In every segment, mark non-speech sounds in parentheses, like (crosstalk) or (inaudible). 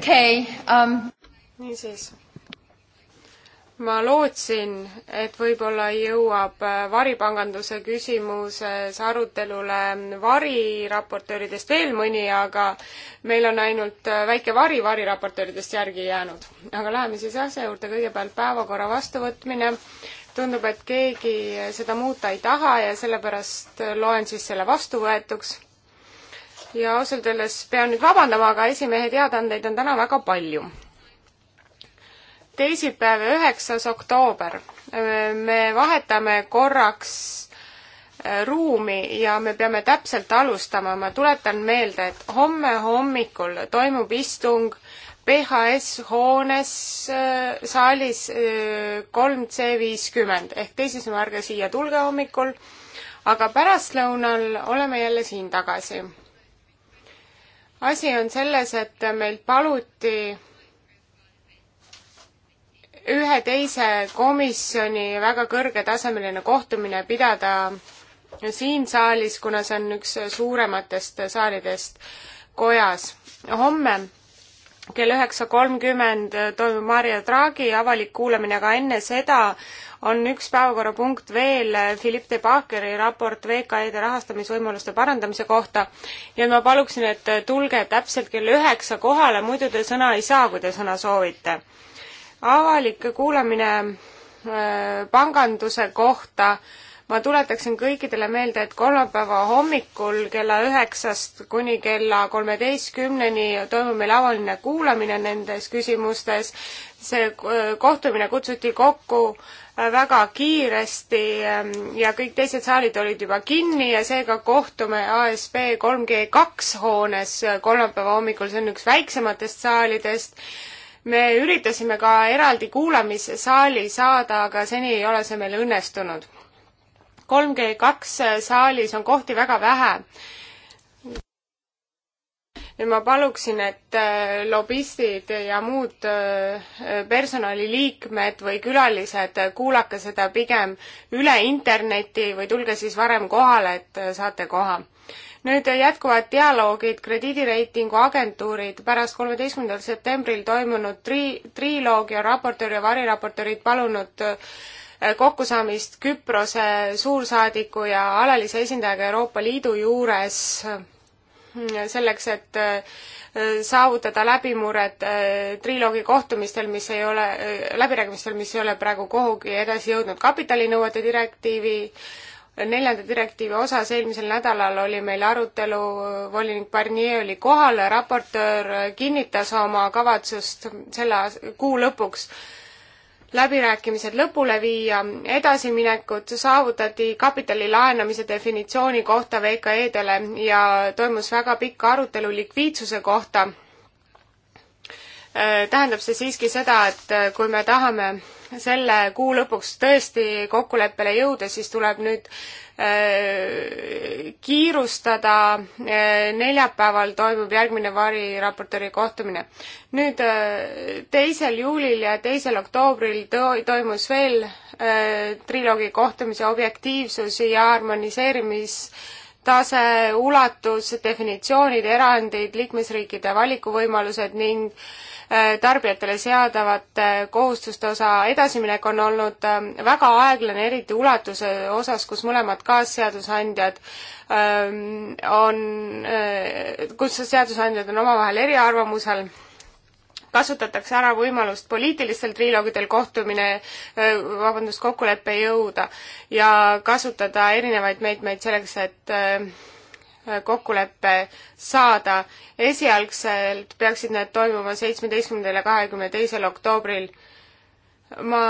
okei okay, um.... niisiis. ma lootsin, et võib-olla jõuab äh, varipanganduse küsimuses arutelule variraportööridest veel mõni, aga meil on ainult äh, väike vari variraportööridest järgi jäänud. aga läheme siis asja juurde, kõigepealt päevakorra vastuvõtmine tundub, et keegi äh, seda muuta ei taha ja sellepärast loen siis selle vastuvõetuks ja ausalt öeldes pean nüüd vabandama, aga esimehe teadaandeid on täna väga palju. teisipäev, üheksas oktoober. me vahetame korraks äh, ruumi ja me peame täpselt alustama, ma tuletan meelde, et homme hommikul toimub istung PHS hoones äh, saalis äh, kolm C viiskümmend ehk teisisõnu, ärge siia tulge hommikul, aga pärastlõunal oleme jälle siin tagasi asi on selles, et meilt paluti ühe teise komisjoni väga kõrgetasemeline kohtumine pidada siin saalis, kuna see on üks suurematest saalidest kojas. homme kell üheksa kolmkümmend toimub Mario Draghi avalik kuulamine, aga enne seda on üks päevakorrapunkt veel, Philippe de Bacheri raport VKE-de rahastamisvõimaluste parandamise kohta. ja ma paluksin, et tulge täpselt kell üheksa kohale, muidu te sõna ei saa, kui te sõna soovite. avalik kuulamine äh, panganduse kohta äh, ma tuletaksin kõikidele meelde, et kolmapäeva hommikul kella üheksast kuni kella kolmeteistkümneni toimub meil avaline kuulamine nendes küsimustes. see äh, kohtumine kutsuti kokku äh, väga kiiresti ähm, ja kõik teised saalid olid juba kinni ja seega kohtume ASB 3G2 hoones äh, kolmapäeva hommikul, see on üks väiksematest saalidest me üritasime ka eraldi kuulamissaali saada, aga seni ei ole see meil õnnestunud kolm G kaks saalis on kohti väga vähe. ja ma paluksin, et äh, lobistid ja muud äh, personaliliikmed või külalised, äh, kuulake seda pigem üle interneti või tulge siis varem kohale, et saate koha nüüd jätkuvad dialoogid krediidireitingu agentuurid pärast kolmeteistkümnendal septembril toimunud tri-, triloog ja raportöör ja variraportöörid palunud kokkusaamist Küprose suursaadiku ja alalise esindajaga Euroopa Liidu juures mm, selleks, et äh, saavutada läbimured äh, triloogi kohtumistel, mis ei ole, äh, läbirääkimistel, mis ei ole praegu kuhugi edasi jõudnud. kapitalinõuete direktiivi, neljanda direktiivi osas eelmisel nädalal oli meil arutelu, volinik Barnier oli kohal, raportöör kinnitas oma kavatsust selle kuu lõpuks läbirääkimised lõpule viia, edasiminekut saavutati kapitali laenamise definitsiooni kohta VKE-dele ja toimus väga pikk arutelu likviidsuse kohta. Äh, tähendab see siiski seda, et äh, kui me tahame selle kuu lõpuks tõesti kokkuleppele jõuda, siis tuleb nüüd äh, kiirustada äh,. neljapäeval toimub järgmine variraportööri kohtumine. nüüd äh, teisel äh, juulil ja teisel oktoobril to toimus veel äh, triloogi kohtumise objektiivsus ja harmoniseerimis tase, ulatus, definitsioonid, erandid, liikmesriikide valikuvõimalused ning äh, Äh, tarbijatele seadavate äh, kohustuste osa edasiminek on olnud äh, väga aeglane, eriti ulatuse osas, kus mõlemad kaasseadusandjad ähm, on, kus seadusandjad on omavahel eriarvamusel kasutatakse ära võimalust poliitilistel triloogidel kohtumine, vabandust, kokkuleppe jõuda ja kasutada erinevaid meetmeid selleks, et kokkulepe saada. esialgselt peaksid need toimuma seitsmeteistkümnendal ja kahekümne teisel oktoobril. ma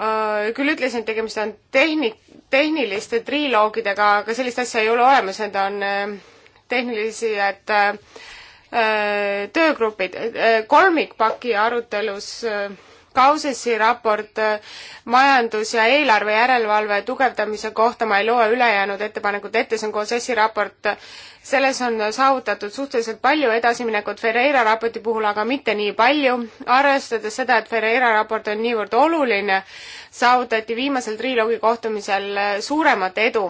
öö, äh, küll ütlesin, et tegemist on tehni-, tehniliste triloogidega, aga sellist asja ei ole olemas, need on äh, tehnilisi, et äh, öö, töögrupid. kolmikpaki arutelus öö, Kausesi raport äh, majandus- ja eelarvejärelevalve tugevdamise kohta, ma ei loe ülejäänud ettepanekut ette, see on Kausesi raport, selles on saavutatud suhteliselt palju edasiminekut Ferreira raporti puhul, aga mitte nii palju. arvestades seda, et Ferreira raport on niivõrd oluline, saavutati viimasel triloogi kohtumisel äh, suuremat edu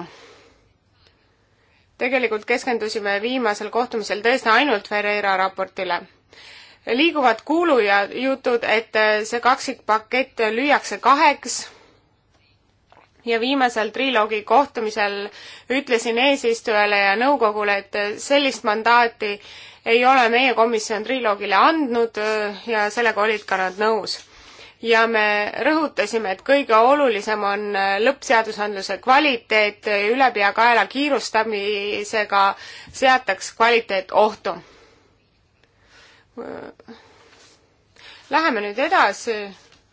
tegelikult keskendusime viimasel kohtumisel tõesti ainult Ferreira raportile liiguvad kuulujutud, et äh, see kaksikpakett lüüakse kaheks ja viimasel triloogi kohtumisel ütlesin eesistujale ja nõukogule, et äh, sellist mandaati ei ole meie komisjon triloogile andnud äh, ja sellega olid ka nad nõus. ja me rõhutasime, et kõige olulisem on lõppseadusandluse kvaliteet, ülepeakaela kiirustamisega seataks kvaliteet ohtu Läheme nüüd edasi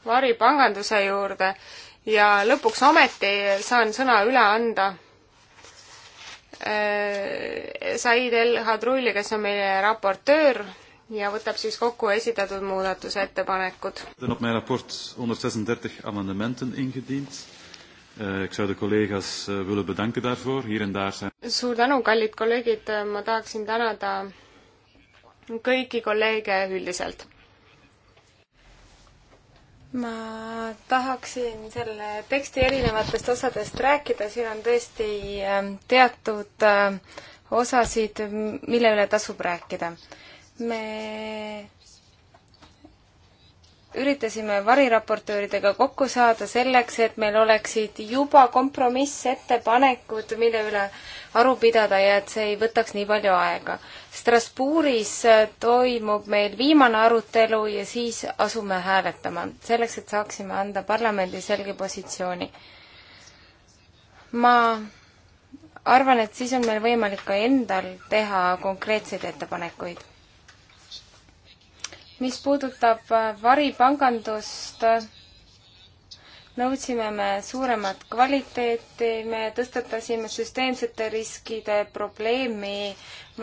varipanganduse juurde ja lõpuks ometi saan sõna üle anda eh, Said El Hadrulli, kes on meie raportöör ja võtab siis kokku esitatud muudatusettepanekud. op mijn rapport 136 amendementen ingediend. Eh, ik zou de collega's eh, willen bedanken daarvoor, hier en daar zijn. suur tänu, kallid kolleegid, ma tahaksin tänada kõiki kolleege üldiselt. ma tahaksin selle teksti erinevatest osadest rääkida, siin on tõesti ähm, teatud äh, osasid, mille üle tasub rääkida. me üritasime variraportööridega kokku saada selleks, et meil oleksid juba kompromissettepanekud, mille üle aru pidada ja et see ei võtaks nii palju aega. Strasbourgis äh, toimub meil viimane arutelu ja siis asume hääletama, selleks et saaksime anda parlamendi selge positsiooni. ma arvan, et siis on meil võimalik ka endal teha konkreetseid ettepanekuid mis puudutab äh, varipangandust, nõudsime me suuremat kvaliteeti, me tõstatasime süsteemsete riskide probleemi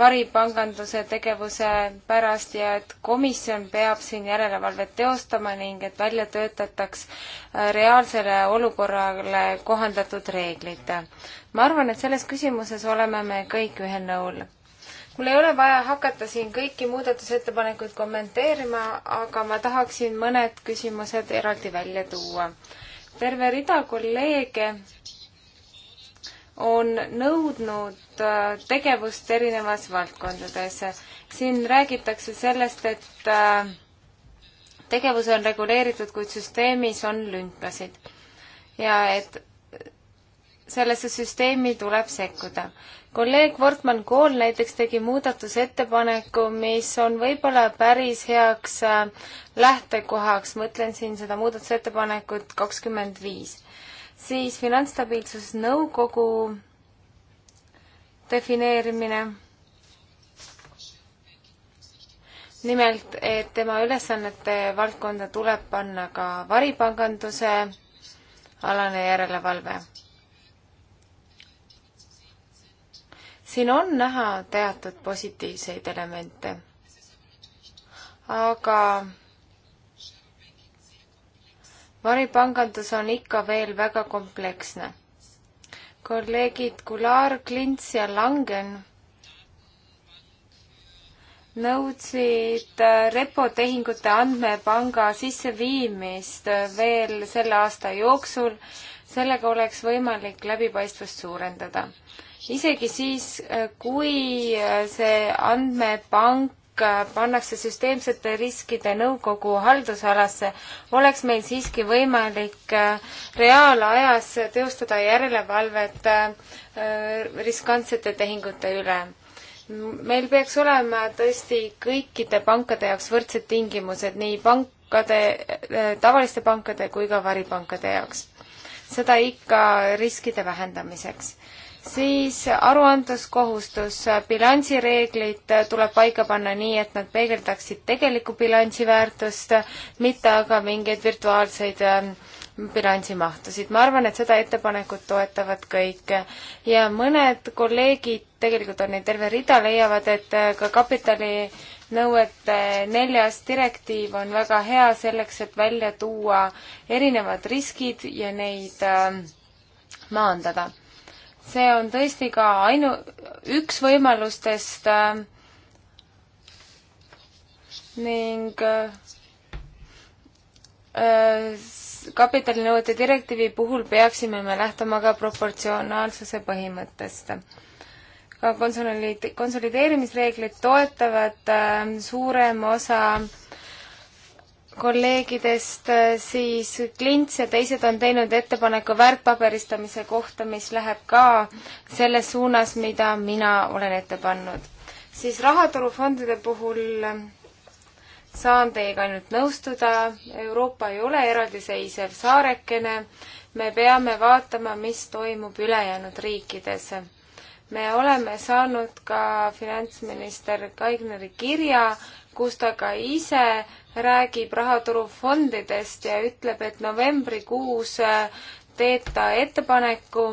varipanganduse tegevuse pärast ja et komisjon peab siin järelevalvet teostama ning et välja töötataks äh, reaalsele olukorrale kohandatud reeglid. ma arvan, et selles küsimuses oleme me kõik ühel nõul mul ei ole vaja hakata siin kõiki muudatusettepanekuid kommenteerima, aga ma tahaksin mõned küsimused eraldi välja tuua. terve rida kolleege on nõudnud äh, tegevust erinevas valdkondades. siin räägitakse sellest, et äh, tegevus on reguleeritud, kuid süsteemis on lünkasid ja et sellesse süsteemi tuleb sekkuda kolleeg Wortmann Kool näiteks tegi muudatusettepaneku, mis on võib-olla päris heaks äh, lähtekohaks, mõtlen siin seda muudatusettepanekut kakskümmend viis. siis Finantsstabiilsusnõukogu defineerimine nimelt, et tema ülesannete valdkonda tuleb panna ka varipanganduse alane järelevalve. siin on näha teatud positiivseid elemente, aga varipangandus on ikka veel väga kompleksne. kolleegid Kular, Klints ja Langen nõudsid repotehingute andmepanga sisseviimist veel selle aasta jooksul. sellega oleks võimalik läbipaistvust suurendada isegi siis, äh, kui äh, see andmepank äh, pannakse süsteemsete riskide nõukogu haldusalasse, oleks meil siiski võimalik reaalajas teostada järelevalvet riskantsete tehingute üle. meil peaks olema tõesti kõikide pankade jaoks võrdsed tingimused, nii pankade, tavaliste pankade kui ka varipankade jaoks. seda ikka riskide vähendamiseks siis aruandluskohustus, bilansireeglid tuleb paika panna nii, et nad peegeldaksid tegelikku bilansiväärtust, mitte aga mingeid virtuaalseid ähm, bilansimahtusid. ma arvan, et seda ettepanekut toetavad kõik ja mõned kolleegid, tegelikult on neid terve rida, leiavad, et äh, ka kapitalinõuete neljas direktiiv on väga hea selleks, et välja tuua erinevad riskid ja neid ähm, maandada see on tõesti ka ainu, üks võimalustest äh, ning äh, äh, kapitalinõuete direktiivi puhul peaksime me lähtuma ka proportsionaalsuse põhimõttest. ka konsolid-, konsolideerimisreeglid toetavad äh, suurem osa äh, kolleegidest siis Klints ja teised on teinud ettepaneku väärtpaberistamise kohta, mis läheb ka selles suunas, mida mina olen ette pannud. siis rahaturufondide puhul saan teiega ainult nõustuda, Euroopa ei ole eraldiseisev saarekene, me peame vaatama, mis toimub ülejäänud riikides. me oleme saanud ka finantsminister Kaigneri kirja, kus ta ka ise räägib rahaturufondidest ja ütleb, et novembrikuus äh, teeb ta ettepaneku,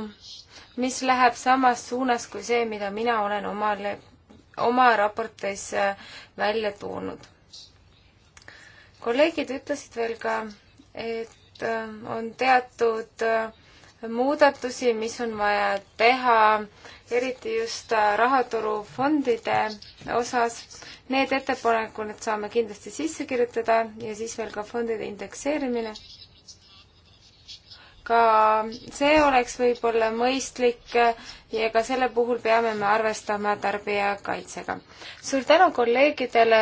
mis läheb samas suunas kui see, mida mina olen omale, oma raportis äh, välja toonud. kolleegid ütlesid veel ka, et äh, on teatud muudatusi, mis on vaja teha, eriti just rahaturufondide osas Need ettepanekud need saame kindlasti sisse kirjutada ja siis veel ka fondide indekseerimine. ka see oleks võib-olla mõistlik ja ka selle puhul peame me arvestama tarbijakaitsega. suur tänu kolleegidele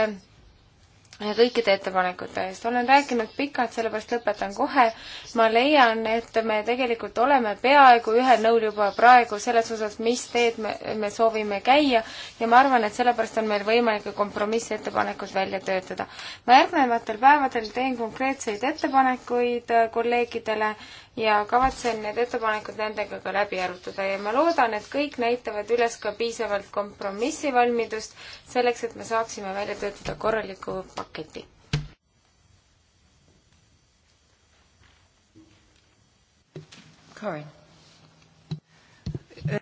kõikide ettepanekute eest. olen rääkinud pikalt, sellepärast lõpetan kohe. ma leian, et me tegelikult oleme peaaegu ühel nõul juba praegu selles osas, mis teed me, me soovime käia ja ma arvan, et sellepärast on meil võimalik ka kompromissettepanekud välja töötada. ma järgnevatel päevadel teen konkreetseid ettepanekuid kolleegidele ja kavatsen need ettepanekud nendega ka läbi arutada ja ma loodan, et kõik näitavad üles ka piisavalt kompromissivalmidust selleks, et me saaksime välja töötada korraliku paketi. Karin.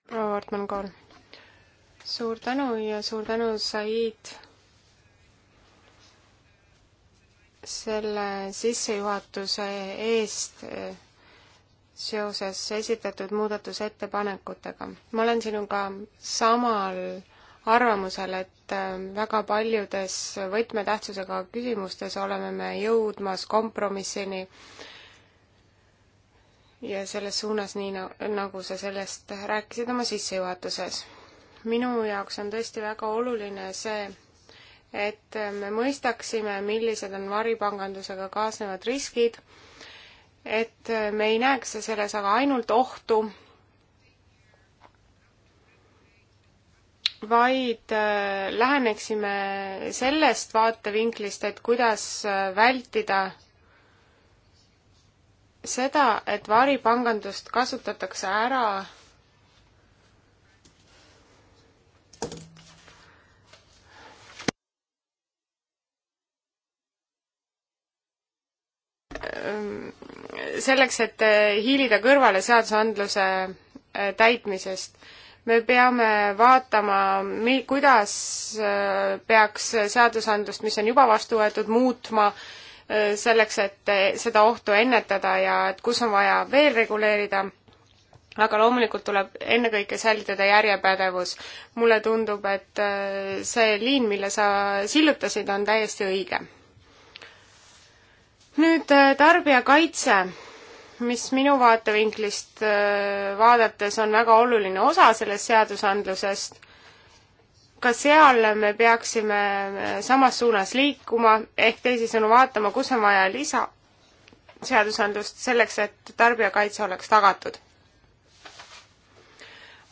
proua Ortmann Kaal. suur tänu ja suur tänu, Said selle sissejuhatuse eest seoses esitatud muudatusettepanekutega. ma olen sinuga samal arvamusel, et äh, väga paljudes võtmetähtsusega küsimustes oleme me jõudmas kompromissini ja selles suunas, nii nagu sa sellest rääkisid oma sissejuhatuses. minu jaoks on tõesti väga oluline see, et me mõistaksime, millised on varipangandusega kaasnevad riskid et me ei näeks selles aga ainult ohtu, vaid äh, läheneksime sellest vaatevinklist, et kuidas äh, vältida seda, et varipangandust kasutatakse ära Ähm, selleks, et äh, hiilida kõrvale seadusandluse äh, täitmisest, me peame vaatama, mi-, kuidas äh, peaks seadusandlust, mis on juba vastu võetud, muutma selleks, et seda ohtu ennetada ja et kus on vaja veel reguleerida, aga loomulikult tuleb ennekõike säilitada järjepädevus. mulle tundub, et see liin, mille sa sillutasid, on täiesti õige nüüd äh, tarbijakaitse, mis minu vaatevinklist äh, vaadates on väga oluline osa sellest seadusandlusest, ka seal me peaksime äh, samas suunas liikuma, ehk teisisõnu vaatama, kus on vaja lisa seadusandlust selleks, et tarbijakaitse oleks tagatud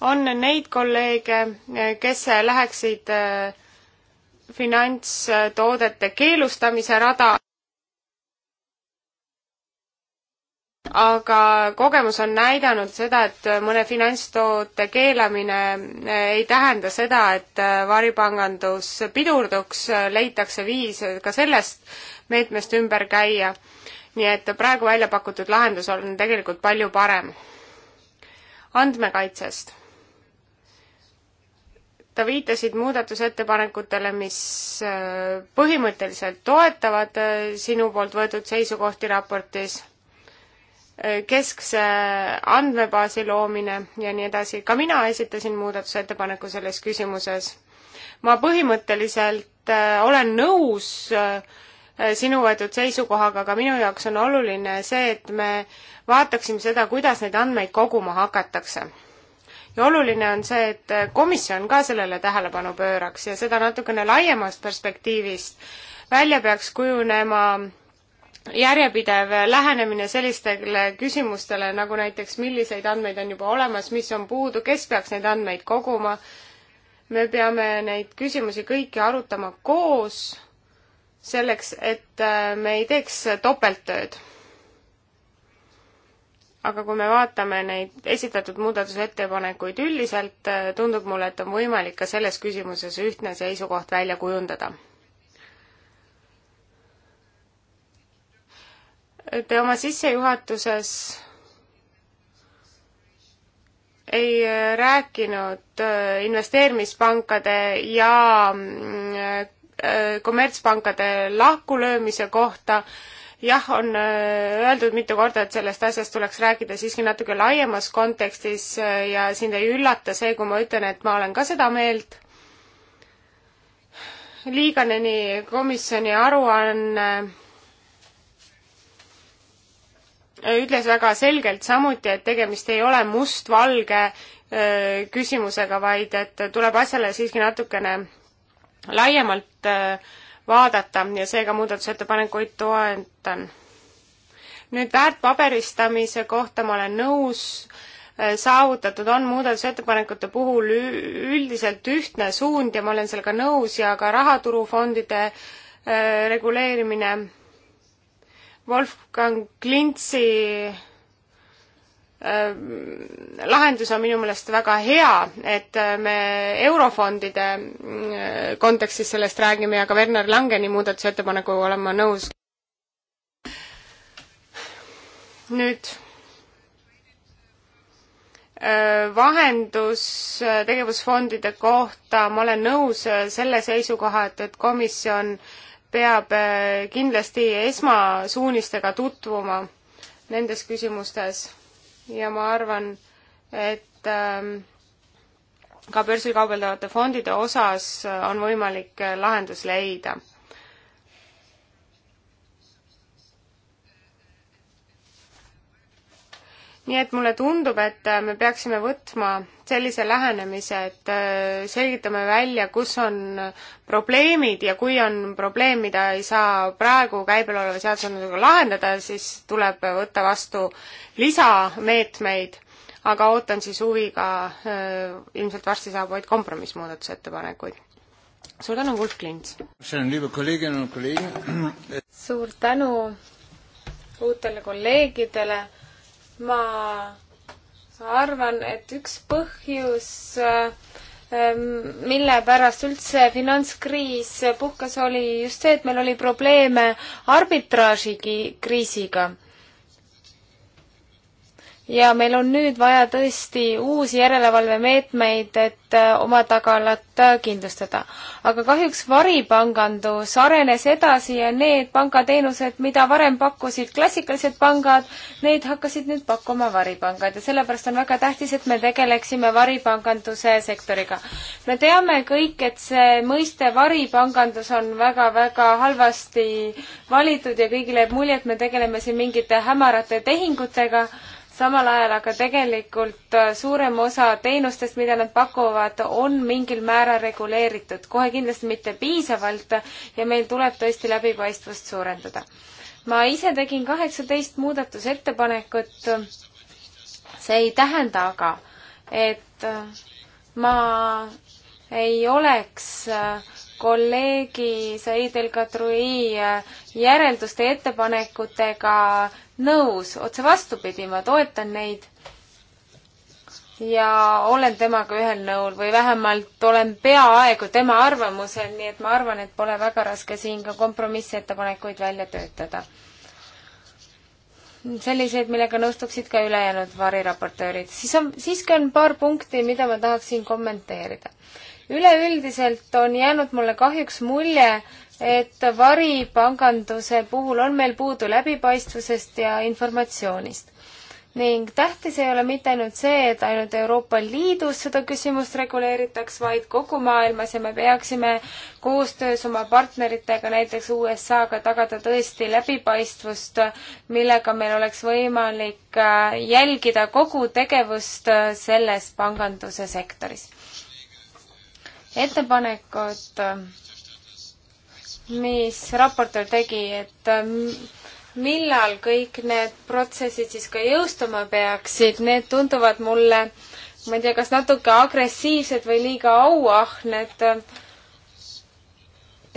on neid kolleege, kes läheksid finantstoodete keelustamise rada. aga kogemus on näidanud seda, et mõne finantstoote keelamine eh, ei tähenda seda, et eh, varipangandus pidurduks, eh, leitakse viis ka sellest meetmest ümber käia. nii et praegu välja pakutud lahendus on tegelikult palju parem. andmekaitsest. Te viitasid muudatusettepanekutele, mis põhimõtteliselt toetavad sinu poolt võetud seisukohti raportis keskse andmebaasi loomine ja nii edasi. ka mina esitasin muudatusettepaneku selles küsimuses. ma põhimõtteliselt äh, olen nõus äh, sinu võetud seisukohaga, aga minu jaoks on oluline see, et me vaataksime seda, kuidas neid andmeid koguma hakatakse. ja oluline on see, et komisjon ka sellele tähelepanu pööraks ja seda natukene laiemast perspektiivist. välja peaks kujunema järjepidev lähenemine sellistele küsimustele, nagu näiteks milliseid andmeid on juba olemas, mis on puudu, kes peaks neid andmeid koguma. me peame neid küsimusi kõiki arutama koos, selleks et äh, me ei teeks topelttööd. aga kui me vaatame neid esitatud muudatusettepanekuid üldiselt, äh, tundub mulle, et on võimalik ka selles küsimuses ühtne seisukoht välja kujundada Te oma sissejuhatuses ei äh, rääkinud äh, investeerimispankade ja mm, äh, kommertspankade lahkulöömise kohta. jah, on öeldud mitu korda, et sellest asjast tuleks rääkida siiski natuke laiemas kontekstis ja sind ei üllata see, kui ma ütlen, et ma olen ka seda meelt. Liiganeni komisjoni aruanne ütles väga selgelt samuti, et tegemist ei ole mustvalge küsimusega, vaid et tuleb asjale siiski natukene laiemalt vaadata ja seega muudatusettepanekuid toetan. nüüd väärtpaberistamise kohta ma olen nõus, saavutatud on muudatusettepanekute puhul üldiselt ühtne suund ja ma olen sellega nõus ja ka rahaturufondide reguleerimine Wolfgang Klintsi ähm, lahendus on minu meelest väga hea, et äh, me eurofondide äh, kontekstis sellest räägime ja ka Werner Langeni muudatusettepanekuga olen ma nõus. nüüd äh, vahendus tegevusfondide kohta, ma olen nõus selle seisukoha, et, et komisjon äh, peab äh, kindlasti esmasuunistega tutvuma nendes küsimustes ja ma arvan, et ähm, ka börsil kaubeldavate fondide osas äh, on võimalik äh, lahendus leida nii et mulle tundub, et äh, me peaksime võtma sellise lähenemise, et äh, selgitame välja, kus on äh, probleemid ja kui on probleem, mida ei saa praegu käibel oleva seadusandlusega lahendada, siis tuleb võtta vastu lisameetmeid, aga ootan siis huviga, ilmselt varsti saabuvaid kompromissmuudatusettepanekuid. suur tänu, Wolf Klints! suur tänu uutele kolleegidele ma arvan, et üks põhjus, ähm, mille pärast üldse finantskriis puhkes, oli just see, et meil oli probleeme arbitraaži kriisiga ja meil on nüüd vaja tõesti uusi järelevalvemeetmeid, et äh, oma tagalat äh, kindlustada. aga kahjuks varipangandus arenes edasi ja need pangateenused, mida varem pakkusid klassikalised pangad, neid hakkasid nüüd pakkuma varipangad ja sellepärast on väga tähtis, et me tegeleksime varipanganduse sektoriga. me teame kõik, et see mõiste varipangandus on väga-väga halvasti valitud ja kõigile jääb mulje, et me tegeleme siin mingite hämarate tehingutega samal ajal aga tegelikult äh, suurem osa teenustest, mida nad pakuvad, on mingil määral reguleeritud, kohe kindlasti mitte piisavalt ja meil tuleb tõesti läbipaistvust suurendada. ma ise tegin kaheksateist muudatusettepanekut, see ei tähenda aga, et äh, ma ei oleks äh, kolleegi Said El-Kadri järelduste ja ettepanekutega nõus, otse vastupidi, ma toetan neid ja olen temaga ühel nõul või vähemalt olen peaaegu tema arvamusel, nii et ma arvan, et pole väga raske siin ka kompromissettepanekuid välja töötada. selliseid, millega nõustuksid ka ülejäänud variraportöörid. siis on, siiski on paar punkti, mida ma tahaksin kommenteerida. üleüldiselt on jäänud mulle kahjuks mulje, et varipanganduse puhul on meil puudu läbipaistvusest ja informatsioonist. ning tähtis ei ole mitte ainult see, et ainult Euroopa Liidus seda küsimust reguleeritaks, vaid kogu maailmas ja me peaksime koostöös oma partneritega, näiteks USA-ga, tagada tõesti läbipaistvust, millega meil oleks võimalik äh, jälgida kogu tegevust äh, selles panganduse sektoris. ettepanekud äh, mis raportöör tegi, et ähm, millal kõik need protsessid siis ka jõustuma peaksid, need tunduvad mulle, ma ei tea, kas natuke agressiivsed või liiga auahned.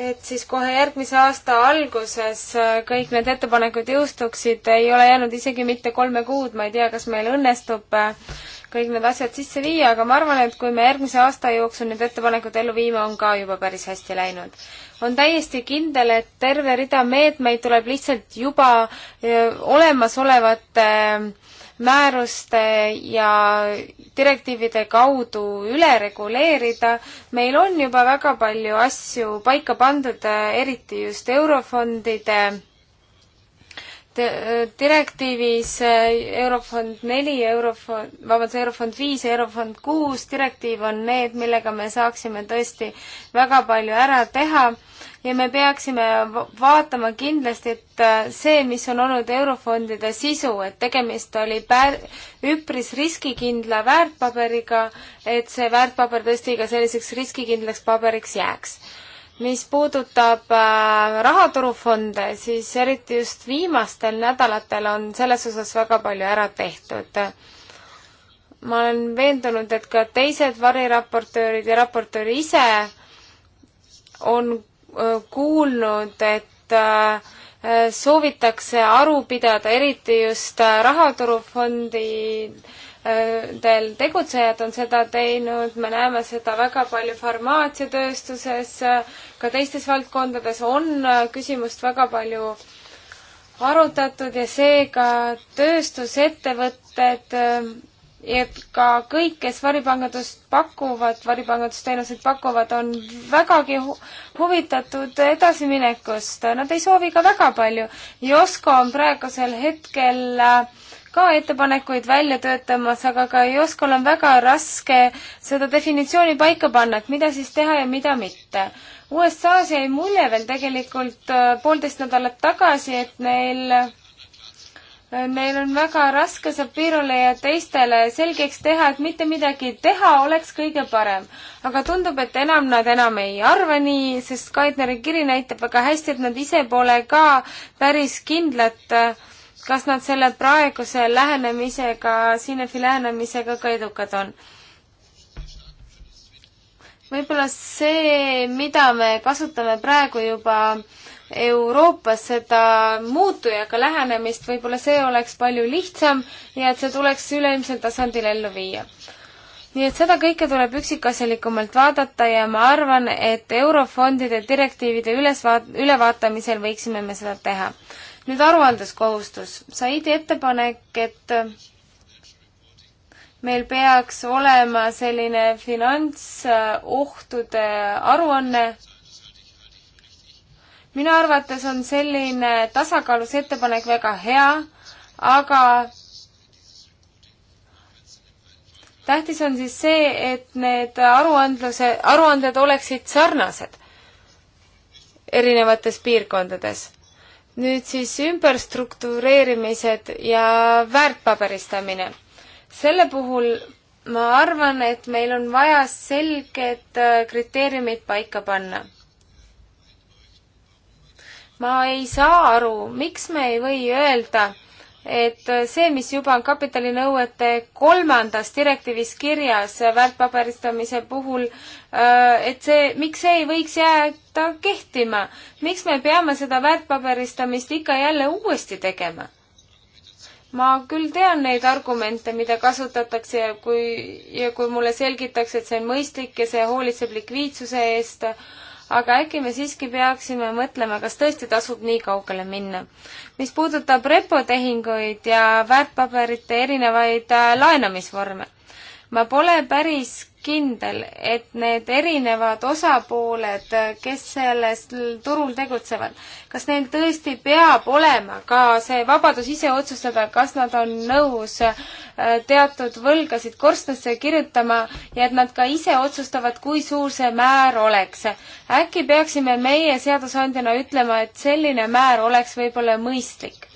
et siis kohe järgmise aasta alguses äh, kõik need ettepanekud jõustuksid, ei ole jäänud isegi mitte kolme kuud, ma ei tea, kas meil õnnestub äh, kõik need asjad sisse viia, aga ma arvan, et kui me järgmise aasta jooksul need ettepanekud ellu viime, on ka juba päris hästi läinud. on täiesti kindel, et terve rida meetmeid tuleb lihtsalt juba eh, olemasolevate eh, määruste ja direktiivide kaudu üle reguleerida. meil on juba väga palju asju paika pandud, eh, eriti just eurofondide direktiivis äh, Eurofond neli, Eurofond, vabandust, Eurofond viis ja Eurofond kuus direktiiv on need, millega me saaksime tõesti väga palju ära teha ja me peaksime vaatama kindlasti, et äh, see, mis on olnud Eurofondide sisu, et tegemist oli pär-, üpris riskikindla väärtpaberiga, et see väärtpaber tõesti ka selliseks riskikindlaks paberiks jääks mis puudutab äh, rahaturufonde, siis eriti just viimastel nädalatel on selles osas väga palju ära tehtud. ma olen veendunud, et ka teised variraportöörid ja raportöör ise on äh, kuulnud, et äh, soovitakse aru pidada eriti just rahaturufondi äh, del tegutsejad on seda teinud, me näeme seda väga palju farmaatsiatööstuses, ka teistes valdkondades on küsimust väga palju arutatud ja seega tööstusettevõtted ähm, ja ka kõik, kes varipangandust pakuvad, varipangandusteenuseid pakuvad, on vägagi hu huvitatud edasiminekust. Nad ei soovi ka väga palju. Josko on praegusel hetkel äh, ka ettepanekuid välja töötamas, aga ka Joskol on väga raske seda definitsiooni paika panna, et mida siis teha ja mida mitte. USA-s jäi mulje veel tegelikult äh, poolteist nädalat tagasi, et neil, äh, neil on väga raske Sapirole ja teistele selgeks teha, et mitte midagi teha oleks kõige parem. aga tundub, et enam nad enam ei arva nii, sest Kaidneri kiri näitab väga hästi, et nad ise pole ka päris kindlad äh, kas nad selle praeguse lähenemisega, Sinefi lähenemisega ka edukad on? võib-olla see, mida me kasutame praegu juba Euroopas seda muutujaga lähenemist, võib-olla see oleks palju lihtsam ja et see tuleks üleilmsel tasandil ellu viia. nii et seda kõike tuleb üksikasjalikumalt vaadata ja ma arvan, et eurofondide direktiivide ülesvaat-, ülevaatamisel võiksime me seda teha nüüd aruandluskohustus. said ettepanek, et meil peaks olema selline finantsohtude aruanne. minu arvates on selline tasakaalus ettepanek väga hea, aga tähtis on siis see, et need aruandluse, aruanded oleksid sarnased erinevates piirkondades nüüd siis ümberstruktureerimised ja väärtpaberistamine. selle puhul ma arvan, et meil on vaja selged äh, kriteeriumid paika panna. ma ei saa aru, miks me ei või öelda, et äh, see, mis juba on kapitalinõuete kolmandas direktiivis kirjas äh, väärtpaberistamise puhul, Äh, et see, miks see ei võiks jääda kehtima? miks me peame seda väärtpaberistamist ikka jälle uuesti tegema? ma küll tean neid argumente, mida kasutatakse ja kui, ja kui mulle selgitakse, et see on mõistlik ja see hoolitseb likviidsuse eest, aga äkki me siiski peaksime mõtlema, kas tõesti tasub nii kaugele minna. mis puudutab repotehinguid ja väärtpaberite erinevaid äh, laenamisvorme, ma pole päris kindel, et need erinevad osapooled, kes selles turul tegutsevad, kas neil tõesti peab olema ka see vabadus ise otsustada, kas nad on nõus äh, teatud võlgasid korstnasse kirjutama ja et nad ka ise otsustavad, kui suur see määr oleks. äkki peaksime meie seadusandjana ütlema, et selline määr oleks võib-olla mõistlik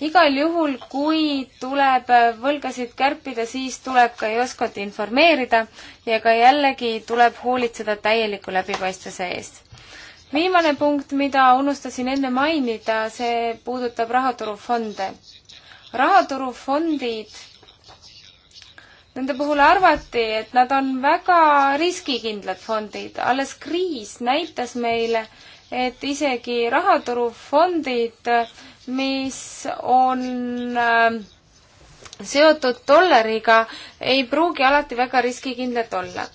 igal juhul, kui tuleb võlgasid kärpida, siis tuleb ka EOSCO-t informeerida ja ka jällegi tuleb hoolitseda täieliku läbipaistvuse eest viimane punkt, mida unustasin enne mainida, see puudutab rahaturufonde. rahaturufondid, nende puhul arvati, et nad on väga riskikindlad fondid. alles kriis näitas meile, et isegi rahaturufondid mis on äh, seotud dollariga, ei pruugi alati väga riskikindlad olla.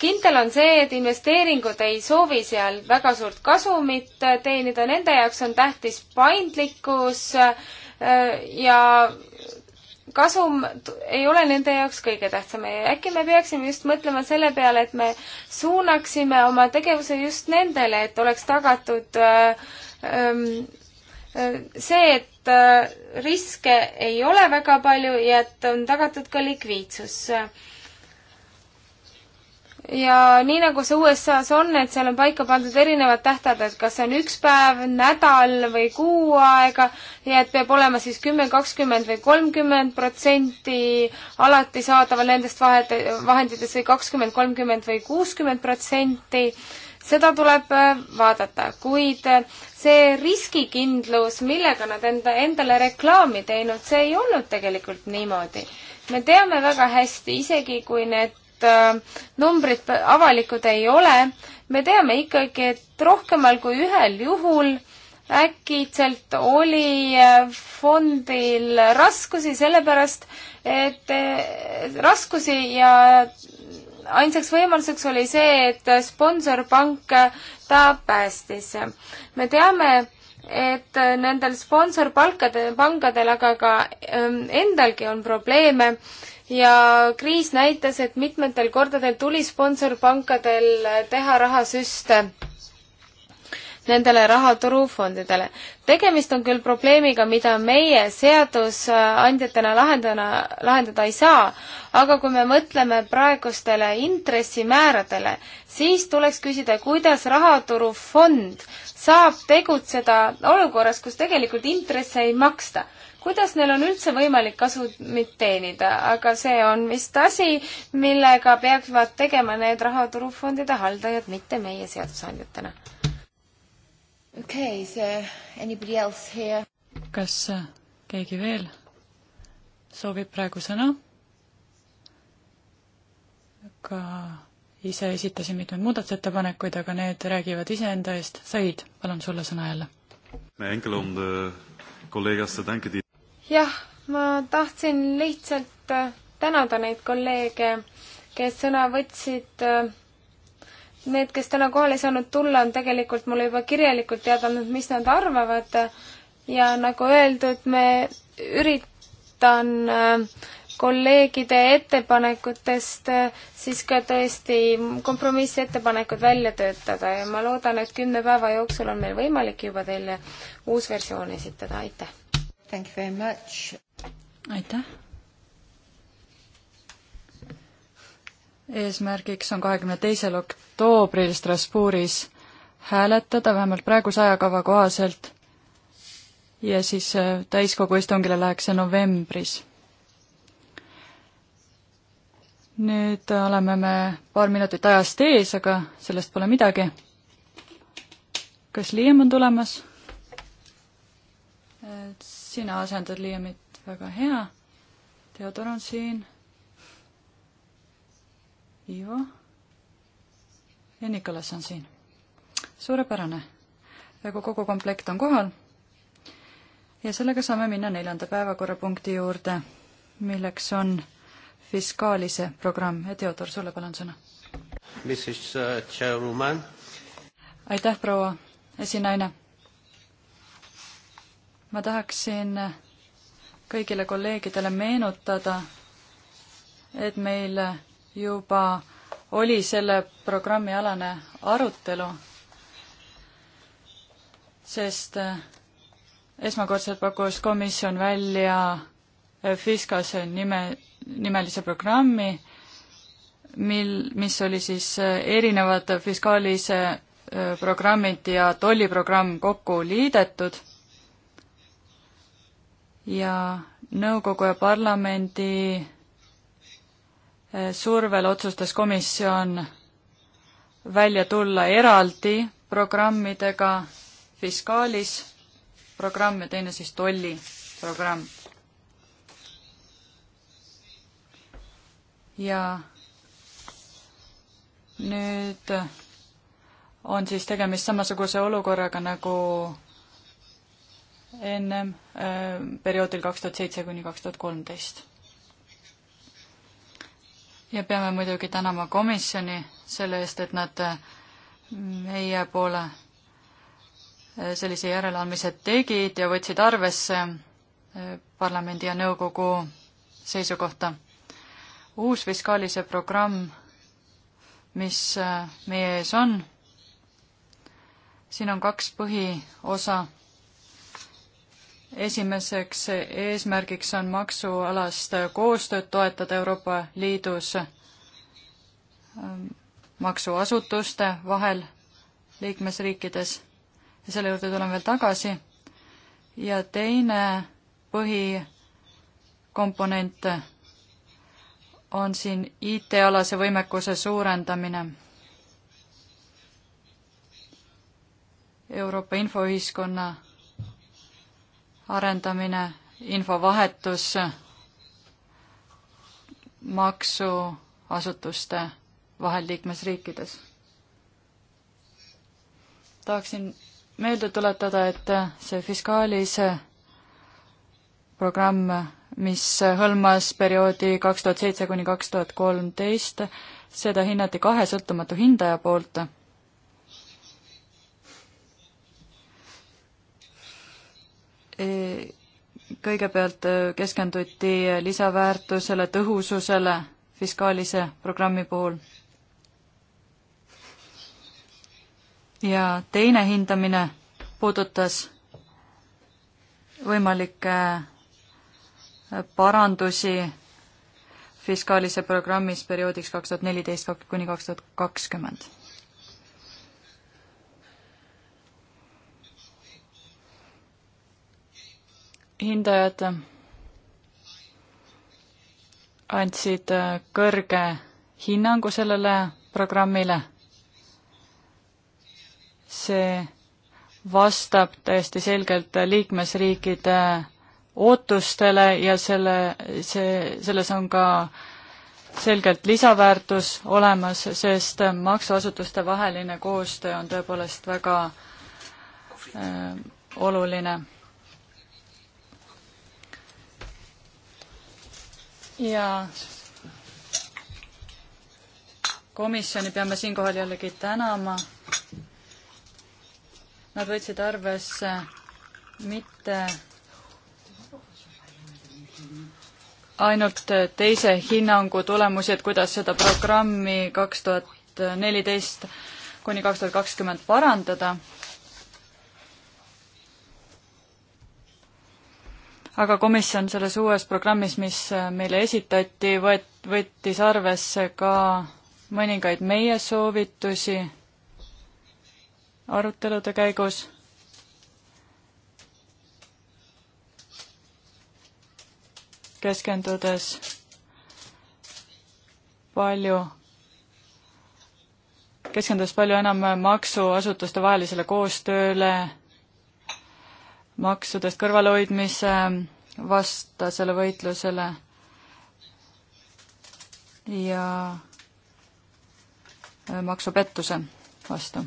kindel on see, et investeeringud ei soovi seal väga suurt kasumit teenida, nende jaoks on tähtis paindlikkus äh, ja kasum ei ole nende jaoks kõige tähtsam ja äkki me peaksime just mõtlema selle peale, et me suunaksime oma tegevuse just nendele, et oleks tagatud äh, ähm, see, et äh, riske ei ole väga palju ja et on tagatud ka likviidsus. ja nii, nagu see USA-s on, et seal on paika pandud erinevad tähtajad, et kas see on üks päev, nädal või kuu aega ja et peab olema siis kümme, kakskümmend või kolmkümmend protsenti alati saadaval nendest vahet, vahenditest või kakskümmend, kolmkümmend või kuuskümmend protsenti seda tuleb äh, vaadata, kuid äh, see riskikindlus, millega nad enda, endale reklaami teinud, see ei olnud tegelikult niimoodi. me teame väga hästi, isegi kui need äh, numbrid avalikud ei ole, me teame ikkagi, et rohkemal kui ühel juhul äkitselt oli fondil raskusi sellepärast, et raskusi ja ainsaks võimaluseks oli see, et sponsorpank ta päästis. me teame, et nendel sponsorpalkade, pangadel, aga ka ähm, endalgi on probleeme ja kriis näitas, et mitmetel kordadel tuli sponsorpankadel teha rahasüste nendele rahaturufondidele. tegemist on küll probleemiga, mida meie seadusandjatena lahendada, lahendada ei saa, aga kui me mõtleme praegustele intressimääradele, siis tuleks küsida, kuidas rahaturufond saab tegutseda olukorras, kus tegelikult intresse ei maksta kuidas neil on üldse võimalik kasumit teenida, aga see on vist asi, millega peaksid tegema need rahaturufondide haldajad, mitte meie seadusandjatena Okay, is there anybody else here? kas äh, keegi veel soovib praegu sõna? ka ise esitasin mitmeid muudatusettepanekuid, aga need räägivad iseenda eest. Said, palun sulle sõna jälle. Äh, jah, ma tahtsin lihtsalt äh, tänada neid kolleege, kes sõna võtsid Need, kes täna kohale ei saanud tulla, on tegelikult mulle juba kirjalikult teada andnud, mis nad arvavad ja nagu öeldud, me üritan äh, kolleegide ettepanekutest äh, siis ka tõesti kompromissettepanekud välja töötada ja ma loodan, et kümne päeva jooksul on meil võimalik juba teile uus versioon esitada, aitäh! aitäh! eesmärgiks on kahekümne teisel oktoobril Strasbourgis hääletada, vähemalt praeguse ajakava kohaselt, ja siis äh, täiskogu istungile läheks see novembris. nüüd äh, oleme me paar minutit ajast ees, aga sellest pole midagi. kas Liam on tulemas? Äh, sina asendad Liamit väga hea. Theodor on siin Ivo ja Nikolas on siin. suurepärane. peaaegu kogu komplekt on kohal. ja sellega saame minna neljanda päevakorrapunkti juurde, milleks on fiskaalise programm ja Theodor, sulle palun sõna. Uh, aitäh, proua esinaine. ma tahaksin kõigile kolleegidele meenutada, et meil juba oli selle programmi alane arutelu, sest äh, esmakordselt pakkus komisjon välja äh, Fiskase nime, nimelise programmi, mil, mis oli siis äh, erinevad fiskaalise programmid ja tolliprogramm kokku liidetud ja nõukogu ja parlamendi survel otsustas komisjon välja tulla eraldi programmidega fiskaalis programm ja teine siis tolliprogramm. ja nüüd on siis tegemist samasuguse olukorraga nagu ennem äh, perioodil kaks tuhat seitse kuni kaks tuhat kolmteist ja peame muidugi tänama komisjoni selle eest, et nad meie poole sellise järeleandmise tegid ja võtsid arvesse eh, parlamendi ja nõukogu seisukohta. uus fiskaalise programm, mis eh, meie ees on, siin on kaks põhiosa esimeseks eesmärgiks on maksualast koostööd toetada Euroopa Liidus ähm, maksuasutuste vahel liikmesriikides ja selle juurde tulen veel tagasi. ja teine põhikomponent on siin IT-alase võimekuse suurendamine. Euroopa infoühiskonna arendamine, infovahetus, maksuasutuste vahel liikmesriikides. tahaksin meelde tuletada, et see fiskaalis programm, mis hõlmas perioodi kaks tuhat seitse kuni kaks tuhat kolmteist, seda hinnati kahe sõltumatu hindaja poolt kõigepealt äh, keskenduti lisaväärtusele, tõhususele fiskaalise programmi puhul. ja teine hindamine puudutas võimalikke äh, parandusi fiskaalise programmis perioodiks kaks tuhat neliteist kuni kaks tuhat kakskümmend hindajad andsid äh, kõrge hinnangu sellele programmile. see vastab täiesti selgelt liikmesriikide ootustele ja selle, see, selles on ka selgelt lisaväärtus olemas, sest maksuasutuste vaheline koostöö on tõepoolest väga äh, oluline ja komisjoni peame siinkohal jällegi tänama. Nad võtsid arvesse mitte ainult teise hinnangu tulemusi, et kuidas seda programmi kaks tuhat neliteist kuni kaks tuhat kakskümmend parandada aga komisjon selles uues programmis, mis äh, meile esitati, võet-, võttis arvesse ka mõningaid meie soovitusi arutelude käigus. keskendudes palju, keskendudes palju enam maksuasutuste vahelisele koostööle maksudest kõrvalehoidmise vastasele võitlusele ja äh, maksupettuse vastu.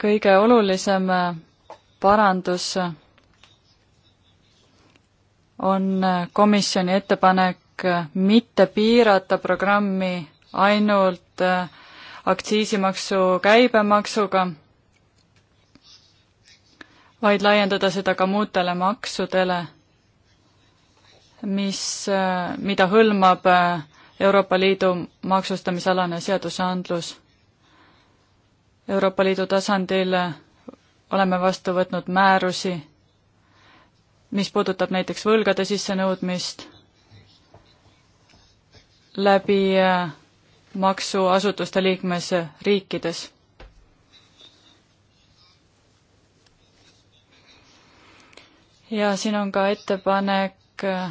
kõige olulisem äh, parandus äh, on komisjoni ettepanek mitte piirata programmi ainult äh, aktsiisimaksu käibemaksuga, vaid laiendada seda ka muudele maksudele, mis, äh, mida hõlmab äh, Euroopa Liidu maksustamisalane seadusandlus. Euroopa Liidu tasandil oleme vastu võtnud määrusi, mis puudutab näiteks võlgade sissenõudmist läbi maksuasutuste liikmesriikides. ja siin on ka ettepanek äh,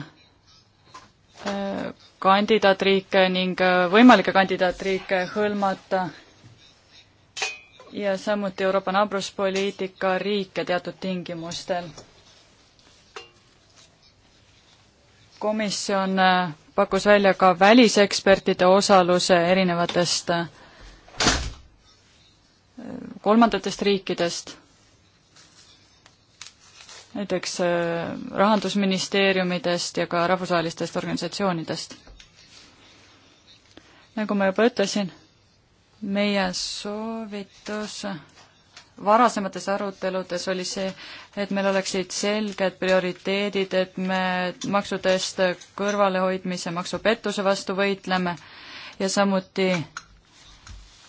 kandidaatriike ning äh, võimalikke kandidaatriike hõlmata ja samuti Euroopa naabruspoliitika riike teatud tingimustel. komisjon äh, pakkus välja ka välisekspertide osaluse erinevatest äh, kolmandatest riikidest, näiteks äh, rahandusministeeriumidest ja ka rahvusvahelistest organisatsioonidest. nagu ma juba ütlesin, meie soovitus varasemates aruteludes oli see, et meil oleksid selged prioriteedid, et me maksudest kõrvalehoidmise, maksupettuse vastu võitleme ja samuti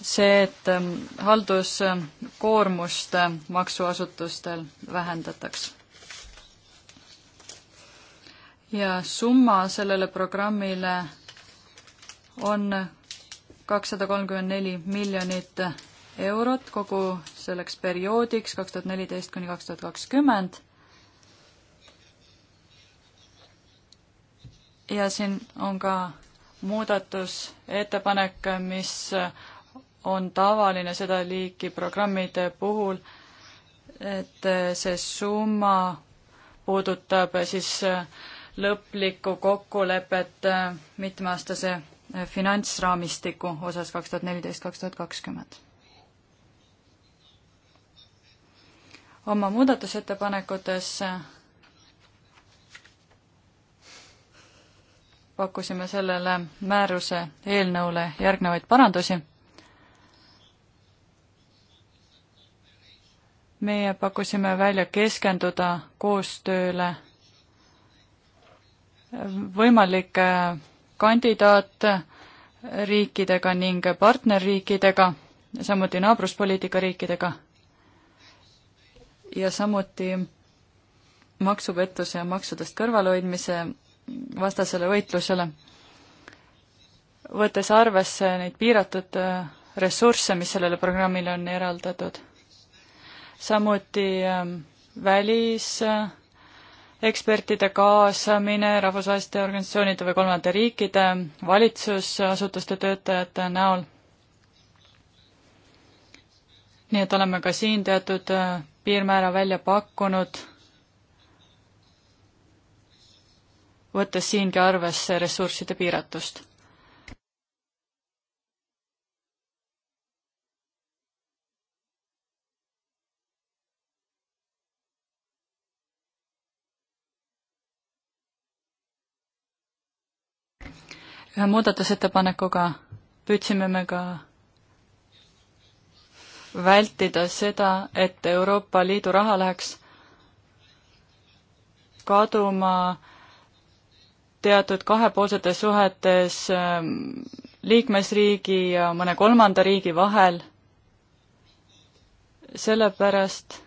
see, et ähm, halduskoormust ähm, maksuasutustel vähendataks. ja summa sellele programmile on kakssada kolmkümmend neli miljonit eurot kogu selleks perioodiks kaks tuhat neliteist kuni kaks tuhat kakskümmend. ja siin on ka muudatusettepanek, mis on tavaline seda liiki programmide puhul, et see summa puudutab siis lõplikku kokkulepet mitmeaastase finantsraamistiku osas kaks tuhat neliteist, kaks tuhat kakskümmend oma muudatusettepanekutesse pakkusime sellele määruse eelnõule järgnevaid parandusi. meie pakkusime välja keskenduda koostööle võimalike kandidaatriikidega ning partnerriikidega, samuti naabruspoliitika riikidega ja samuti maksupettuse ja maksudest kõrvalhoidmise vastasele võitlusele. võttes arvesse neid piiratud äh, ressursse, mis sellele programmile on eraldatud. samuti ähm, välisekspertide äh, kaasamine rahvusvaheliste organisatsioonide või kolmandate riikide valitsusasutuste töötajate näol. nii et oleme ka siin teatud äh, piirmäära välja pakkunud, võttes siingi arvesse ressursside piiratust. ühe muudatusettepanekuga püüdsime me ka vältida seda, et Euroopa Liidu raha läheks kaduma teatud kahepoolsetes suhetes ähm, liikmesriigi ja mõne kolmanda riigi vahel, sellepärast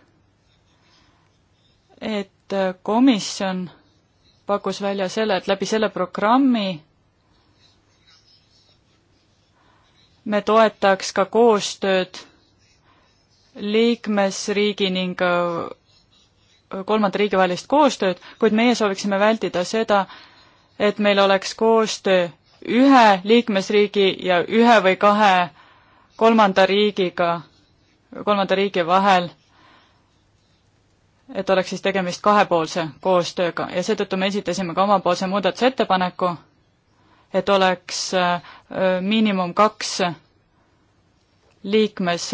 et komisjon pakkus välja selle, et läbi selle programmi me toetaks ka koostööd liikmesriigi ning äh, kolmanda riigi vahelist koostööd, kuid meie sooviksime vältida seda, et meil oleks koostöö ühe liikmesriigi ja ühe või kahe kolmanda riigiga, kolmanda riigi vahel, et oleks siis tegemist kahepoolse koostööga ja seetõttu me esitasime ka omapoolse muudatusettepaneku, et oleks äh, miinimum kaks liikmes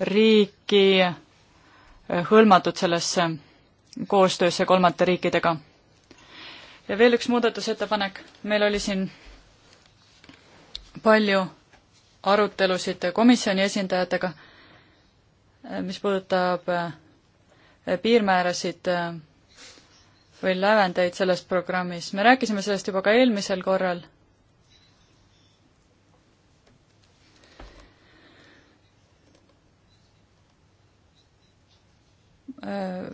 riiki eh, hõlmatud sellesse koostöösse kolmandate riikidega. ja veel üks muudatusettepanek, meil oli siin palju arutelusid komisjoni esindajatega, eh, mis puudutab eh, piirmäärasid või lävendeid selles programmis, me rääkisime sellest juba ka eelmisel korral Äh,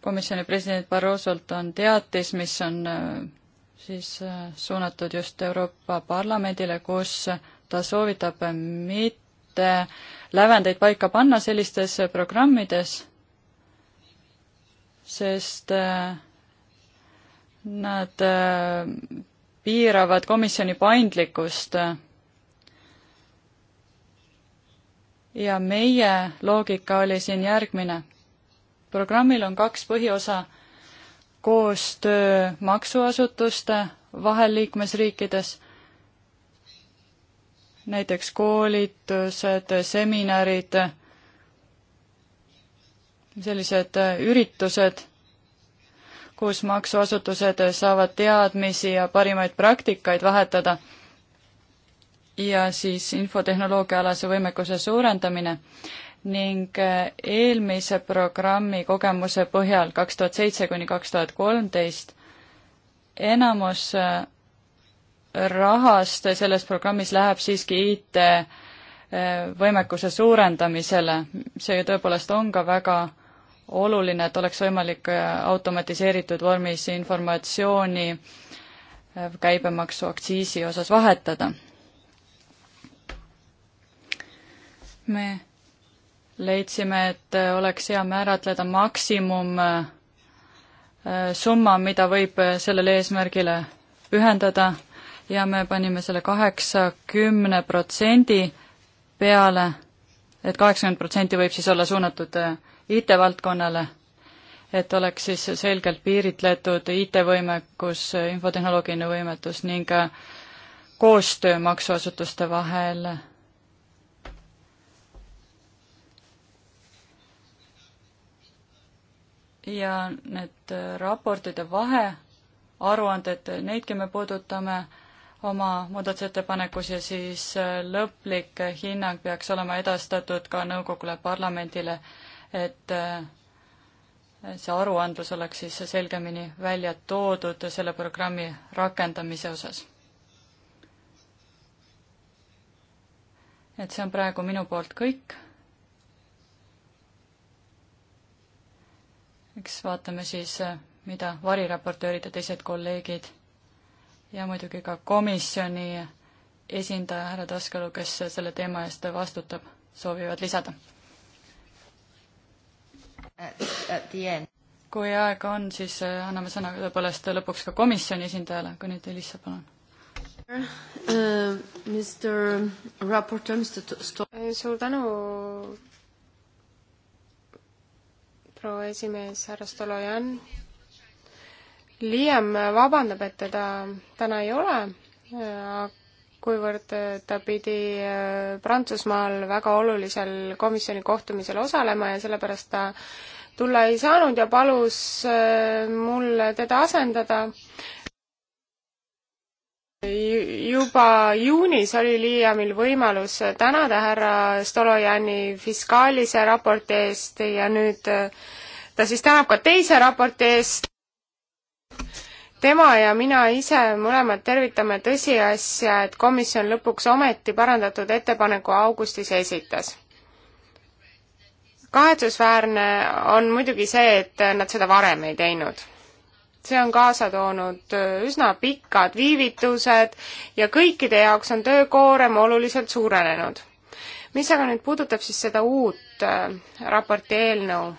komisjoni president Barrosolt on teatis, mis on äh, siis äh, suunatud just Euroopa Parlamendile, kus ta soovitab mitte lävendeid paika panna sellistes programmides, sest nad piiravad komisjoni paindlikkust ja meie loogika oli siin järgmine programmil on kaks põhiosa, koostöö maksuasutuste vahel liikmesriikides, näiteks koolitused, seminarid, sellised üritused, kus maksuasutused saavad teadmisi ja parimaid praktikaid vahetada ja siis infotehnoloogia alase võimekuse suurendamine ning äh, eelmise programmi kogemuse põhjal kaks tuhat seitse kuni kaks tuhat kolmteist enamus äh, rahast selles programmis läheb siiski IT äh, võimekuse suurendamisele, see tõepoolest on ka väga oluline, et oleks võimalik automatiseeritud vormis informatsiooni käibemaksu aktsiisi osas vahetada. me leidsime, et äh, oleks hea määratleda maksimum äh, äh, summa, mida võib sellele eesmärgile pühendada ja me panime selle kaheksakümne protsendi peale et, et kaheksakümmend protsenti võib siis olla suunatud IT-valdkonnale, et oleks siis selgelt piiritletud IT-võimekus, infotehnoloogiline võimetus ning koostöö maksuasutuste vahel ja need äh, raportid ja vahearuanded, neidki me puudutame oma muudatusettepanekus ja siis äh, lõplik hinnang peaks olema edastatud ka nõukogule, parlamendile, et äh, see aruandlus oleks siis selgemini välja toodud selle programmi rakendamise osas. et see on praegu minu poolt kõik eks vaatame siis, eh, mida variraportöörid ja teised kolleegid ja muidugi ka komisjoni esindaja härra Taskalu, kes selle teema eest vastutab, soovivad lisada. kui aega on, siis eh, anname sõna tõepoolest lõpuks ka komisjoni esindajale, kui nüüd Elissa, palun uh,. Eh, Mr Raportöör, Mr Sto-. suur tänu, proua esimees, härra Stolojan. Liam vabandab, et teda täna ei ole, kuivõrd ta pidi äh, Prantsusmaal väga olulisel komisjoni kohtumisel osalema ja sellepärast ta tulla ei saanud ja palus äh, mul teda asendada juba juunis oli Liiamil võimalus tänada härra Stolojani fiskaalise raporti eest ja nüüd äh, ta siis tänab ka teise raporti eest. tema ja mina ise mõlemad tervitame tõsiasja, et komisjon lõpuks ometi parandatud ettepaneku augustis esitas. kahetsusväärne on muidugi see, et nad seda varem ei teinud see on kaasa toonud äh, üsna pikad viivitused ja kõikide jaoks on töökoorem oluliselt suurenenud. mis aga nüüd puudutab siis seda uut äh, raporti eelnõu?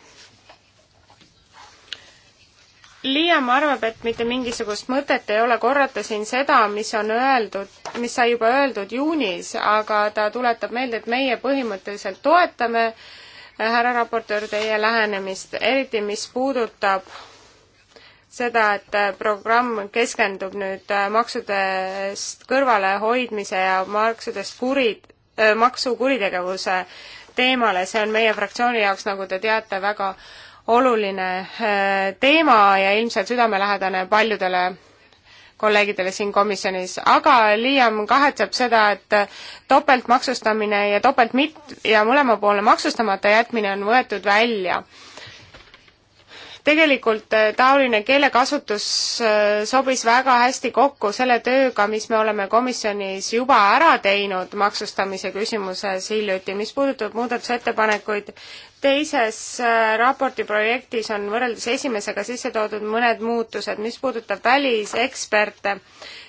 Liam arvab, et mitte mingisugust mõtet ei ole korrata siin seda, mis on öeldud, mis sai juba öeldud juunis, aga ta tuletab meelde, et meie põhimõtteliselt toetame äh, härra raportöör teie lähenemist, eriti mis puudutab äh, seda, et äh, programm keskendub nüüd äh, maksudest kõrvalehoidmise ja maksudest kuri, äh, maksukuritegevuse teemale, see on meie fraktsiooni jaoks, nagu te teate, väga oluline teema ja ilmselt südamelähedane paljudele kolleegidele siin komisjonis, aga Liam kahetseb seda, et topeltmaksustamine ja topelt mit- ja mõlemapoolne maksustamata jätmine on võetud välja tegelikult äh, taoline keelekasutus äh, sobis väga hästi kokku selle tööga, mis me oleme komisjonis juba ära teinud maksustamise küsimuses hiljuti. mis puudutab muudatusettepanekuid, teises äh, raporti projektis on võrreldes esimesega sisse toodud mõned muutused, mis puudutab väliseksperte,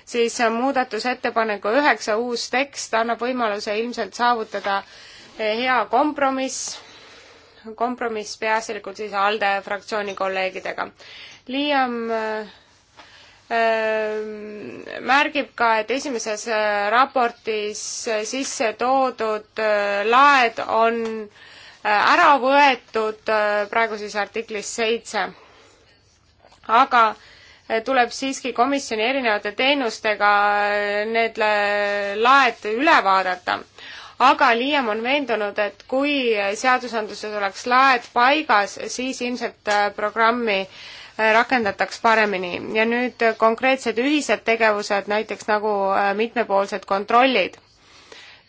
siis muudatusettepaneku üheksa uus tekst annab võimaluse ilmselt saavutada hea kompromiss kompromiss peaasjalikult siis ALDE fraktsiooni kolleegidega. Liam ähm, märgib ka, et esimeses äh, raportis äh, sisse toodud äh, laed on ära võetud praegu siis artiklis seitse. aga tuleb siiski komisjoni erinevate teenustega need laed üle vaadata aga Liam on veendunud, et kui seadusandluses oleks laed paigas, siis ilmselt äh, programmi äh, rakendataks paremini ja nüüd konkreetsed ühised tegevused, näiteks nagu äh, mitmepoolsed kontrollid.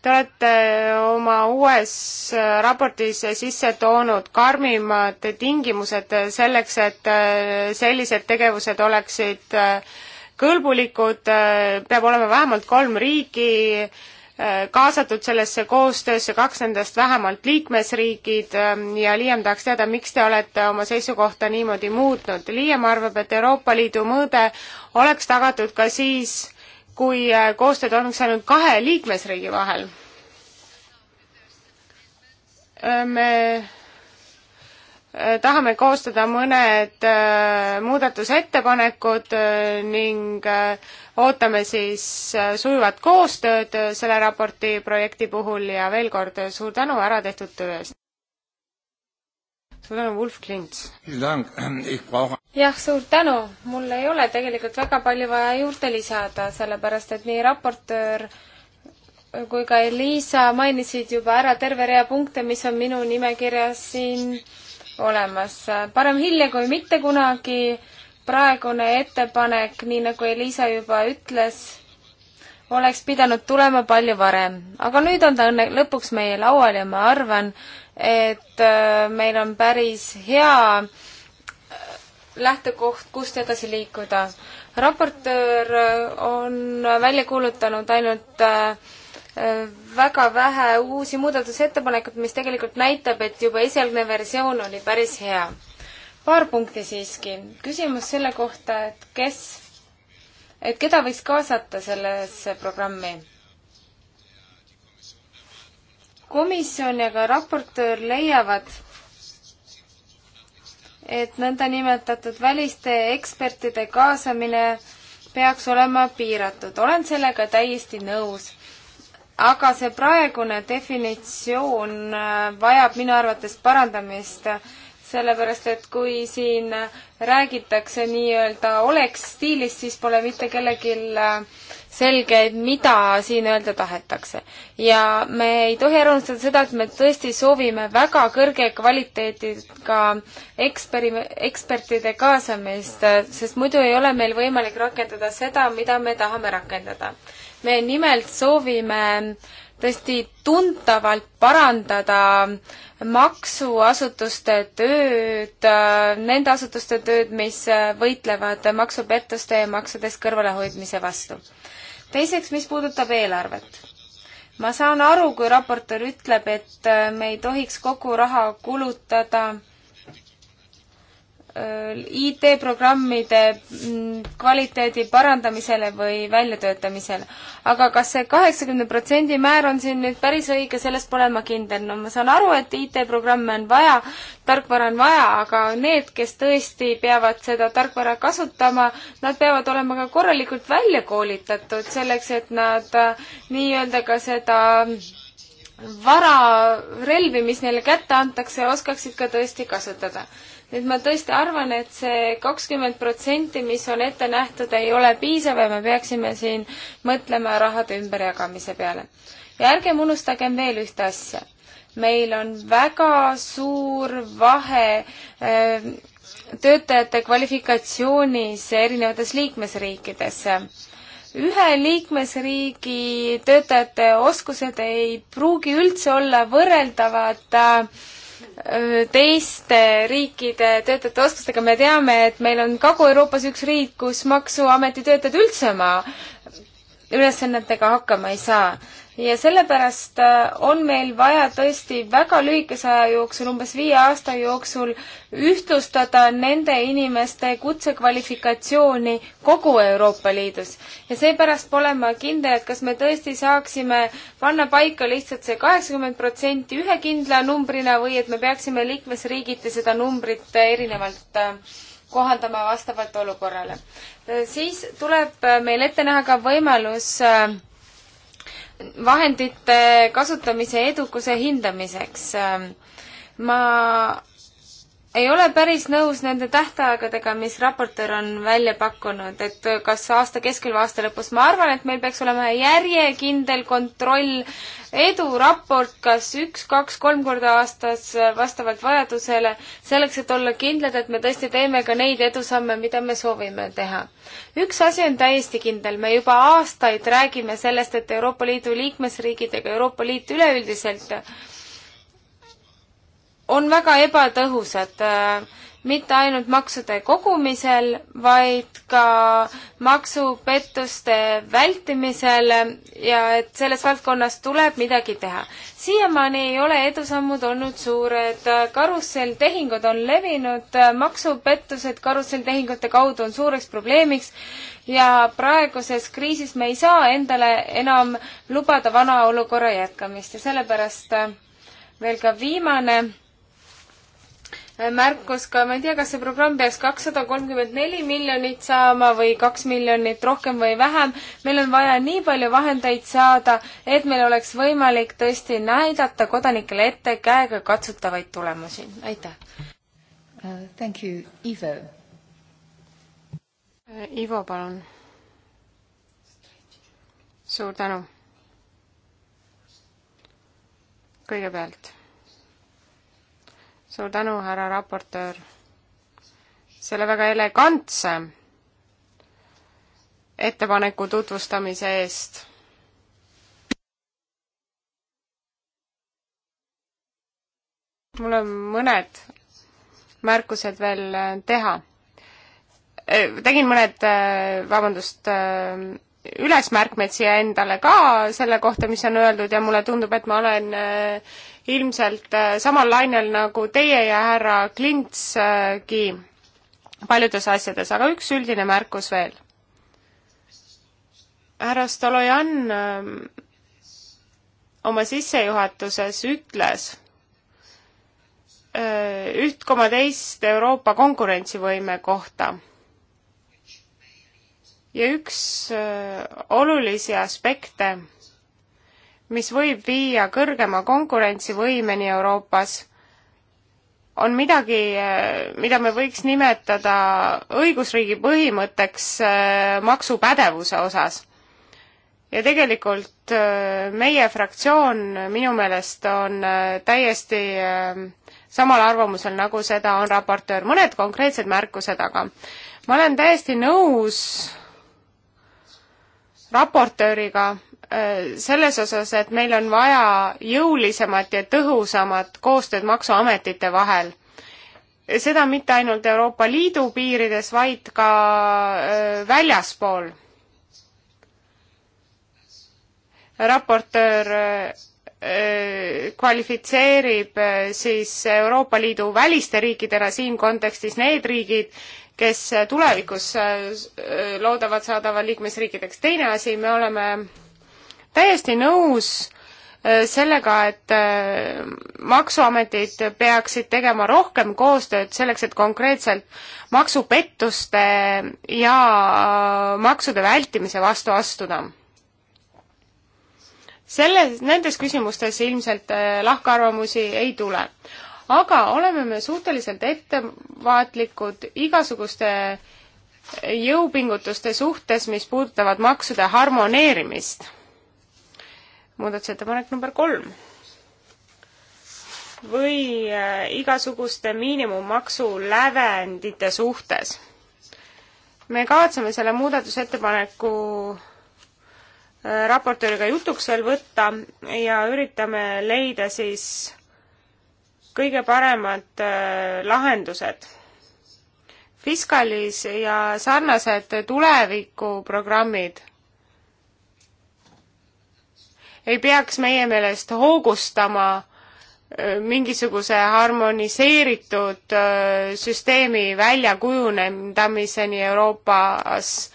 Te olete oma uues raportis sisse toonud karmimad tingimused selleks, et sellised tegevused oleksid kõlbulikud, peab olema vähemalt kolm riiki, Äh, kaasatud sellesse koostöösse, kaks nendest vähemalt liikmesriigid ähm, ja Liam tahaks teada, miks te olete oma seisukohta niimoodi muutnud. Liam arvab, et Euroopa Liidu mõõde oleks tagatud ka siis, kui äh, koostöö toimuks ainult kahe liikmesriigi vahel. Äh, me tahame koostada mõned muudatusettepanekud ning äh, ootame siis äh, sujuvat koostööd äh, selle raporti projekti puhul ja veel kord äh, suur tänu ära tehtud töö eest. suur tänu, Wolf Klints. jah, suur tänu. mul ei ole tegelikult väga palju vaja juurde lisada, sellepärast et nii raportöör kui ka Liisa mainisid juba ära terve rea punkte, mis on minu nimekirjas siin olemas. parem hilja kui mitte kunagi praegune ettepanek, nii nagu Elisa juba ütles, oleks pidanud tulema palju varem, aga nüüd on ta õnne, lõpuks meie laual ja ma arvan, et äh, meil on päris hea äh, lähtekoht, kust edasi liikuda. raportöör äh, on välja kuulutanud ainult väga vähe uusi muudatusettepanekuid, mis tegelikult näitab, et juba esialgne versioon oli päris hea paar punkti siiski. küsimus selle kohta, et kes, et keda võiks kaasata sellesse programmi? komisjon ja ka raportöör leiavad, et nõndanimetatud väliste ekspertide kaasamine peaks olema piiratud. olen sellega täiesti nõus. aga see praegune definitsioon äh, vajab minu arvates parandamist sellepärast et kui siin räägitakse nii-öelda oleks stiilist, siis pole mitte kellelgi selge, et mida siin öelda tahetakse. ja me ei tohi ära unustada seda, et me tõesti soovime väga kõrge kvaliteediga eksperi-, ekspertide kaasamist, sest muidu ei ole meil võimalik rakendada seda, mida me tahame rakendada. me nimelt soovime äh, tõesti tuntavalt parandada maksuasutuste tööd, nende asutuste tööd, mis võitlevad maksupettuste ja maksudest kõrvalehoidmise vastu. teiseks, mis puudutab eelarvet. ma saan aru, kui raportöör ütleb, et me ei tohiks kogu raha kulutada IT-programmide mm, kvaliteedi parandamisele või väljatöötamisele. aga kas see kaheksakümne protsendi määr on siin nüüd päris õige, selles pole ma kindel. no ma saan aru, et IT-programme on vaja, tarkvara on vaja, aga need, kes tõesti peavad seda tarkvara kasutama, nad peavad olema ka korralikult välja koolitatud selleks, et nad äh, nii-öelda ka seda vara, relvi, mis neile kätte antakse, oskaksid ka tõesti kasutada et ma tõesti arvan, et see kakskümmend protsenti, mis on ette nähtud, ei ole piisav ja me peaksime siin mõtlema rahade ümberjagamise peale. ja ärgem unustagem veel ühte asja. meil on väga suur vahe äh, töötajate kvalifikatsioonis erinevates liikmesriikides ühe liikmesriigi töötajate oskused ei pruugi üldse olla võrreldavad äh, teiste riikide töötajate oskustega, me teame, et meil on Kagu-Euroopas üks riik, kus Maksuameti töötajad üldse oma ülesannetega hakkama ei saa ja sellepärast äh, on meil vaja tõesti väga lühikese aja jooksul, umbes viie aasta jooksul, ühtlustada nende inimeste kutsekvalifikatsiooni kogu Euroopa Liidus. ja seepärast pole ma kindel, et kas me tõesti saaksime panna paika lihtsalt see kaheksakümmend protsenti ühe kindla numbrina või et me peaksime liikmesriigiti seda numbrit erinevalt äh, kohandama vastavalt olukorrale. Äh, siis tuleb meil ette näha ka võimalus äh, vahendite kasutamise edukuse hindamiseks. ma ei ole päris nõus nende tähtaegadega, mis raportöör on välja pakkunud, et kas aasta keskel või aasta lõpus. ma arvan, et meil peaks olema järjekindel kontroll, eduraport, kas üks, kaks, kolm korda aastas vastavalt vajadusele, selleks, et olla kindlad, et me tõesti teeme ka neid edusamme, mida me soovime teha. üks asi on täiesti kindel, me juba aastaid räägime sellest, et Euroopa Liidu liikmesriigid ega Euroopa Liit üleüldiselt on väga ebatõhusad äh, mitte ainult maksude kogumisel, vaid ka maksupettuste vältimisel ja et selles valdkonnas tuleb midagi teha. siiamaani ei ole edusammud olnud suured, karusselltehingud on levinud, maksupettused karusselltehingute kaudu on suureks probleemiks ja praeguses kriisis me ei saa endale enam lubada vana olukorra jätkamist ja sellepärast äh, veel ka viimane Äh, märkus ka, ma ei tea, kas see programm peaks kakssada kolmkümmend neli miljonit saama või kaks miljonit rohkem või vähem. meil on vaja nii palju vahendeid saada, et meil oleks võimalik tõesti näidata kodanikele ette käegakatsutavaid tulemusi. aitäh uh,! Thank you, Ivo uh,. Ivo, palun. suur tänu. kõigepealt suur tänu, härra raportöör, selle väga elegantse ettepaneku tutvustamise eest. mul on mõned märkused veel teha. E, tegin mõned, e, vabandust, e, ülesmärkmed siia endale ka selle kohta, mis on öeldud ja mulle tundub, et ma olen ilmselt äh, samal lainel nagu teie ja härra Klintski paljudes asjades, aga üks üldine märkus veel. härra Stolojan ähm, oma sissejuhatuses ütles äh, üht koma teist Euroopa konkurentsivõime kohta. ja üks äh, olulisi aspekte mis võib viia kõrgema konkurentsivõimeni Euroopas, on midagi, mida me võiks nimetada õigusriigi põhimõtteks äh, maksupädevuse osas. ja tegelikult äh, meie fraktsioon minu meelest on äh, täiesti samal arvamusel, nagu seda on raportöör. mõned konkreetsed märkused aga. ma olen täiesti nõus raportööriga, Äh, selles osas, et meil on vaja jõulisemat ja tõhusamat koostööd maksuametite vahel. seda mitte ainult Euroopa Liidu piirides, vaid ka äh, väljaspool. raportöör äh, kvalifitseerib siis Euroopa Liidu väliste riikidena siin kontekstis need riigid, kes tulevikus loodavad saadava liikmesriikideks. teine asi, me oleme täiesti nõus äh, sellega, et äh, maksuametid peaksid tegema rohkem koostööd selleks, et konkreetselt maksupettuste ja äh, maksude vältimise vastu astuda. selles, nendes küsimustes ilmselt lahkarvamusi ei tule. aga oleme me suhteliselt ettevaatlikud igasuguste jõupingutuste suhtes, mis puudutavad maksude harmoneerimist muudatusettepanek number kolm. või äh, igasuguste miinimummaksu lävendite suhtes. me kavatseme selle muudatusettepaneku äh, raportööriga jutuks veel võtta ja üritame leida siis kõige paremad äh, lahendused. Fiskalis ja sarnased tulevikuprogrammid ei peaks meie meelest hoogustama äh, mingisuguse harmoniseeritud äh, süsteemi väljakujunendamiseni Euroopas.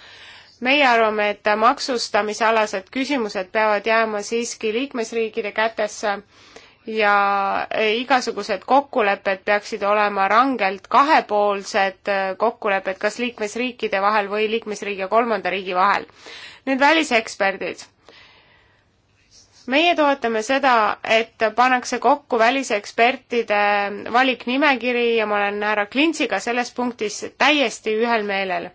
meie arvame, et maksustamisealased küsimused peavad jääma siiski liikmesriikide kätesse ja äh, igasugused kokkulepped peaksid olema rangelt kahepoolsed kokkulepped kas liikmesriikide vahel või liikmesriigi ja kolmanda riigi vahel. nüüd väliseksperdid meie toetame seda, et pannakse kokku välisekspertide valiknimekiri ja ma olen härra Klintsiga selles punktis täiesti ühel meelel.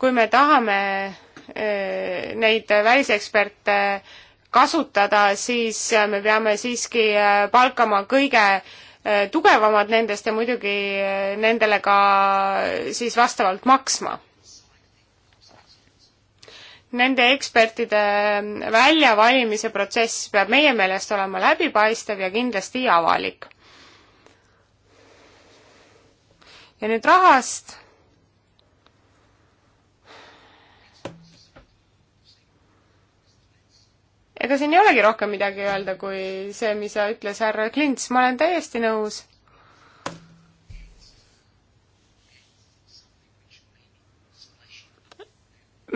kui me tahame äh, neid väliseksperte kasutada, siis me peame siiski äh, palkama kõige äh, tugevamad nendest ja muidugi nendele ka siis vastavalt maksma nende ekspertide väljavalimise protsess peab meie meelest olema läbipaistev ja kindlasti avalik. ja nüüd rahast. ega siin ei olegi rohkem midagi öelda kui see, mis ütles härra Klints, ma olen täiesti nõus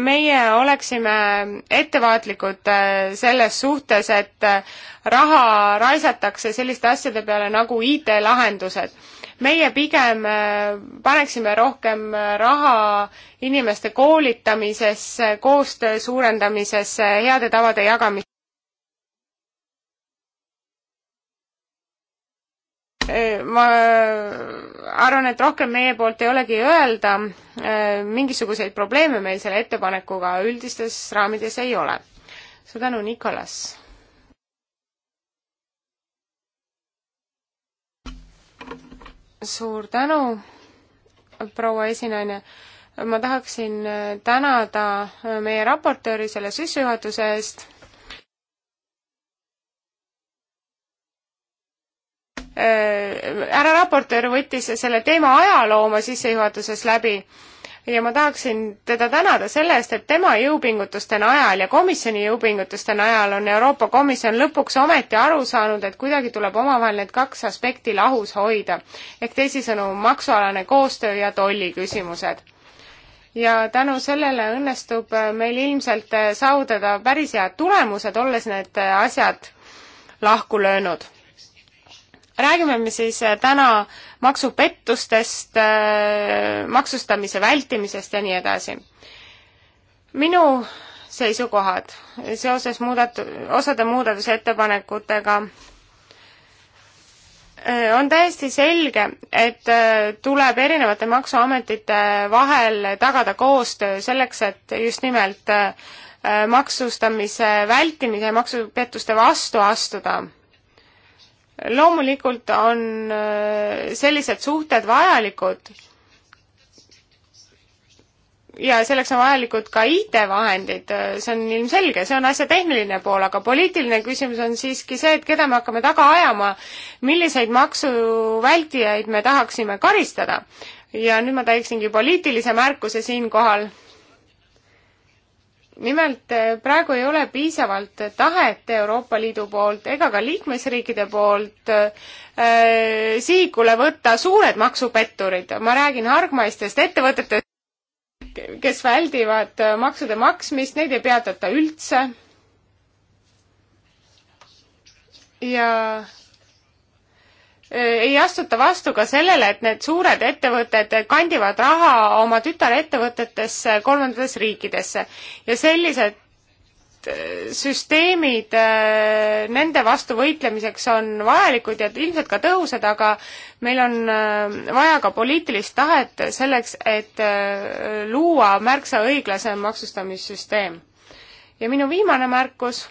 meie oleksime ettevaatlikud äh, selles suhtes, et äh, raha raisatakse selliste asjade peale nagu IT-lahendused. meie pigem äh, paneksime rohkem raha inimeste koolitamisesse, koostöö suurendamisesse, heade tavade jagamisesse. Äh, ma arvan, et rohkem meie poolt ei olegi öelda, äh, mingisuguseid probleeme meil selle ettepanekuga üldistes raamides ei ole. suur tänu, Nikolas! suur tänu, proua esinaine! ma tahaksin äh, tänada meie raportööri selle sissejuhatuse eest härra äh, raportöör võttis selle teema ajalooma sissejuhatuses läbi ja ma tahaksin teda tänada selle eest, et tema jõupingutuste najal ja komisjoni jõupingutuste najal on Euroopa Komisjon lõpuks ometi aru saanud, et kuidagi tuleb omavahel need kaks aspekti lahus hoida. ehk teisisõnu, maksualane koostöö ja tolliküsimused ja tänu sellele õnnestub meil ilmselt saavutada päris head tulemused, olles need asjad lahku löönud räägime me siis äh, täna maksupettustest, äh, maksustamise vältimisest ja nii edasi. minu seisukohad seoses muudat-, osade muudatusettepanekutega äh, on täiesti selge, et tuleb erinevate maksuametite vahel tagada koostöö selleks, et just nimelt maksustamise vältimise ja maksupettuste vastu astuda loomulikult on äh, sellised suhted vajalikud ja selleks on vajalikud ka IT-vahendid, äh, see on ilmselge, see on asja tehniline pool, aga poliitiline küsimus on siiski see, et keda me hakkame taga ajama, milliseid maksuvältijaid me tahaksime karistada. ja nüüd ma teeksingi poliitilise märkuse siinkohal nimelt eh, praegu ei ole piisavalt tahet Euroopa Liidu poolt ega ka liikmesriikide poolt äh, sihikule võtta suured maksupetturid, ma räägin hargmaistest ettevõtetest, kes väldivad eh, maksude maksmist, neid ei peatata üldse. ja ei astuta vastu ka sellele, et need suured ettevõtted kandivad raha oma tütarettevõtetesse kolmandatesse riikidesse ja sellised äh, süsteemid äh, nende vastu võitlemiseks on vajalikud ja ilmselt ka tõhusad, aga meil on äh, vaja ka poliitilist tahet selleks, et luua märksa õiglasem maksustamissüsteem. ja minu viimane märkus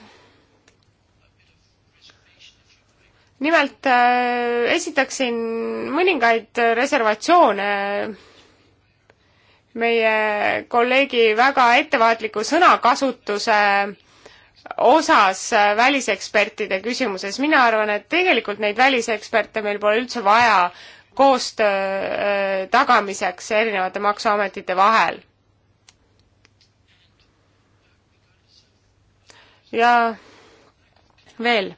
nimelt äh, esitaksin mõningaid reservatsioone meie kolleegi väga ettevaatliku sõnakasutuse osas äh, välisekspertide küsimuses. mina arvan, et tegelikult neid väliseksperte meil pole üldse vaja koostöö äh, tagamiseks erinevate maksuametite vahel. ja veel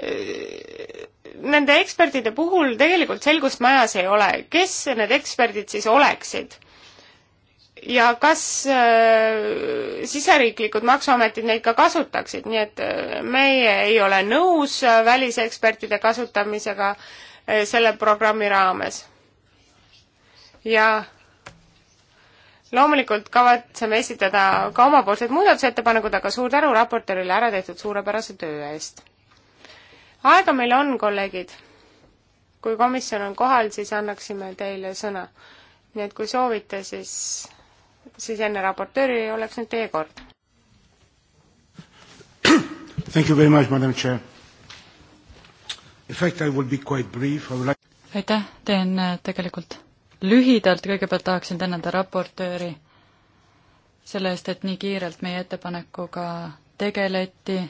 nende ekspertide puhul tegelikult selgust majas ei ole, kes need eksperdid siis oleksid? ja kas äh, siseriiklikud maksuametid neid ka kasutaksid, nii et äh, meie ei ole nõus äh, välisekspertide kasutamisega äh, selle programmi raames. ja loomulikult kavatseme esitada ka omapoolsed muudatusettepanekud, aga suur tänu raportöörile ära tehtud suurepärase töö eest! aega meil on, kolleegid. kui komisjon on kohal, siis annaksime teile sõna. nii et kui soovite, siis, siis enne raportööri oleks nüüd teie kord. (coughs) Thank you very much, madam chair. In fact, I will be quite brief. I would like aitäh, teen äh, tegelikult lühidalt, kõigepealt tahaksin tänada raportööri selle eest, et nii kiirelt meie ettepanekuga tegeleti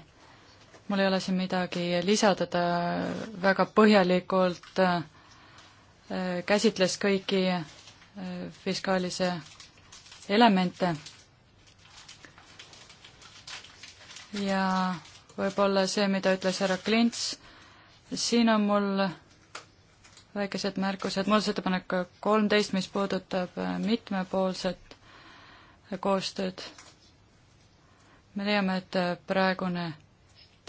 mul ei ole siin midagi lisada, ta väga põhjalikult äh, käsitles kõiki äh, fiskaalise elemente. ja võib-olla see, mida ütles härra Klints, siin on mul väikesed märkused, muudatusettepanek kolmteist, mis puudutab äh, mitmepoolset koostööd. me leiame, et praegune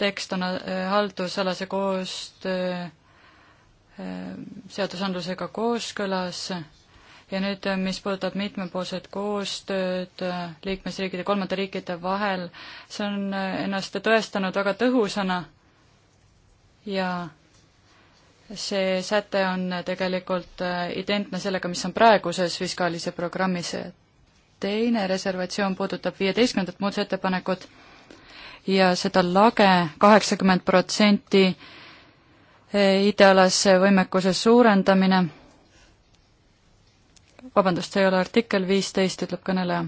tekst on äh, haldusalase koostöö äh, seadusandlusega kooskõlas ja nüüd, äh, mis puudutab mitmepoolset koostööd liikmesriikide, kolmandate riikide vahel, see on ennast tõestanud väga tõhusana ja see säte on tegelikult identne sellega, mis on praeguses fiskaalise programmis. teine reservatsioon puudutab viieteistkümnendat muudatusettepanekut ja seda lage kaheksakümmend protsenti IT-alase võimekuse suurendamine, vabandust, see ei ole artikkel viisteist, ütleb kõneleja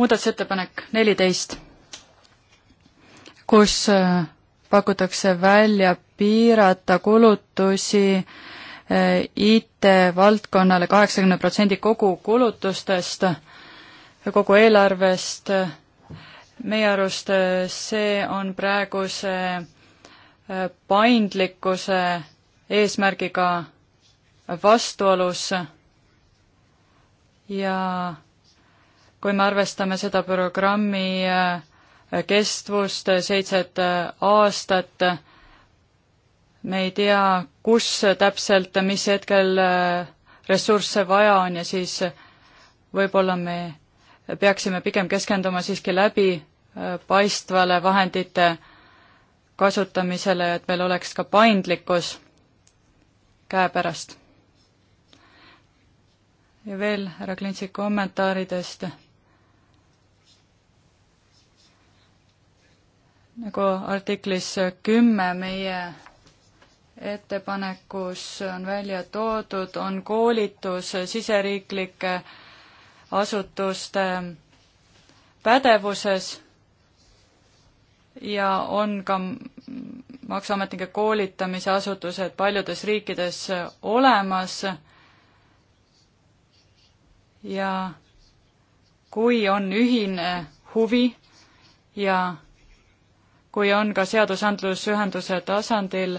muudatusettepanek neliteist, kus äh, pakutakse välja piirata kulutusi eh, IT-valdkonnale kaheksakümne protsendi kogu kulutustest ja kogu eelarvest. meie arust eh, see on praeguse eh, paindlikkuse eesmärgiga vastuolus ja kui me arvestame seda programmi äh, kestvust, seitset aastat. me ei tea, kus täpselt, mis hetkel ressursse vaja on ja siis võib-olla me peaksime pigem keskenduma siiski läbipaistvale äh, vahendite kasutamisele, et meil oleks ka paindlikkus käepärast. ja veel härra Klintsi kommentaaridest nagu artiklis kümme meie ettepanekus on välja toodud, on koolitus siseriiklike asutuste pädevuses ja on ka maksuametnike koolitamise asutused paljudes riikides olemas ja kui on ühine huvi ja kui on ka seadusandlus ühenduse tasandil,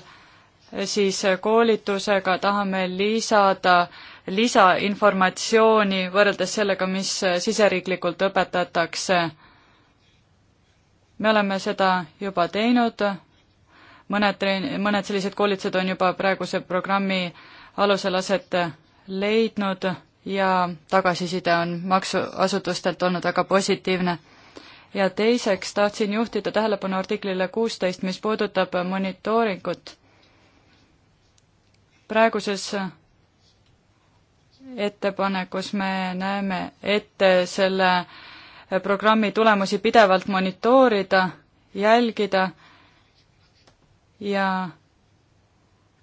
siis koolitusega tahame lisada lisainformatsiooni võrreldes sellega, mis siseriiklikult õpetatakse. me oleme seda juba teinud, mõned treen-, mõned sellised koolitused on juba praeguse programmi alusel aset leidnud ja tagasiside on maksuasutustelt olnud väga positiivne ja teiseks tahtsin juhtida tähelepanu artiklile kuusteist, mis puudutab monitooringut. praeguses ettepanekus me näeme ette selle programmi tulemusi pidevalt monitoorida, jälgida ja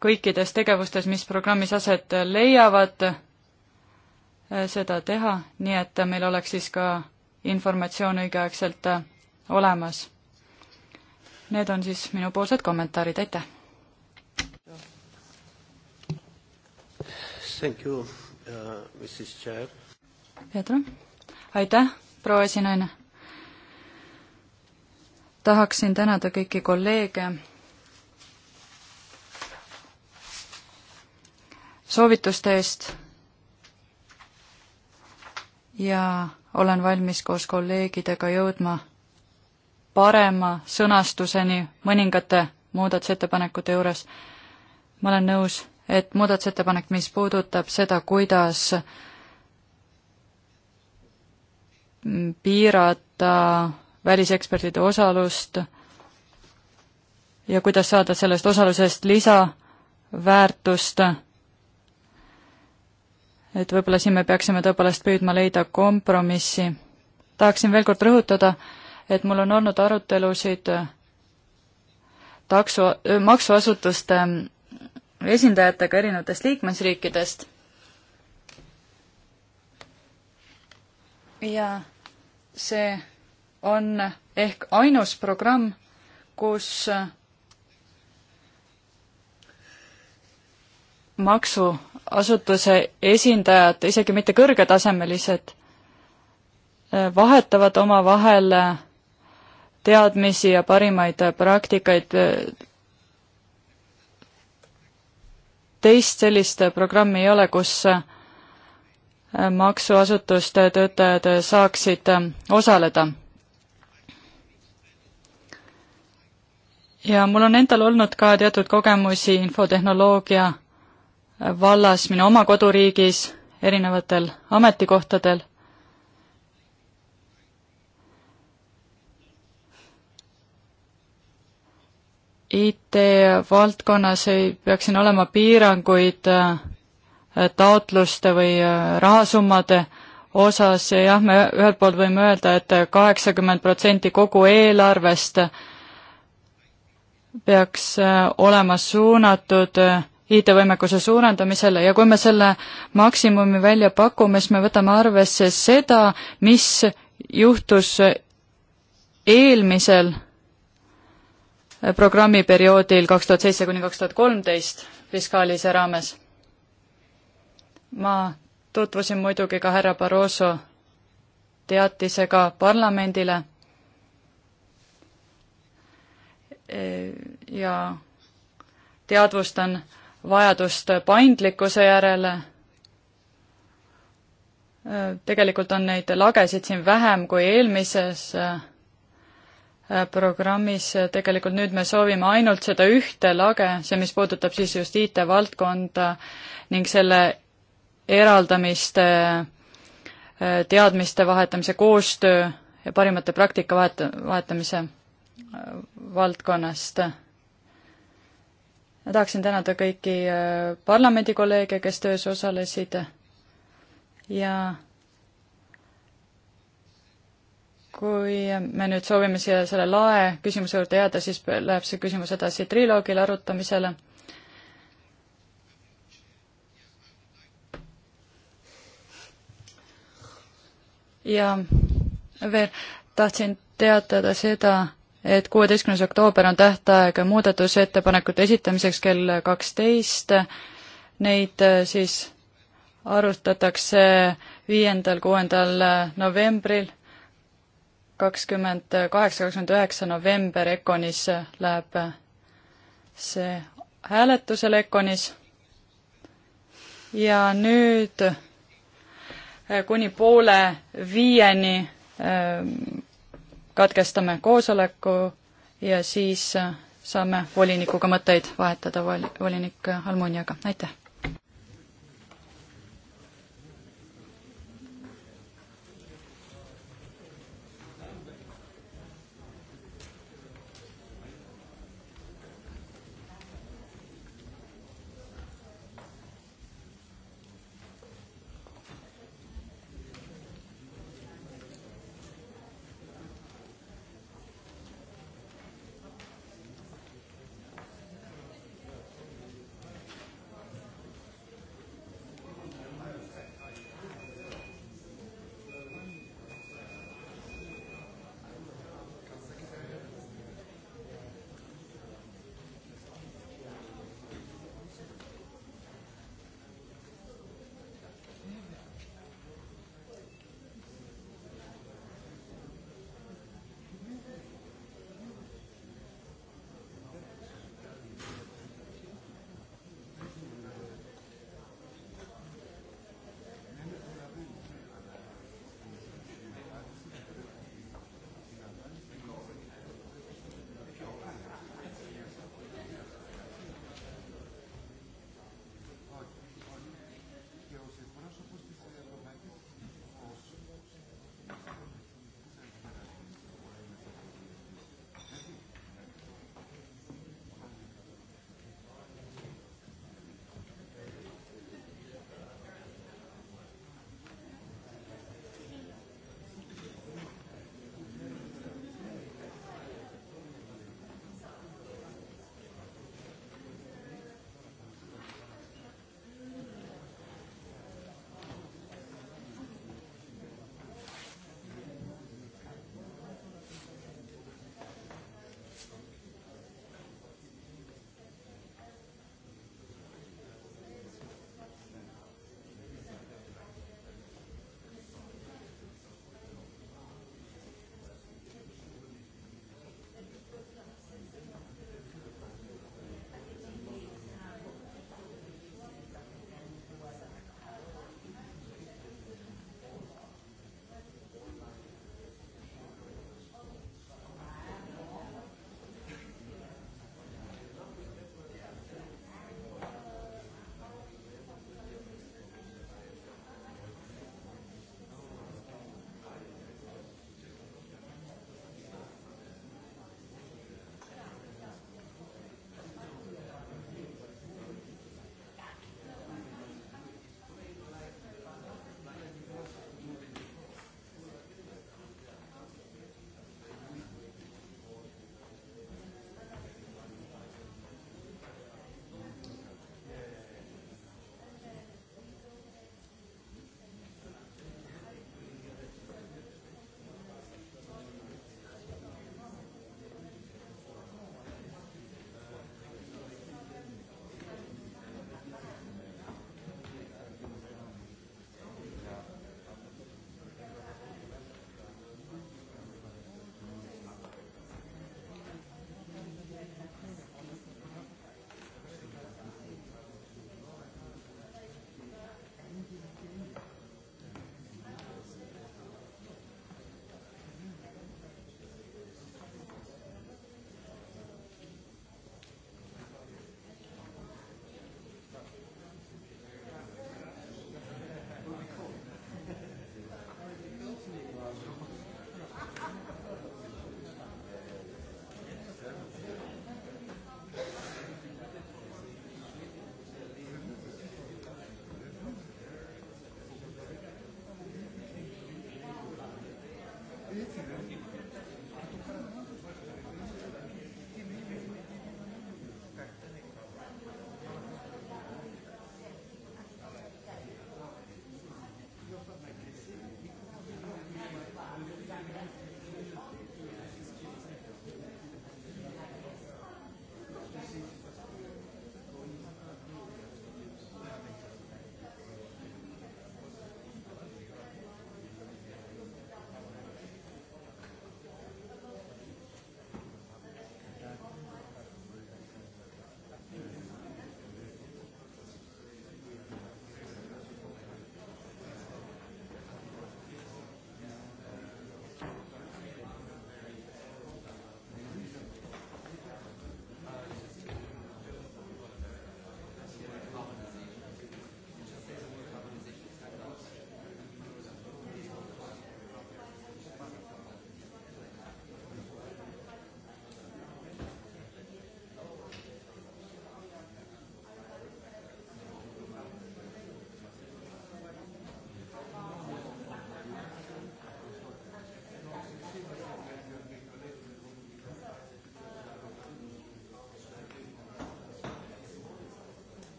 kõikides tegevustes, mis programmis aset leiavad, seda teha, nii et meil oleks siis ka informatsioon õigeaegselt äh, olemas. Need on siis minupoolsed kommentaarid, aitäh! Thank you uh,, Mrs Chair. Pedro, aitäh, proua esinaine! tahaksin tänada kõiki kolleege soovituste eest ja olen valmis koos kolleegidega jõudma parema sõnastuseni mõningate muudatusettepanekute juures. ma olen nõus, et muudatusettepanek, mis puudutab seda, kuidas piirata välisekspertide osalust ja kuidas saada sellest osalusest lisaväärtust et võib-olla siin me peaksime tõepoolest püüdma leida kompromissi. tahaksin veel kord rõhutada, et mul on olnud arutelusid takso, maksuasutuste esindajatega erinevatest liikmesriikidest ja see on ehk ainus programm, kus maksu asutuse esindajad, isegi mitte kõrgetasemelised, eh, vahetavad omavahel eh, teadmisi ja parimaid eh, praktikaid. teist sellist programmi ei ole, kus maksuasutuste töötajad saaksid osaleda. ja mul on endal olnud ka teatud kogemusi infotehnoloogia vallas, minu oma koduriigis, erinevatel ametikohtadel. IT-valdkonnas ei peaks siin olema piiranguid äh, taotluste või äh, rahasummade osas ja jah, me ühelt poolt võime öelda et, et kaheksakümmend protsenti kogu eelarvest peaks äh, olema suunatud IT-võimekuse suurendamisele ja kui me selle maksimumi välja pakume, siis me võtame arvesse seda, mis juhtus eelmisel programmiperioodil kaks tuhat seitse kuni kaks tuhat kolmteist fiskaalise raames. ma tutvusin muidugi ka härra Barroso teatisega parlamendile ja teadvustan vajadust paindlikkuse järele. tegelikult on neid lagesid siin vähem kui eelmises äh, programmis, tegelikult nüüd me soovime ainult seda ühte lage, see, mis puudutab siis just IT-valdkonda ning selle eraldamist äh, teadmiste vahetamise, koostöö ja parimate praktika vahet-, vahetamise äh, valdkonnast ma tahaksin tänada kõiki äh, parlamendikolleege, kes töös osalesid ja kui me nüüd soovime siia selle lae küsimuse juurde jääda, siis läheb see küsimus edasi triloogile arutamisele ja veel tahtsin teatada seda, et kuueteistkümnes oktoober on tähtaeg muudatusettepanekute esitamiseks kell kaksteist. Neid äh, siis arutatakse viiendal, kuuendal novembril, kakskümmend kaheksa, kakskümmend üheksa november Econis läheb see hääletusele Econis. ja nüüd äh, kuni poole viieni ähm, katkestame koosoleku ja siis saame volinikuga mõtteid vahetada, volinik Almuniaga, aitäh!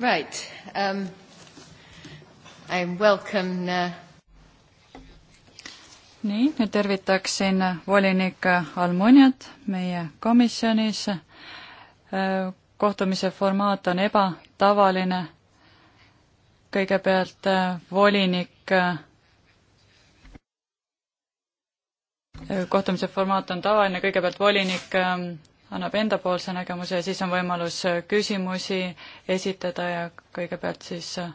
Right. Um, I welcome uh... nii, nüüd tervitaksin volinik Almuniat meie komisjonis. Uh, kohtumise formaat on ebatavaline. kõigepealt uh, volinik uh, kohtumise formaat on tavaline, kõigepealt volinik um, annab endapoolse nägemuse ja siis on võimalus äh, küsimusi esitada ja kõigepealt siis äh,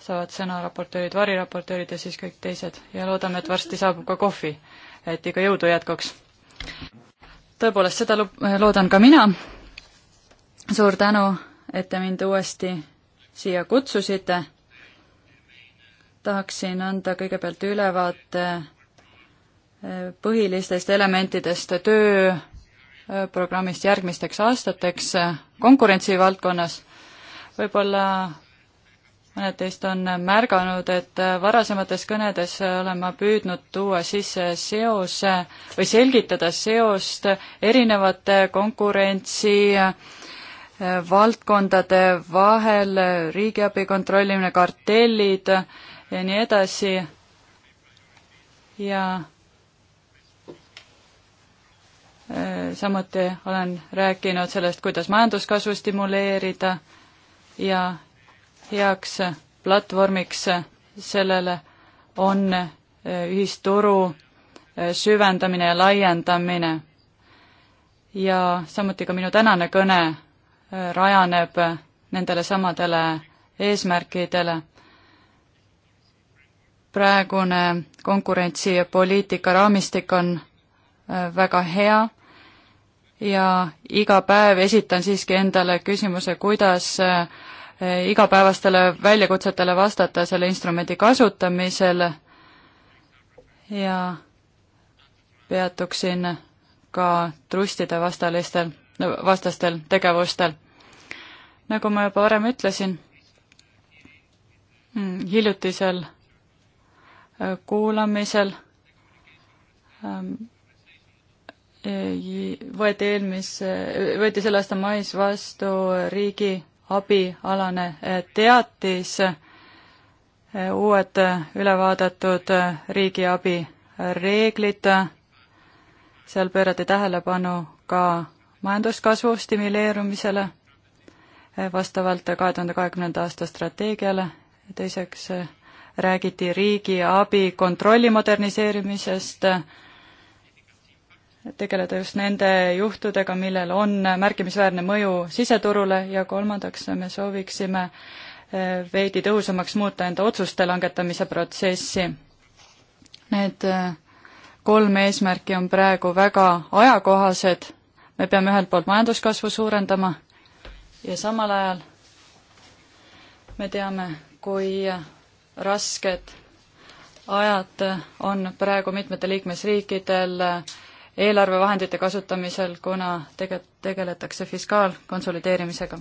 saavad sõna raportöörid, variraportöörid ja siis kõik teised ja loodame, et varsti saabub ka kohvi, et ikka jõudu jätkuks. tõepoolest, seda loodan ka mina. suur tänu, et te mind uuesti siia kutsusite. tahaksin anda kõigepealt ülevaate äh, põhilistest elementidest töö programmist järgmisteks aastateks konkurentsivaldkonnas. võib-olla mõned teist on märganud, et varasemates kõnedes olen ma püüdnud tuua sisse seose või selgitada seost erinevate konkurentsi eh, valdkondade vahel, riigiabi kontrollimine, kartellid ja nii edasi ja Äh, samuti olen rääkinud sellest, kuidas majanduskasvu stimuleerida ja heaks platvormiks sellele on äh, ühisturu äh, süvendamine ja laiendamine. ja samuti ka minu tänane kõne rajaneb nendele samadele eesmärkidele. praegune konkurentsipoliitika raamistik on väga hea ja iga päev esitan siiski endale küsimuse, kuidas eh, igapäevastele väljakutsetele vastata selle instrumendi kasutamisel ja peatuksin ka trustide vastalistel, vastastel tegevustel. nagu ma juba varem ütlesin, mm, hiljutisel eh, kuulamisel ähm, võeti eelmise, võeti selle aasta mais vastu riigi abialane eh, teatis, eh, uued ülevaadatud eh, riigiabi reeglid, seal pöörati tähelepanu ka majanduskasvu stimuleerumisele vastavalt kahe tuhande kahekümnenda aasta strateegiale, teiseks räägiti riigiabi kontrolli moderniseerimisest, tegeleda just nende juhtudega, millel on märkimisväärne mõju siseturule ja kolmandaks me sooviksime eh, veidi tõhusamaks muuta enda otsuste langetamise protsessi. Need eh, kolm eesmärki on praegu väga ajakohased, me peame ühelt poolt majanduskasvu suurendama ja samal ajal me teame, kui rasked ajad on praegu mitmetel liikmesriikidel äh, eelarvevahendite kasutamisel, kuna tege-, tegeletakse fiskaalkonsolideerimisega,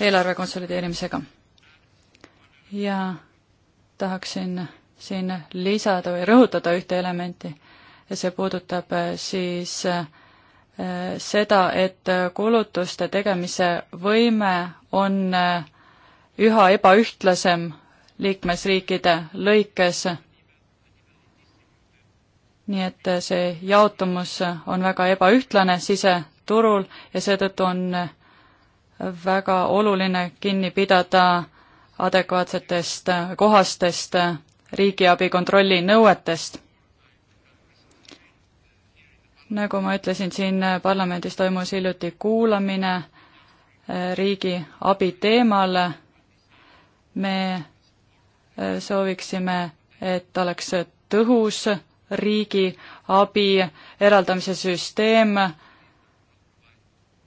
eelarve konsolideerimisega. ja tahaksin siin lisada või rõhutada ühte elementi ja see puudutab äh, siis äh, seda, et äh, kulutuste tegemise võime on üha ebaühtlasem liikmesriikide lõikes nii et äh, see jaotumus äh, on väga ebaühtlane siseturul ja seetõttu on äh, väga oluline kinni pidada adekvaatsetest kohastest riigiabi kontrolli nõuetest. nagu ma ütlesin, siin parlamendis toimus hiljuti kuulamine riigiabi teemal. me sooviksime, et oleks tõhus riigi abi eraldamise süsteem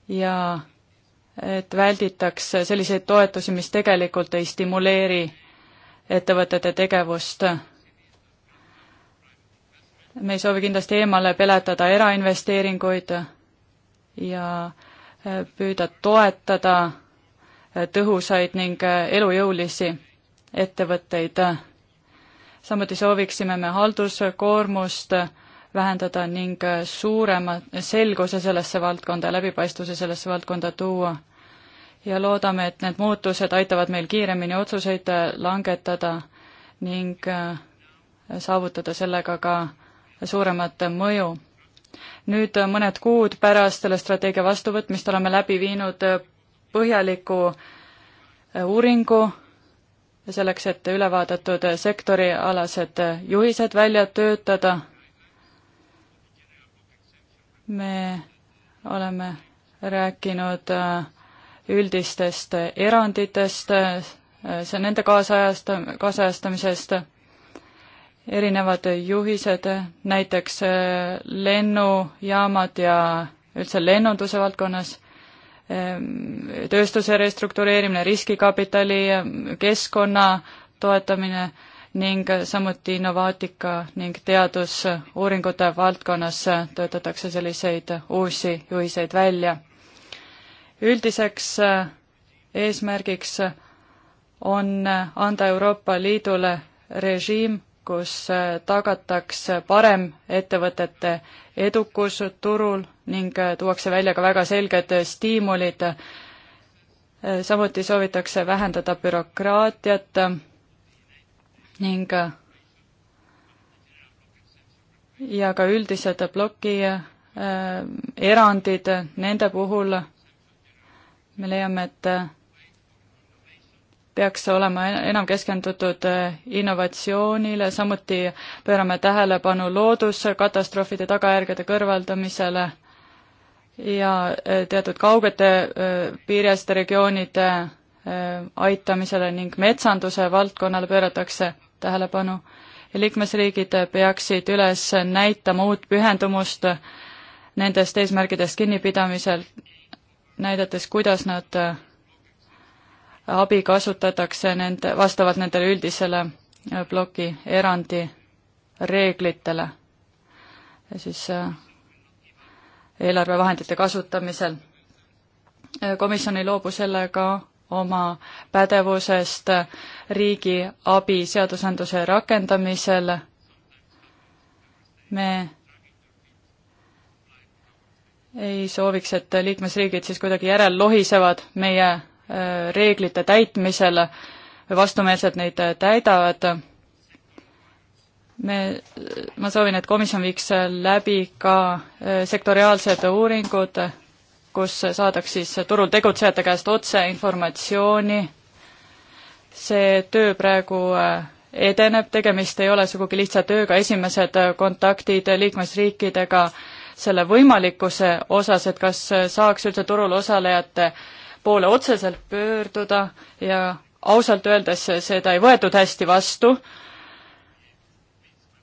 ja et välditaks selliseid toetusi, mis tegelikult ei stimuleeri ettevõtete tegevust. me ei soovi kindlasti eemale peletada erainvesteeringuid ja püüda toetada tõhusaid ning elujõulisi ettevõtteid samuti sooviksime me halduskoormust vähendada ning suurema selguse sellesse valdkonda ja läbipaistvuse sellesse valdkonda tuua. ja loodame, et need muutused aitavad meil kiiremini otsuseid langetada ning äh, saavutada sellega ka suuremat mõju. nüüd mõned kuud pärast selle strateegia vastuvõtmist oleme läbi viinud põhjaliku äh, uuringu selleks, et üle vaadatud sektorialased juhised välja töötada. me oleme rääkinud äh, üldistest eranditest, äh, see on nende kaasajast-, kaasajastamisest, erinevad juhised, näiteks äh, lennujaamad ja üldse lennunduse valdkonnas Ehm, tööstuse restruktureerimine, riskikapitali, keskkonna toetamine ning samuti innovaatika ning teadusuuringute valdkonnas töötatakse selliseid uusi juhiseid välja. üldiseks eh, eesmärgiks on anda Euroopa Liidule režiim, kus äh, tagatakse parem ettevõtete edukus turul ning äh, tuuakse välja ka väga selged äh, stiimulid. samuti soovitakse vähendada bürokraatiat ning ja ka üldised ploki erandid nende puhul me leiame, et peaks olema enam keskendutud äh, innovatsioonile, samuti pöörame tähelepanu looduskatastroofide tagajärgede kõrvaldamisele ja äh, teatud kaugete äh, piiriste regioonide aitamisele ning metsanduse valdkonnale pööratakse tähelepanu. liikmesriigid peaksid üles näitama uut pühendumust nendest eesmärgidest kinnipidamisel, näidates, kuidas nad abi kasutatakse nende, vastavalt nendele üldisele äh, ploki erandi reeglitele ja siis äh, eelarvevahendite kasutamisel. Äh, komisjon ei loobu sellega oma pädevusest riigi abi seadusandluse rakendamisel. me ei sooviks, et liikmesriigid siis kuidagi järel lohisevad meie reeglite täitmisel või vastumeelselt neid täidavad. me, ma soovin, et komisjon viiks läbi ka eh, sektoriaalsed uuringud, kus saadaks siis turul tegutsejate käest otse informatsiooni. see töö praegu eh, edeneb, tegemist ei ole sugugi lihtsa tööga, esimesed eh, kontaktid liikmesriikidega selle võimalikkuse osas, et kas saaks üldse turul osalejate äh, poole otseselt pöörduda ja ausalt öeldes seda ei võetud hästi vastu,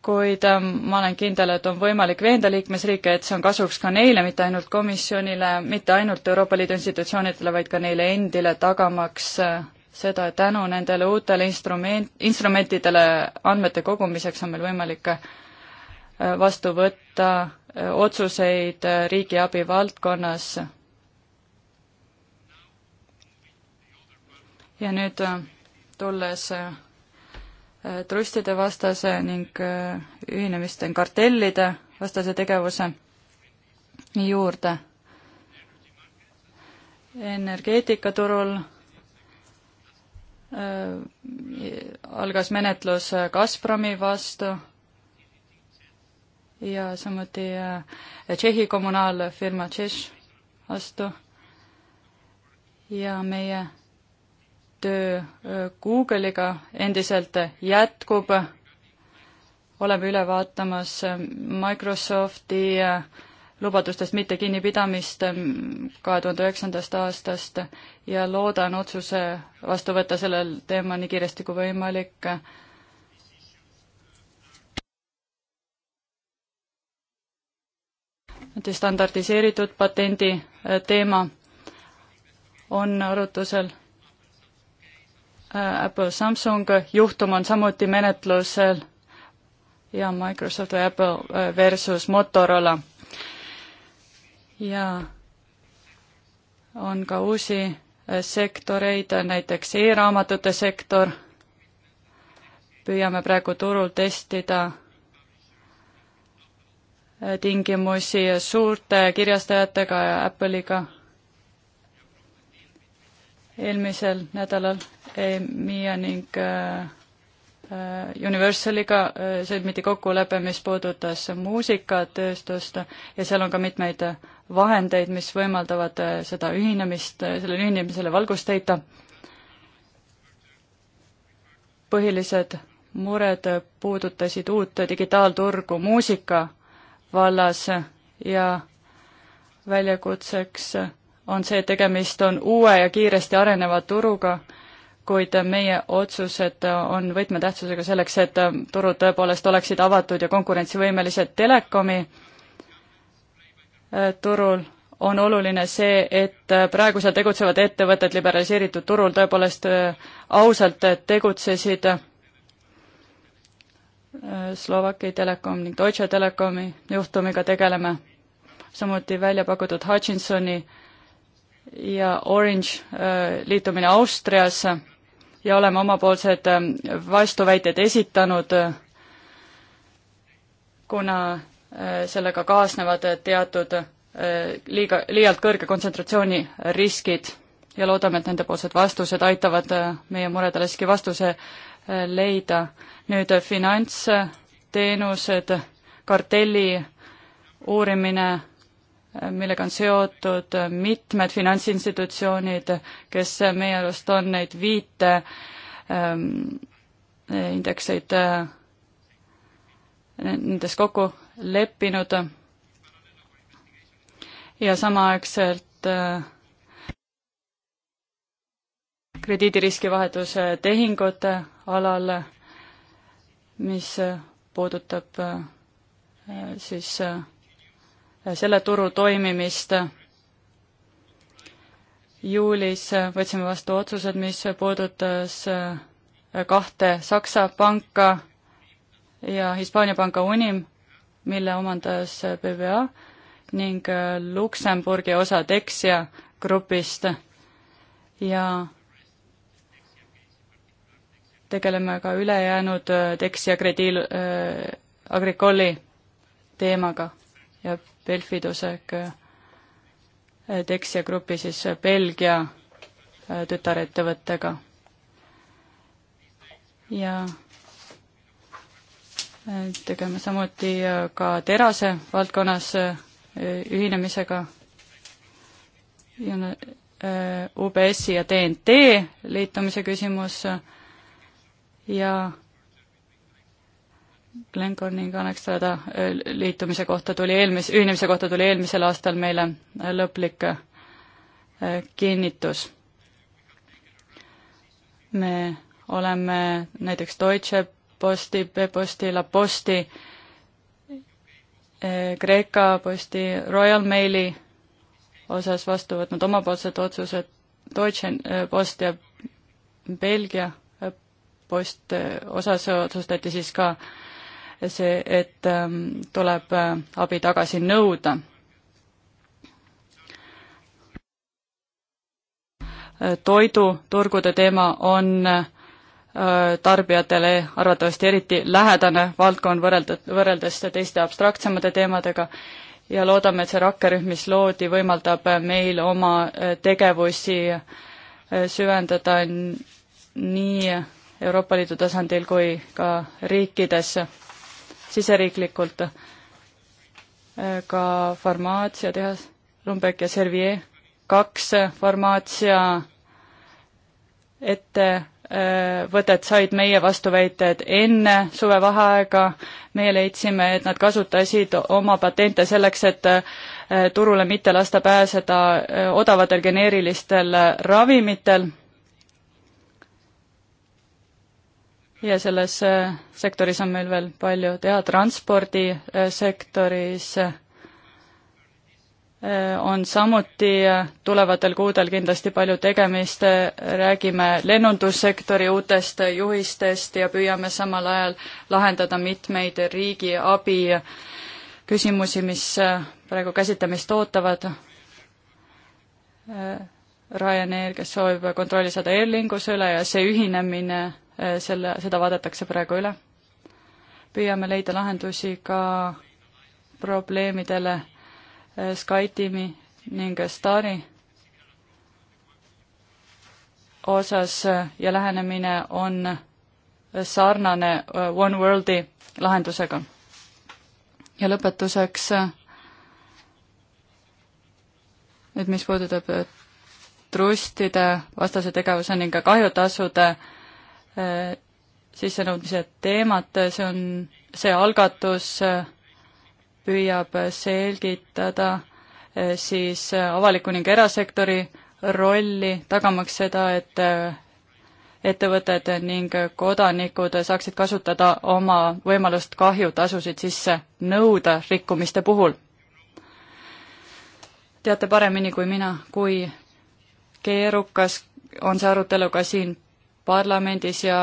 kuid ähm, ma olen kindel, et on võimalik veenda liikmesriike, et see on kasuks ka neile, mitte ainult komisjonile, mitte ainult Euroopa Liidu institutsioonidele, vaid ka neile endile, tagamaks äh, seda, et tänu nendele uutele instrument, instrumentidele andmete kogumiseks on meil võimalik äh, vastu võtta äh, otsuseid riigiabi valdkonnas ja nüüd äh, tulles äh, trustide vastase ning äh, ühinemiste kartellide vastase tegevuse juurde. energeetikaturul äh, algas menetlus Gazpromi vastu ja samuti äh, Tšehhi kommunaalfirma Tšeš vastu ja meie töö Google'iga endiselt jätkub, oleme üle vaatamas Microsofti lubadustest mitte kinnipidamist kahe tuhande üheksandast aastast ja loodan otsuse vastu võtta sellel teemal nii kiiresti kui võimalik. standardiseeritud patendi teema on arutusel Apple Samsung juhtum on samuti menetlusel ja Microsoft või Apple äh, versus Motorola. ja on ka uusi äh, sektoreid, näiteks e-raamatute sektor. püüame praegu turul testida äh, tingimusi suurte kirjastajatega ja Apple'iga eelmisel nädalal EMIA ning äh, äh, Universaliga äh, sõlmiti kokkulepe, mis puudutas muusikatööstust ja seal on ka mitmeid vahendeid, mis võimaldavad seda ühinemist, sellele ühinemisele valgust heita. põhilised mured puudutasid uut digitaalturgu muusika vallas ja väljakutseks on see, et tegemist on uue ja kiiresti areneva turuga, kuid meie otsused on võtmetähtsusega selleks, et turud tõepoolest oleksid avatud ja konkurentsivõimelised telekomi äh, turul on oluline see, et praegu seal tegutsevad ettevõtted liberaliseeritud turul tõepoolest äh, ausalt tegutsesid äh, Slovakkia Telekom ning Deutsche Telekomi juhtumiga tegeleme, samuti välja pakutud Hutchinsoni äh, ja Orange äh, liitumine Austrias ja oleme omapoolsed äh, vastuväited esitanud, äh, kuna sellega kaasnevad teatud liiga, liialt kõrge kontsentratsiooni riskid ja loodame, et nendepoolsed vastused aitavad meie muredele siiski vastuse leida. nüüd finantsteenused, kartelli uurimine millega on seotud mitmed finantsinstitutsioonid, kes meie arust on neid viite ähm, indekseid äh, nendes kokku leppinud ja samaaegselt äh, krediidiriski vahetuse tehingute alal, mis puudutab äh, siis äh, selle turu toimimist. juulis võtsime vastu otsused, mis puudutas äh, kahte Saksa panka ja Hispaania panka Unim, mille omandas PBA äh, ning äh, Luksemburgi osa Dexia grupist ja tegeleme ka ülejäänud Dexia krediil- äh,, Agricoli teemaga ja Belfi Dosek Dexia Grupi siis Belgia äh, tütarettevõttega. ja äh, tegeme samuti äh, ka terase valdkonnas ühinemisega UBS-i ja TNT liitumise küsimus ja Glenconiga Annextrada äh, liitumise kohta tuli eelmise, ühinemise kohta tuli eelmisel aastal meile äh, lõplik äh, kinnitus. me oleme näiteks Deutsche Posti, Posti, La Posti, Kreeka Posti, Royal Maili osas vastu võtnud omapoolsed otsused, Deutsche Post ja Belgia Post osas otsustati siis ka äh, see, et ähm, tuleb äh, abi tagasi nõuda. Äh, toiduturgude teema on äh, tarbijatele arvatavasti eriti lähedane valdkond võrrelda, võrreldes teiste abstraktsemate teemadega ja loodame, et see rakkerühm, mis loodi, võimaldab meil oma tegevusi süvendada nii Euroopa Liidu tasandil kui ka riikides siseriiklikult. Äh, ka farmaatsiatehas, Lumbeck ja Servier, kaks äh, farmaatsia ettevõtet äh, said meie vastuväited enne suvevaheaega, meie leidsime, et nad kasutasid oma patente selleks, et turule mitte lasta pääseda odavatel geneerilistel ravimitel ja selles äh, sektoris on meil veel palju teha, transpordisektoris äh, äh, on samuti tulevatel kuudel kindlasti palju tegemist, räägime lennundussektori uutest juhistest ja püüame samal ajal lahendada mitmeid riigi abi küsimusi, mis praegu käsitlemist ootavad. Ryanair, kes soovib kontrolli saada Air Lingus üle ja see ühinemine Eh, selle, seda vaadatakse praegu üle. püüame leida lahendusi ka probleemidele eh, SkyTeami ning Stari osas eh, ja lähenemine on sarnane One Worldi lahendusega. ja lõpetuseks nüüd, mis puudutab trustide vastase tegevuse ning ka kahjutasude sissenõudmise teemat, see on, see algatus püüab selgitada eh, siis avaliku ning erasektori rolli, tagamaks seda, et eh, ettevõtted ning kodanikud saaksid kasutada oma võimalust kahjutasusid sisse nõuda rikkumiste puhul. teate paremini kui mina, kui keerukas on see arutelu ka siin parlamendis ja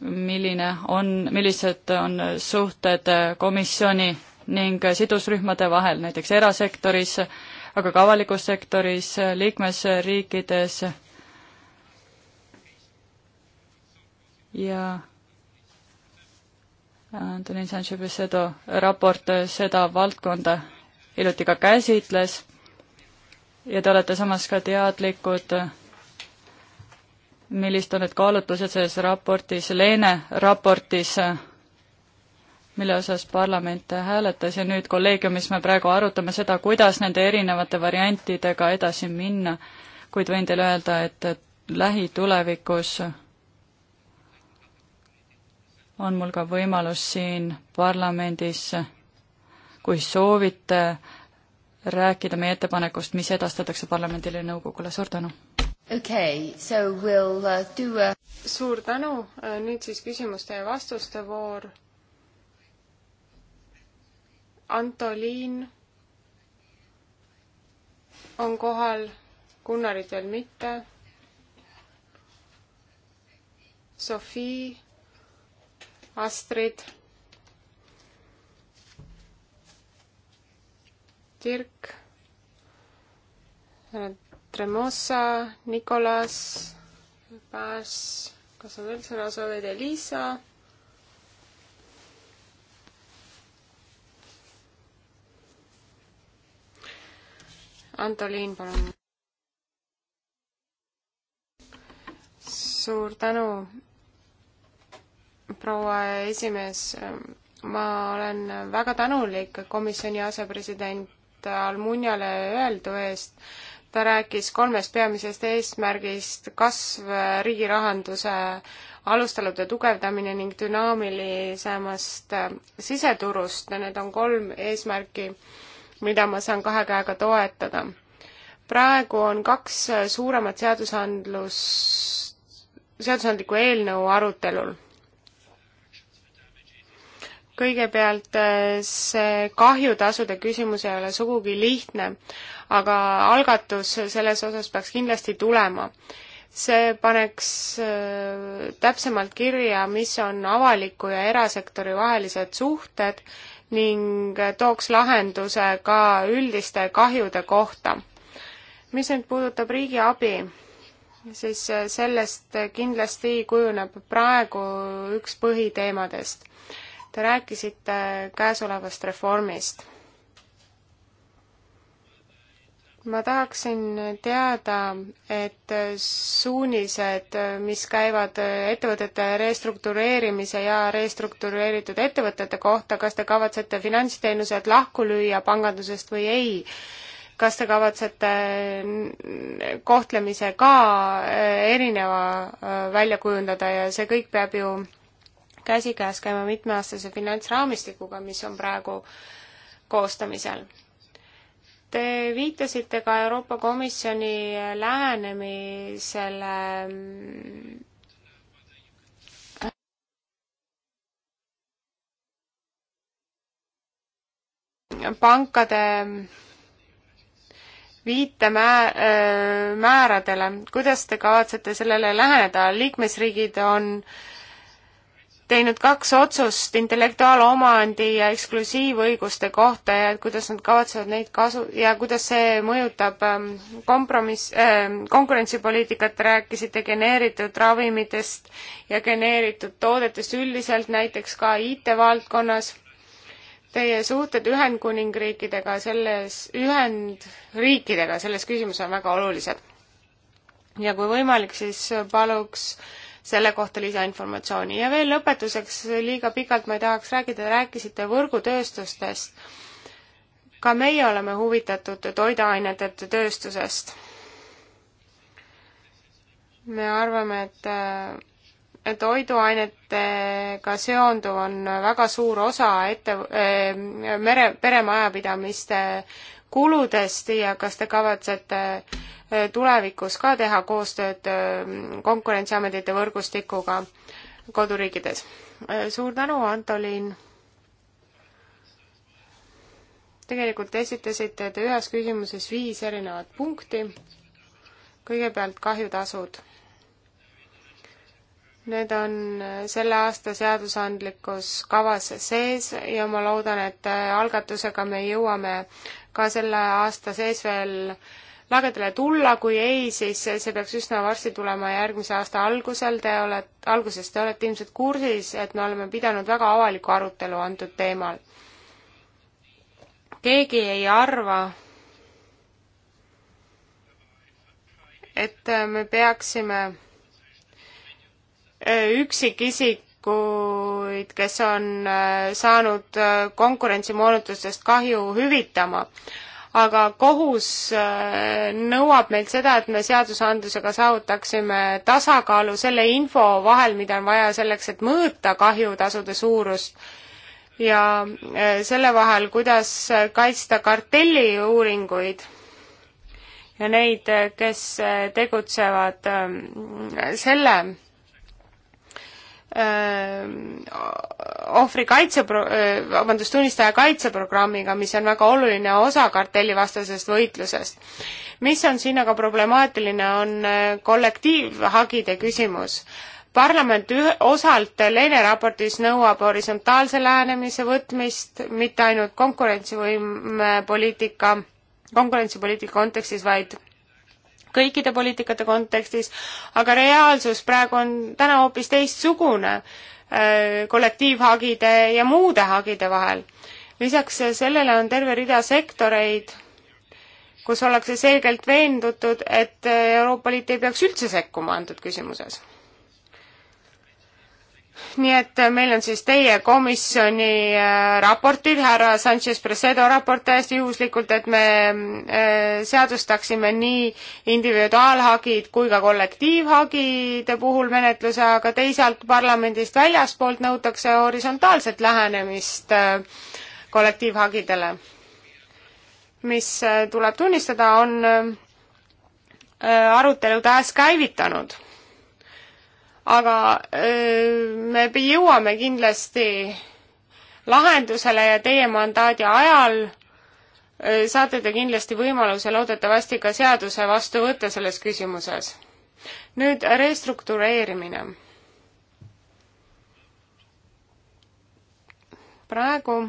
milline on, millised on suhted komisjoni ning sidusrühmade vahel, näiteks erasektoris, aga ka avalikus sektoris, liikmesriikides ja Antonin Sanchez-Pesedo raport seda valdkonda hiljuti ka käsitles ja te olete samas ka teadlikud millised on need kaalutlused selles raportis, Leene raportis, mille osas parlament hääletas ja nüüd kolleegiumis me praegu arutame seda, kuidas nende erinevate variantidega edasi minna, kuid võin teile öelda, et lähitulevikus on mul ka võimalus siin parlamendis, kui soovite, rääkida meie ettepanekust, mis edastatakse parlamendile ja nõukogule, suur tänu! okay, so we'll uh, do a suur tänu, äh, nüüd siis küsimuste ja vastuste voor. Antoliin on kohal, Gunnarit veel mitte. Sofii, Astrid. Dirk Tremosa, Nikolas, Pääs, kas on veel sõnasoovid, Elisa? Antoliin, palun. suur tänu, proua esimees. ma olen väga tänulik komisjoni asepresident Almuniale öeldu eest ta rääkis kolmest peamisest eesmärgist, kasv, riigi rahanduse alustalude tugevdamine ning dünaamilisemast äh, siseturust, need on kolm eesmärki, mida ma saan kahe käega toetada. praegu on kaks suuremat seadusandlus, seadusandliku eelnõu arutelul kõigepealt äh, see kahjutasude küsimus ei ole sugugi lihtne, aga algatus selles osas peaks kindlasti tulema. see paneks äh, täpsemalt kirja, mis on avaliku ja erasektori vahelised suhted ning tooks lahenduse ka üldiste kahjude kohta. mis nüüd puudutab riigiabi, siis äh, sellest kindlasti kujuneb praegu üks põhiteemadest. Te rääkisite käesolevast reformist ma tahaksin teada, et suunised, mis käivad ettevõtete restruktureerimise ja restruktureeritud ettevõtete kohta, kas te kavatsete finantsteenused lahku lüüa pangandusest või ei? kas te kavatsete kohtlemise ka eh, erineva eh, välja kujundada ja see kõik peab ju käsikäes käima mitmeaastase finantsraamistikuga, mis on praegu koostamisel? Te viitasite ka Euroopa Komisjoni lähenemisele mm, pankade viitemääradele, äh, kuidas te kavatsete sellele läheneda, liikmesriigid on äh, teinud kaks otsust intellektuaalomandi ja eksklusiivõiguste kohta ja et kuidas nad kavatsevad neid kasu- ja kuidas see mõjutab ähm, kompromiss äh,, konkurentsipoliitikat, rääkisite geneeritud ravimitest ja geneeritud toodetest üldiselt, näiteks ka IT-valdkonnas. Teie suhted Ühendkuningriikidega selles, Ühendriikidega selles küsimuses on väga olulised. ja kui võimalik, siis paluks äh, selle kohta lisainformatsiooni. ja veel lõpetuseks, liiga pikalt ma ei tahaks rääkida, rääkisite võrgutööstustest. ka meie oleme huvitatud toiduainete tööstusest. me arvame, et toiduainetega seonduv on väga suur osa ette äh,, mere, peremajapidamiste kuludest ja kas te kavatsete äh, Äh, tulevikus ka teha koostööd äh, Konkurentsiametite võrgustikuga koduriikides. Äh, suur tänu, Antoliin! tegelikult esitasite te ühes küsimuses viis erinevat punkti. kõigepealt kahjutasud. Need on selle aasta seadusandlikus kavas sees ja ma loodan, et algatusega me jõuame ka selle aasta sees veel äh, lagedale tulla, kui ei, siis see peaks üsna varsti tulema järgmise aasta algusel, te olete, alguses te olete ilmselt kursis, et me oleme pidanud väga avaliku arutelu antud teemal. keegi ei arva, et me peaksime e, üksikisikuid, kes on e, saanud e, konkurentsimoonutustest kahju hüvitama, aga kohus äh, nõuab meilt seda, et me seadusandlusega saavutaksime tasakaalu selle info vahel, mida on vaja selleks, et mõõta kahjutasude suurust ja äh, selle vahel, kuidas kaitsta kartelliuuringuid ja neid, äh, kes tegutsevad ähm, selle Ähm, ohvri kaitse, äh, vabandust, tunnistaja kaitseprogrammiga, mis on väga oluline osa kartellivastasest võitlusest. mis on siin aga problemaatiline, on äh, kollektiivhagide küsimus. parlament üh-, osalt Leene raportis nõuab horisontaalse lähenemise võtmist, mitte ainult konkurentsivõime poliitika, konkurentsipoliitika kontekstis, vaid kõikide poliitikate kontekstis, aga reaalsus praegu on täna hoopis teistsugune äh, kollektiivhagide ja muude hagide vahel. lisaks sellele on terve rida sektoreid, kus ollakse selgelt veendutud, et Euroopa Liit ei peaks üldse sekkuma antud küsimuses nii et äh, meil on siis teie komisjoni äh, raportil, härra Sanchez Presedo raport täiesti juhuslikult, et me äh, seadustaksime nii individuaalhagid kui ka kollektiivhagide puhul menetluse, aga teisalt parlamendist väljaspoolt nõutakse horisontaalset lähenemist kollektiivhagidele, mis tuleb tunnistada, on arutelu taaskäivitanud aga me jõuame kindlasti lahendusele ja teie mandaadi ajal saate te kindlasti võimaluse loodetavasti ka seaduse vastu võtta selles küsimuses. nüüd restruktureerimine. praegu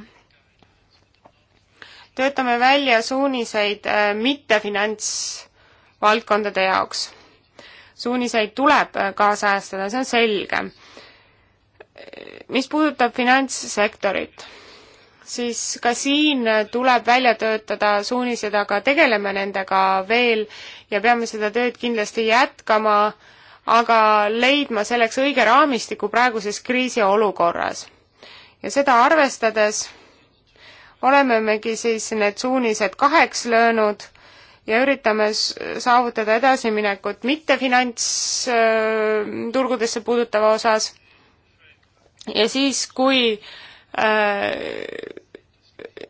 töötame välja suuniseid mittefinantsvaldkondade jaoks suuniseid tuleb äh, kaasajastada, see on selge. mis puudutab finantssektorit, siis ka siin tuleb välja töötada suunised, aga tegeleme nendega veel ja peame seda tööd kindlasti jätkama, aga leidma selleks õige raamistiku praeguses kriisiolukorras. ja seda arvestades oleme megi siis need suunised kaheks löönud ja üritame saavutada edasiminekut mitte finantsturgudesse äh, puudutava osas ja siis, kui äh,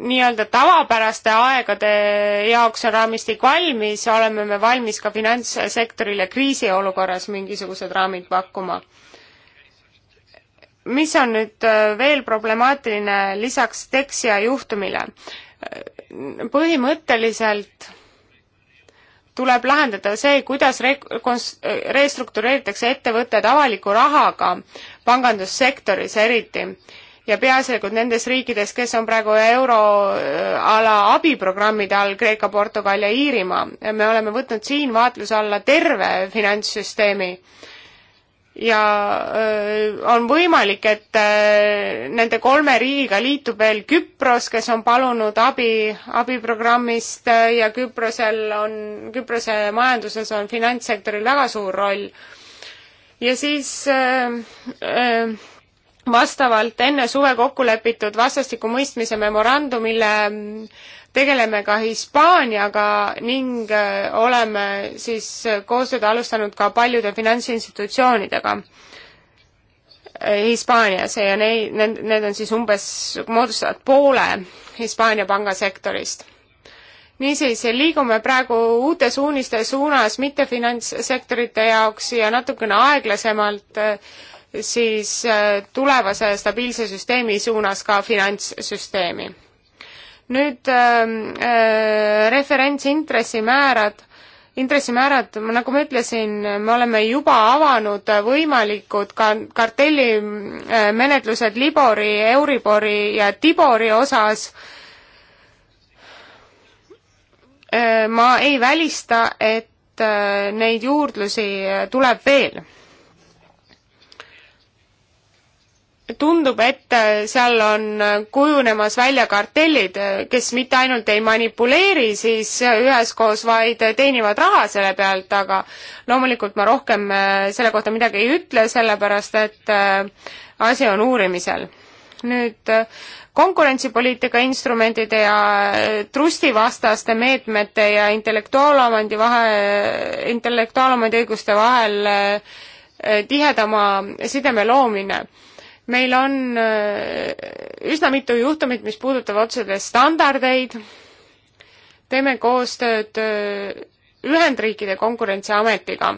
nii-öelda tavapäraste aegade jaoks on raamistik valmis, oleme me valmis ka finantssektorile kriisiolukorras mingisugused raamid pakkuma. mis on nüüd äh, veel problemaatiline lisaks Dexia juhtumile? põhimõtteliselt tuleb lahendada see, kuidas restruktureeritakse ettevõtted avaliku rahaga pangandussektoris eriti ja peaasjalikult nendes riikides, kes on praegu euroala abiprogrammide all, Kreeka, Portugal ja Iirimaa. me oleme võtnud siin vaatluse alla terve finantssüsteemi ja öö, on võimalik, et öö, nende kolme riigiga liitub veel Küpros, kes on palunud abi, abiprogrammist ja Küprosel on, Küprose majanduses on finantssektoril väga suur roll. ja siis öö, öö, vastavalt enne suve kokku lepitud vastastiku mõistmise memorandumile tegeleme ka Hispaaniaga ning äh, oleme siis äh, koostööd alustanud ka paljude finantsinstitutsioonidega äh, Hispaanias ja neid, need, need on siis umbes, moodustavad poole Hispaania pangasektorist niisiis, liigume praegu uute suuniste suunas mittefinantssektorite jaoks ja natukene aeglasemalt siis tulevase stabiilse süsteemi suunas ka finantssüsteemi nüüd ähm, äh, referentsintressimäärad, intressimäärad, nagu ma ütlesin, me oleme juba avanud võimalikud ka kartellimenetlused äh, Libori, Euribori ja Tibori osas äh,. ma ei välista, et äh, neid juurdlusi tuleb veel tundub, et seal on kujunemas välja kartellid, kes mitte ainult ei manipuleeri siis üheskoos, vaid teenivad raha selle pealt, aga loomulikult ma rohkem selle kohta midagi ei ütle, sellepärast et äh, asi on uurimisel. nüüd äh, konkurentsipoliitika instrumentide ja äh, trustivastaste meetmete ja intellektuaalomandi vahe, intellektuaalomandi õiguste vahel tihedama sideme loomine meil on äh, üsna mitu juhtumit, mis puudutavad otseselt standardeid, teeme koostööd äh, Ühendriikide Konkurentsiametiga.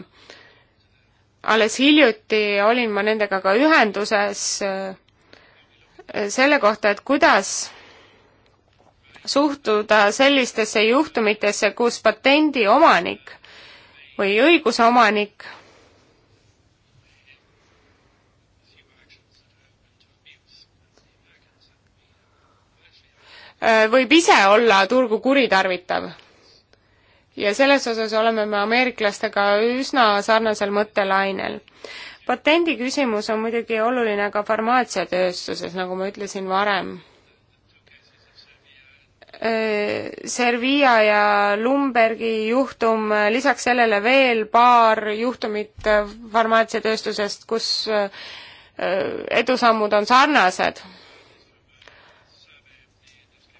alles hiljuti olin ma nendega ka ühenduses äh, selle kohta, et kuidas suhtuda sellistesse juhtumitesse, kus patendiomanik või õiguseomanik Äh, võib ise olla turgu kuritarvitav. ja selles osas oleme me ameeriklastega üsna sarnasel mõttelainel. patendi küsimus on muidugi oluline ka farmaatsiatööstuses, nagu ma ütlesin varem. Äh, Servia ja Lumbergi juhtum, lisaks sellele veel paar juhtumit farmaatsiatööstusest, kus äh, edusammud on sarnased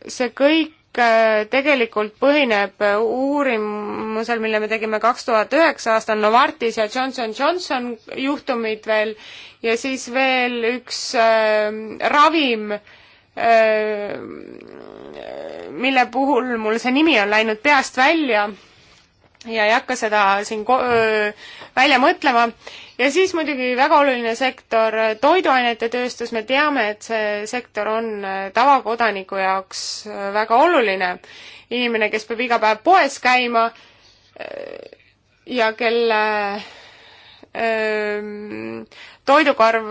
see kõik äh, tegelikult põhineb äh, uurimusel, mille me tegime kaks tuhat üheksa aastal Novartis ja Johnson Johnson juhtumid veel ja siis veel üks äh, ravim äh,, mille puhul mul see nimi on läinud peast välja ja ei hakka seda siin äh, välja mõtlema ja siis muidugi väga oluline sektor, äh, toiduainete tööstus, me teame, et see sektor on äh, tavakodaniku jaoks äh, väga oluline. inimene, kes peab iga päev poes käima ja kelle ähm, toidukarv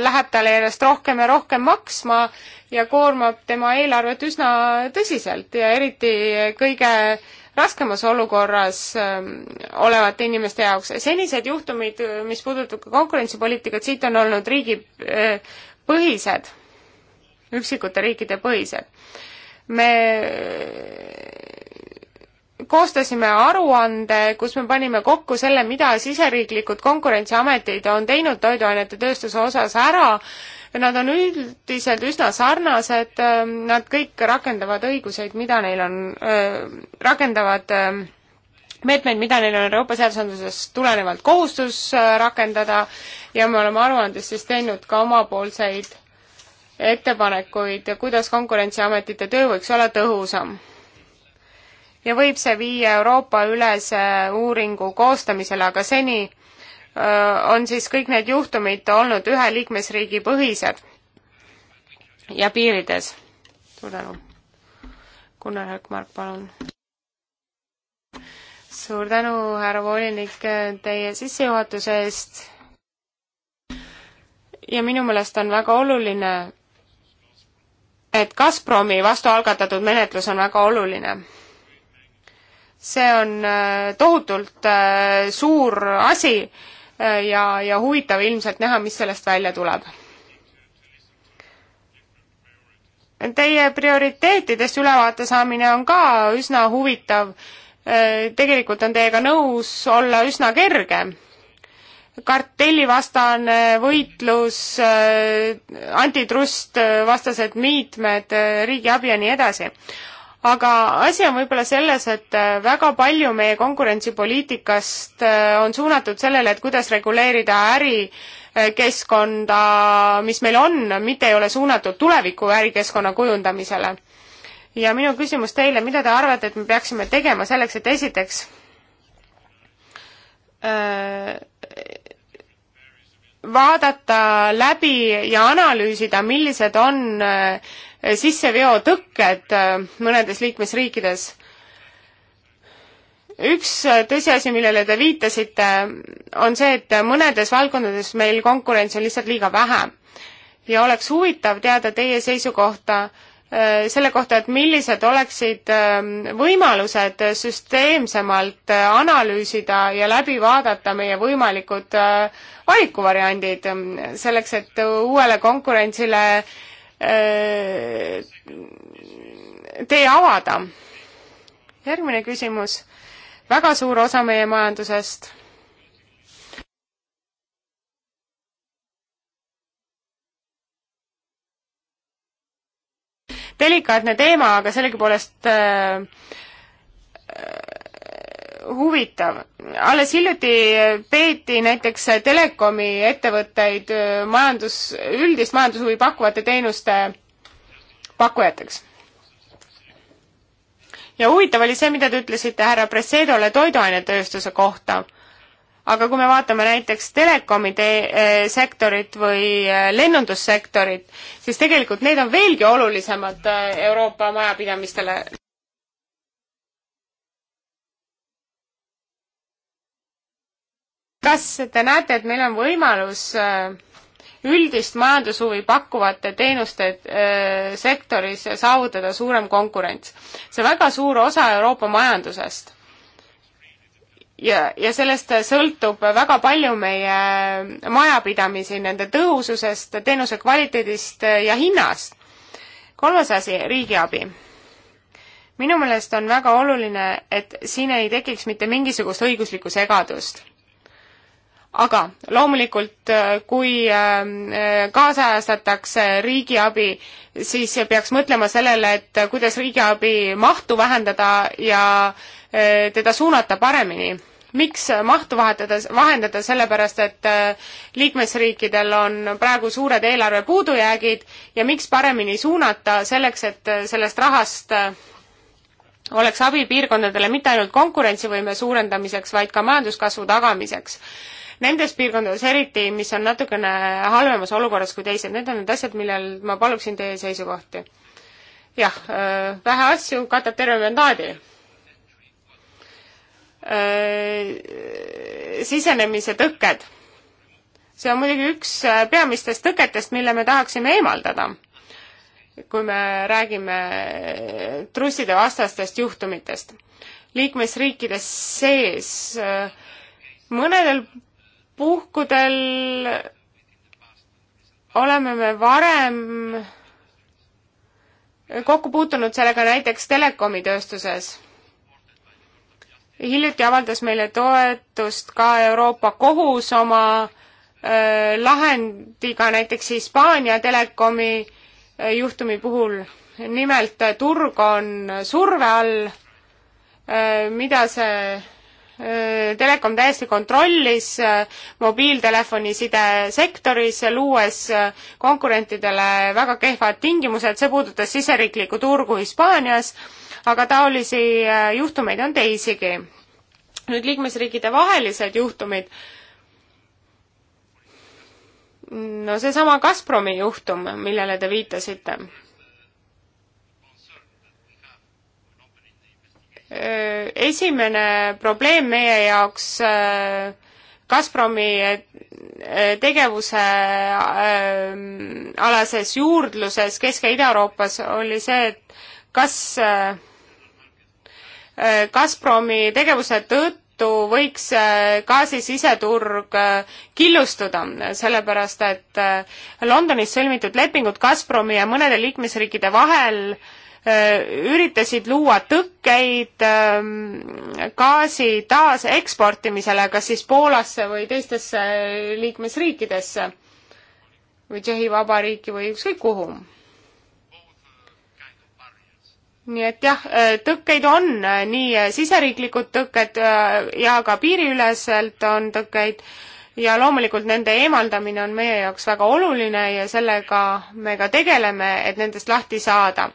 läheb talle järjest rohkem ja rohkem maksma ja koormab tema eelarvet üsna tõsiselt ja eriti kõige raskemas olukorras ähm, olevate inimeste jaoks. senised juhtumid, äh, mis puudutab ka konkurentsipoliitikat, siit on olnud riigipõhised, äh, üksikute riikide põhised. me äh, koostasime aruande, kus me panime kokku selle, mida siseriiklikud konkurentsiametid on teinud toiduainete tööstuse osas ära Nad on üldiselt üsna sarnased, ähm, nad kõik rakendavad õiguseid, mida neil on, äh, rakendavad ähm, meetmeid, mida neil on Euroopa seadusandlusest tulenevalt kohustus äh, rakendada ja me oleme aruandes siis teinud ka omapoolseid ettepanekuid, kuidas Konkurentsiametite töö võiks olla tõhusam. ja võib see viia Euroopa-ülese uuringu koostamisele, aga seni Äh, on siis kõik need juhtumid olnud ühe liikmesriigi põhised ja piirides. suur tänu. Gunnar Hökmark, palun. suur tänu, härra volinik, teie sissejuhatuse eest. ja minu meelest on väga oluline, et Gazpromi vastu algatatud menetlus on väga oluline see on äh, tohutult äh, suur asi ja, ja huvitav ilmselt näha, mis sellest välja tuleb. Teie prioriteetidest ülevaate saamine on ka üsna huvitav. tegelikult on teiega nõus olla üsna kerge kartellivastane võitlus, antitrust vastased miitmed, riigiabi ja nii edasi aga asi on võib-olla selles, et äh, väga palju meie konkurentsipoliitikast äh, on suunatud sellele, et kuidas reguleerida ärikeskkonda, äh, mis meil on, mitte ei ole suunatud tuleviku ärikeskkonna kujundamisele. ja minu küsimus teile, mida te arvate, et me peaksime tegema selleks, et esiteks vaadata läbi ja analüüsida, millised on äh, Eh, sisseveotõkked eh, mõnedes liikmesriikides. üks eh, tõsiasi, millele te viitasite, on see, et mõnedes valdkondades meil konkurentsi on lihtsalt liiga vähe ja oleks huvitav teada teie seisukohta selle kohta, et millised oleksid võimalused süsteemsemalt analüüsida ja läbi vaadata meie võimalikud valikuvariandid selleks, et uuele konkurentsile Äh, tee avada. järgmine küsimus. väga suur osa meie majandusest delikaatne teema, aga sellegipoolest äh, huvitav. alles hiljuti peeti näiteks telekomi ettevõtteid äh, majandus, üldist majandushuvi pakkuvate teenuste pakkujateks. ja huvitav oli see, mida te ütlesite härra Presedole toiduainetööstuse kohta. aga kui me vaatame näiteks telekomi te äh, sektorit või äh, lennundussektorit, siis tegelikult need on veelgi olulisemad Euroopa majapidamistele kas te näete, et meil on võimalus äh, üldist majandushuvi pakkuvate teenuste äh, sektoris saavutada suurem konkurents? see on väga suur osa Euroopa majandusest. ja, ja sellest sõltub väga palju meie majapidamisi, nende tõhususest, teenuse kvaliteedist ja hinnast. kolmas asi, riigiabi minu meelest on väga oluline, et siin ei tekiks mitte mingisugust õiguslikku segadust aga loomulikult, äh, kui äh, äh, kaasajastatakse riigiabi, siis peaks mõtlema sellele, et kuidas riigiabi mahtu vähendada ja teda suunata paremini. miks mahtu vahetada, vahendada, sellepärast et liikmesriikidel on praegu suured eelarve puudujäägid ja miks paremini suunata selleks, et sellest rahast oleks abi piirkondadele mitte ainult konkurentsivõime suurendamiseks, vaid ka majanduskasvu tagamiseks nendes piirkondades eriti, mis on natukene halvemas olukorras kui teised, need on need asjad, millel ma paluksin teie seisukohti. jah, äh, vähe asju katab terve mandaadi. Äh, sisenemise tõkked. see on muidugi üks äh, peamistest tõketest, mille me tahaksime eemaldada kui me räägime trusside vastastest juhtumitest liikmesriikides sees. mõnedel puhkudel oleme me varem kokku puutunud sellega näiteks telekomitööstuses. hiljuti avaldas meile toetust ka Euroopa Kohus oma äh, lahendiga näiteks Hispaania telekomi äh, juhtumi puhul. nimelt turg on surve all äh,, mida see Äh, Telekom täiesti kontrollis äh, mobiiltelefoniside sektoris, luues äh, konkurentidele väga kehvad tingimused, see puudutas siseriiklikku turgu Hispaanias, aga taolisi juhtumeid on teisigi. nüüd liikmesriikide vahelised juhtumid. no seesama Gazpromi juhtum, millele te viitasite Äh, esimene probleem meie jaoks äh, Gazpromi äh, tegevuse alases juurdluses Kesk- ja Ida-Euroopas oli see, et kas Gazpromi tegevuse tõttu võiks gaasi siseturg killustuda, sellepärast et Londonis sõlmitud lepingud Gazpromi ja mõnede liikmesriikide vahel äh, Äh, üritasid luua tõkkeid ähm, gaasi taaseksportimisele, kas siis Poolasse või teistesse liikmesriikidesse või Tšehhi Vabariiki või ükskõik kuhu. nii et jah, äh, tõkkeid on, äh, nii siseriiklikud tõkked ja ka piiriüleselt on tõkkeid ja loomulikult nende eemaldamine on meie jaoks väga oluline ja sellega me ka tegeleme, et nendest lahti saada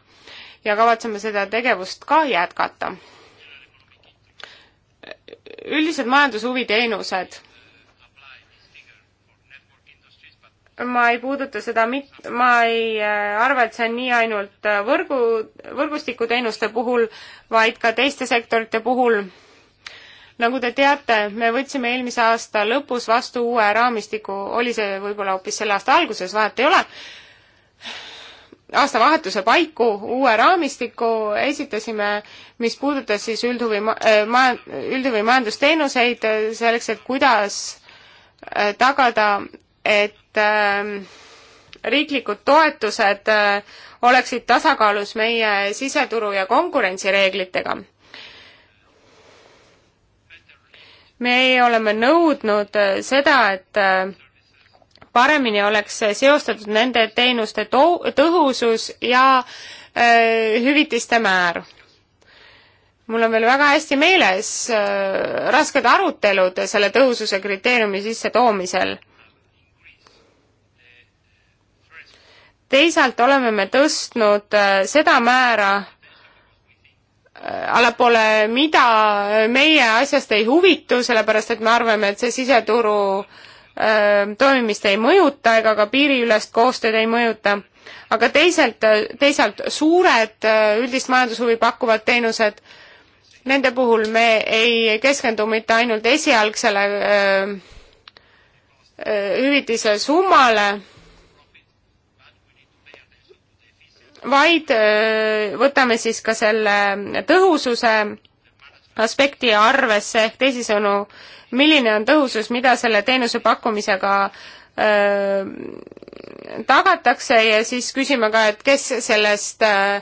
ja kavatseme seda tegevust ka jätkata. üldised majandushuvi teenused. ma ei puuduta seda mit-, ma ei äh, arva, et see on nii ainult äh, võrgu, võrgustikuteenuste puhul, vaid ka teiste sektorite puhul nagu te teate, me võtsime eelmise aasta lõpus vastu uue raamistiku, oli see võib-olla hoopis selle aasta alguses, vahet ei ole, aastavahetuse paiku uue raamistiku esitasime, mis puudutas siis üldhuvi ma-, äh, üldhuvi majandusteenuseid äh, selleks, et kuidas äh, tagada, et ähm, riiklikud toetused oleksid tasakaalus meie siseturu ja konkurentsireeglitega. me oleme nõudnud seda, et paremini oleks seostatud nende teenuste to-, tõhusus ja öö, äh, hüvitiste määr. mul on veel väga hästi meeles öö, äh, rasked arutelud selle tõhususe kriteeriumi sissetoomisel. teisalt oleme me tõstnud öö, äh, seda määra, allapoole, mida meie asjast ei huvitu, sellepärast et me arvame, et see siseturu äh, toimimist ei mõjuta ega ka piiriülest koostööd ei mõjuta. aga teisalt, teisalt suured üldist majandushuvi pakkuvad teenused, nende puhul me ei keskendu mitte ainult esialgsele öö, hüvitise summale, vaid öö, võtame siis ka selle tõhususe aspekti arvesse ehk teisisõnu, milline on tõhusus, mida selle teenuse pakkumisega öö, tagatakse ja siis küsime ka, et kes sellest öö,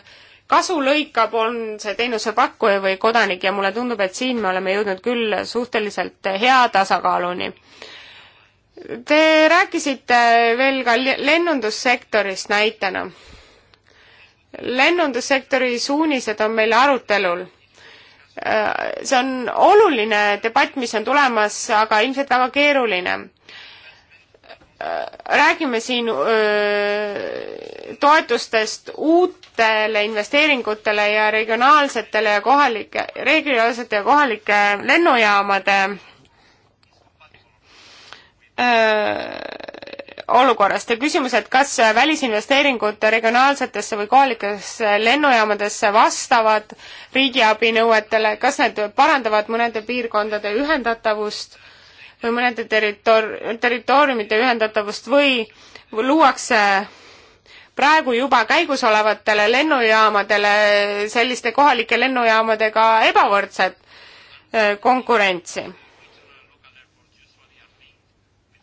kasu lõikab, on see teenusepakkuja või kodanik ja mulle tundub, et siin me oleme jõudnud küll suhteliselt hea tasakaaluni. Te rääkisite veel ka lennundussektorist näitena. lennundussektori suunised on meil arutelul Äh, see on oluline debatt, mis on tulemas, aga ilmselt väga keeruline. Äh, räägime siin öö, äh, toetustest uutele investeeringutele ja regionaalsetele ja kohalike, regionaalsete ja kohalike lennujaamade öö, olukorrast ja küsimus, et kas välisinvesteeringud regionaalsetesse või kohalikesse lennujaamadesse vastavad riigiabi nõuetele, kas need parandavad mõnede piirkondade ühendatavust või mõnede territoor-, territooriumite ühendatavust või luuakse praegu juba käigusolevatele lennujaamadele selliste kohalike lennujaamadega ebavõrdset eh, konkurentsi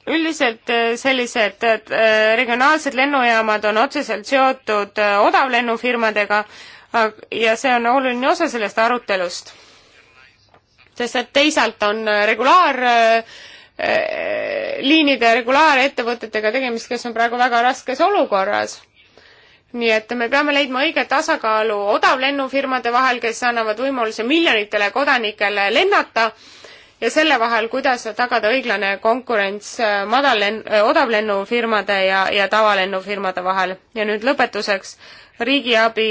üldiselt äh, sellised äh, regionaalsed lennujaamad on otseselt seotud äh, odavlennufirmadega ja see on oluline osa sellest arutelust. sest et teisalt on regulaarliinide, regulaarettevõtetega tegemist, kes on praegu väga raskes olukorras nii et me peame leidma õige tasakaalu odavlennufirmade vahel, kes annavad võimaluse miljonitele kodanikele lennata ja selle vahel, kuidas tagada õiglane konkurents äh, madallenn-, äh, odavlennufirmade ja, ja tavalennufirmade vahel. ja nüüd lõpetuseks, riigiabi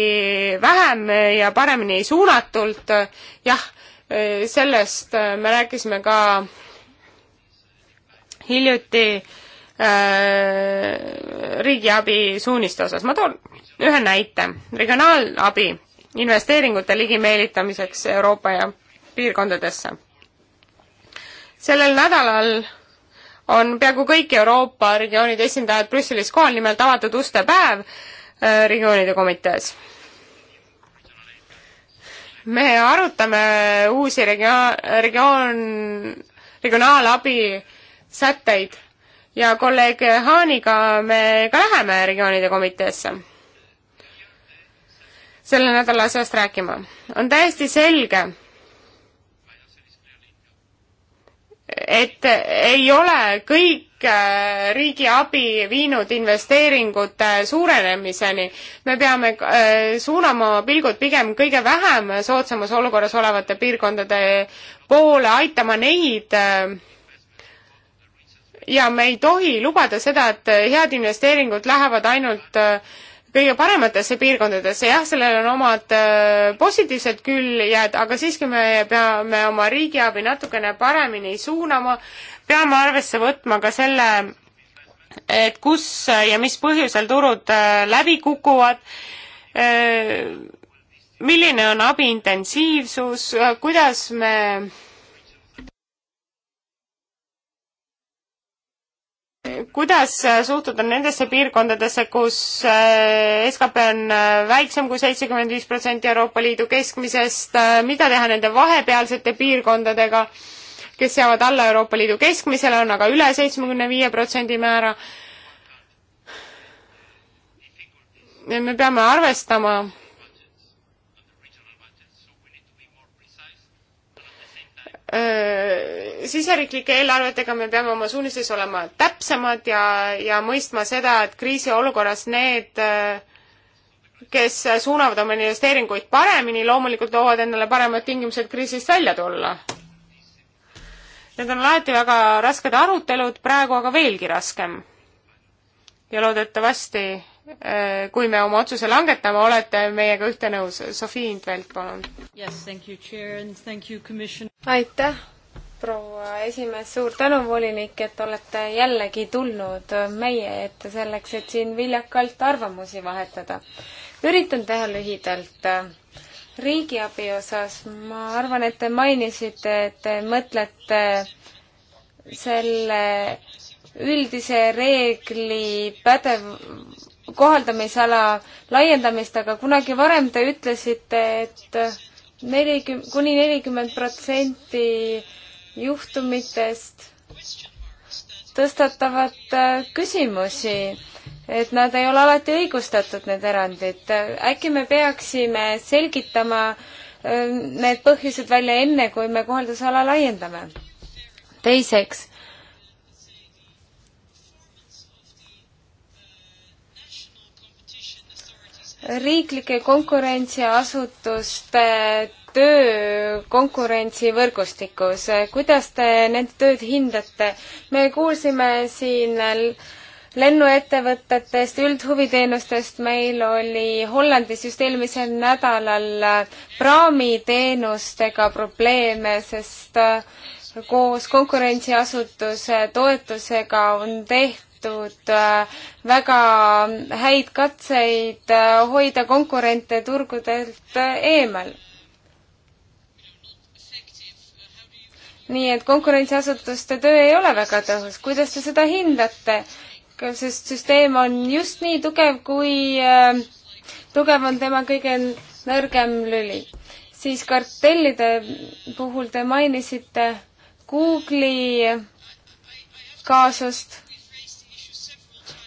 vähem ja paremini suunatult, äh, jah, sellest me rääkisime ka hiljuti äh, riigiabi suuniste osas. ma toon ühe näite. regionaalabi investeeringute ligimeelitamiseks Euroopa ja piirkondadesse sellel nädalal on peaaegu kõik Euroopa regioonide esindajad Brüsselis kohal, nimelt avatud uste päev äh, regioonide komitees. me arutame uusi regioon, regioon, regionaalabi sätteid ja kolleeg Haaniga me ka läheme regioonide komiteesse selle nädala asjast rääkima. on täiesti selge, et ei ole kõik äh, riigi abi viinud investeeringute suurenemiseni. me peame äh, suunama oma pilgud pigem kõige vähem soodsamas olukorras olevate piirkondade poole, aitama neid äh, ja me ei tohi lubada seda, et head investeeringud lähevad ainult äh, kõige parematesse piirkondadesse, jah, sellel on omad äh, positiivsed küljed, aga siiski me peame oma riigiabi natukene paremini suunama, peame arvesse võtma ka selle, et kus äh, ja mis põhjusel turud äh, läbi kukuvad, milline on abi intensiivsus, kuidas me kuidas äh, suhtuda nendesse piirkondadesse, kus äh, skp on äh, väiksem kui seitsekümmend viis protsenti Euroopa Liidu keskmisest, mida teha nende vahepealsete piirkondadega, kes jäävad alla Euroopa Liidu keskmisele, on aga üle seitsmekümne viie protsendi määra. me peame arvestama siseriiklike eelarvetega me peame oma suunistes olema täpsemad ja, ja mõistma seda, et kriisiolukorras need, kes suunavad oma investeeringuid paremini, loomulikult loovad endale paremad tingimused kriisist välja tulla. Need on alati väga rasked arutelud, praegu aga veelgi raskem. ja loodetavasti Äh, kui me oma otsuse langetame, olete meiega ühte nõus. Sofi Indvelt, palun yes,. aitäh, proua esimees, suur tänu, volinik, et olete jällegi tulnud meie ette selleks, et siin viljakalt arvamusi vahetada. üritan teha lühidalt riigiabi osas ma arvan, et te mainisite, et te mõtlete selle üldise reegli pädev, kohaldamisala laiendamist, aga kunagi varem te ütlesite, et nelikümmend, kuni nelikümmend protsenti juhtumitest tõstatavad äh, küsimusi, et nad ei ole alati õigustatud, need erandid. äkki me peaksime selgitama äh, need põhjused välja enne, kui me kohaldusala laiendame? teiseks riiklike konkurentsiasutuste töö konkurentsivõrgustikus, kuidas te nende tööd hindate? me kuulsime siin lennuettevõtetest, üldhuviteenustest, meil oli Hollandis just eelmisel nädalal praamiteenustega probleeme, sest äh, koos konkurentsiasutuse toetusega on tehtud tehtud äh, väga häid katseid äh, hoida konkurente turgudelt äh, eemal. nii et konkurentsiasutuste töö ei ole väga tõhus, kuidas te seda hindate? sest süsteem on just nii tugev, kui tugev on tema kõige nõrgem lüli. siis kartellide puhul te mainisite Google'i kaasust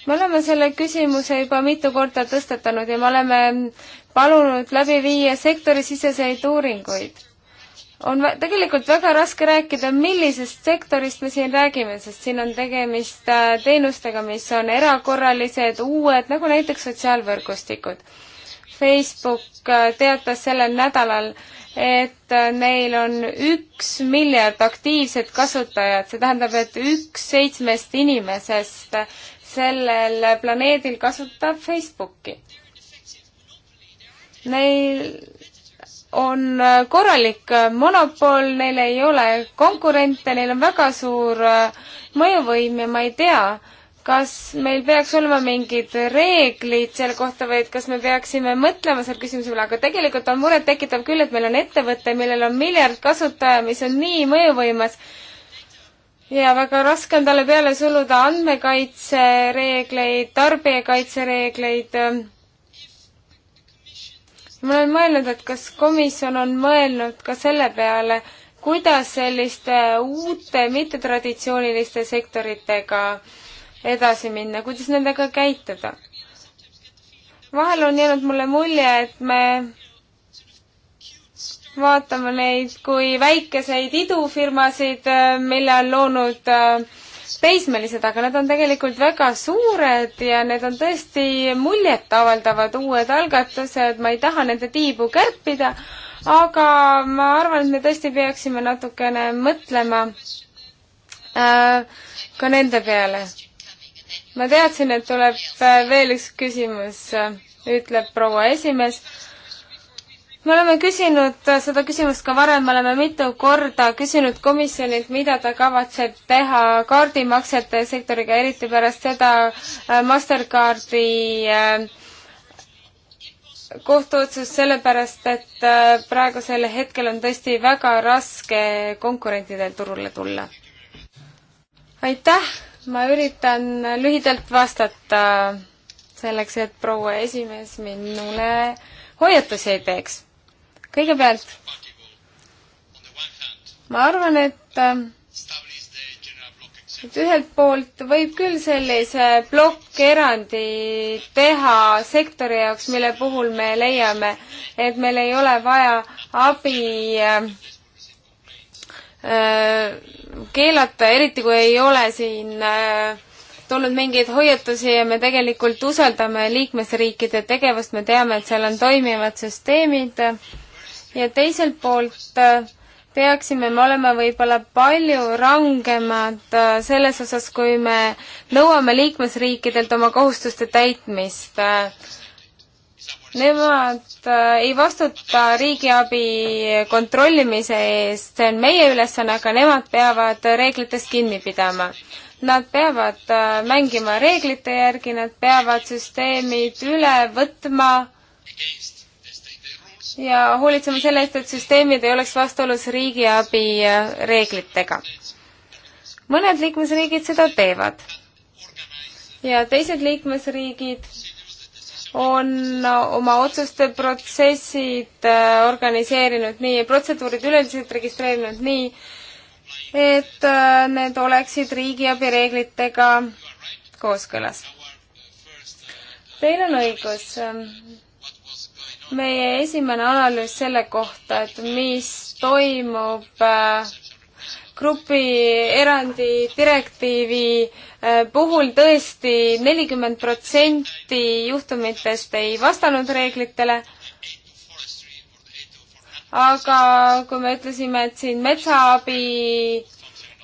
me oleme selle küsimuse juba mitu korda tõstatanud ja me oleme palunud läbi viia sektorisiseseid uuringuid on vä tegelikult väga raske rääkida, millisest sektorist me siin räägime, sest siin on tegemist äh, teenustega, mis on erakorralised, uued, nagu näiteks sotsiaalvõrgustikud. Facebook äh, teatas sellel nädalal, et äh, neil on üks miljard aktiivset kasutajat, see tähendab, et üks seitsmest inimesest sellel planeedil kasutab Facebooki. Neil on korralik monopol, neil ei ole konkurente, neil on väga suur mõjuvõim ja ma ei tea, kas meil peaks olema mingid reeglid selle kohta või et kas me peaksime mõtlema selle küsimuse üle, aga tegelikult on murettekitav küll, et meil on ettevõte, millel on miljard kasutaja, mis on nii mõjuvõimas ja väga raske on talle peale suluda andmekaitsereegleid, tarbijakaitsereegleid. ma olen mõelnud, et kas komisjon on mõelnud ka selle peale, kuidas selliste uute mittetraditsiooniliste sektoritega edasi minna, kuidas nendega käituda. vahel on jäänud mulle mulje, et me vaatama neid kui väikeseid idufirmasid, äh, mille on loonud teismelised, äh, aga nad on tegelikult väga suured ja need on tõesti muljetavaldavad uued algatused, ma ei taha nende tiibu kärpida, aga ma arvan, et me tõesti peaksime natukene mõtlema äh, ka nende peale. ma teadsin, et tuleb äh, veel üks küsimus, ütleb proua esimees me oleme küsinud äh, seda küsimust ka varem, me oleme mitu korda küsinud komisjonilt, mida ta kavatseb teha kaardimaksete sektoriga, eriti pärast seda äh, Mastercardi äh, kohtuotsust, sellepärast et praegusel hetkel on tõesti väga raske konkurentidel turule tulla. aitäh, ma üritan lühidalt vastata selleks, et proua esimees minule hoiatusi ei teeks kõigepealt, ma arvan, et ähm, et ühelt poolt võib küll sellise plokkerandi teha sektori jaoks, mille puhul me leiame, et meil ei ole vaja abi ähm, äh, keelata, eriti kui ei ole siin äh, tulnud mingeid hoiatusi ja me tegelikult usaldame liikmesriikide tegevust, me teame, et seal on toimivad süsteemid ja teiselt poolt äh, peaksime me olema võib-olla palju rangemad äh, selles osas, kui me nõuame liikmesriikidelt oma kohustuste täitmist. Äh, nemad ei vastuta riigiabi kontrollimise eest, see on meie ülesanne, aga nemad peavad reeglitest kinni pidama. Nad peavad mängima reeglite järgi, nad peavad süsteemid üle võtma ja hoolitsema selle eest, et süsteemid ei oleks vastuolus riigiabi reeglitega. mõned liikmesriigid seda teevad ja teised liikmesriigid on oma otsuste protsessid äh, organiseerinud nii, protseduurid üleüldiselt registreerinud nii, et äh, need oleksid riigiabi reeglitega kooskõlas. Teil on õigus, meie esimene analüüs selle kohta, et mis toimub äh, grupierandi direktiivi äh, puhul tõesti nelikümmend protsenti juhtumitest ei vastanud reeglitele. aga kui me ütlesime, et siin metsaabi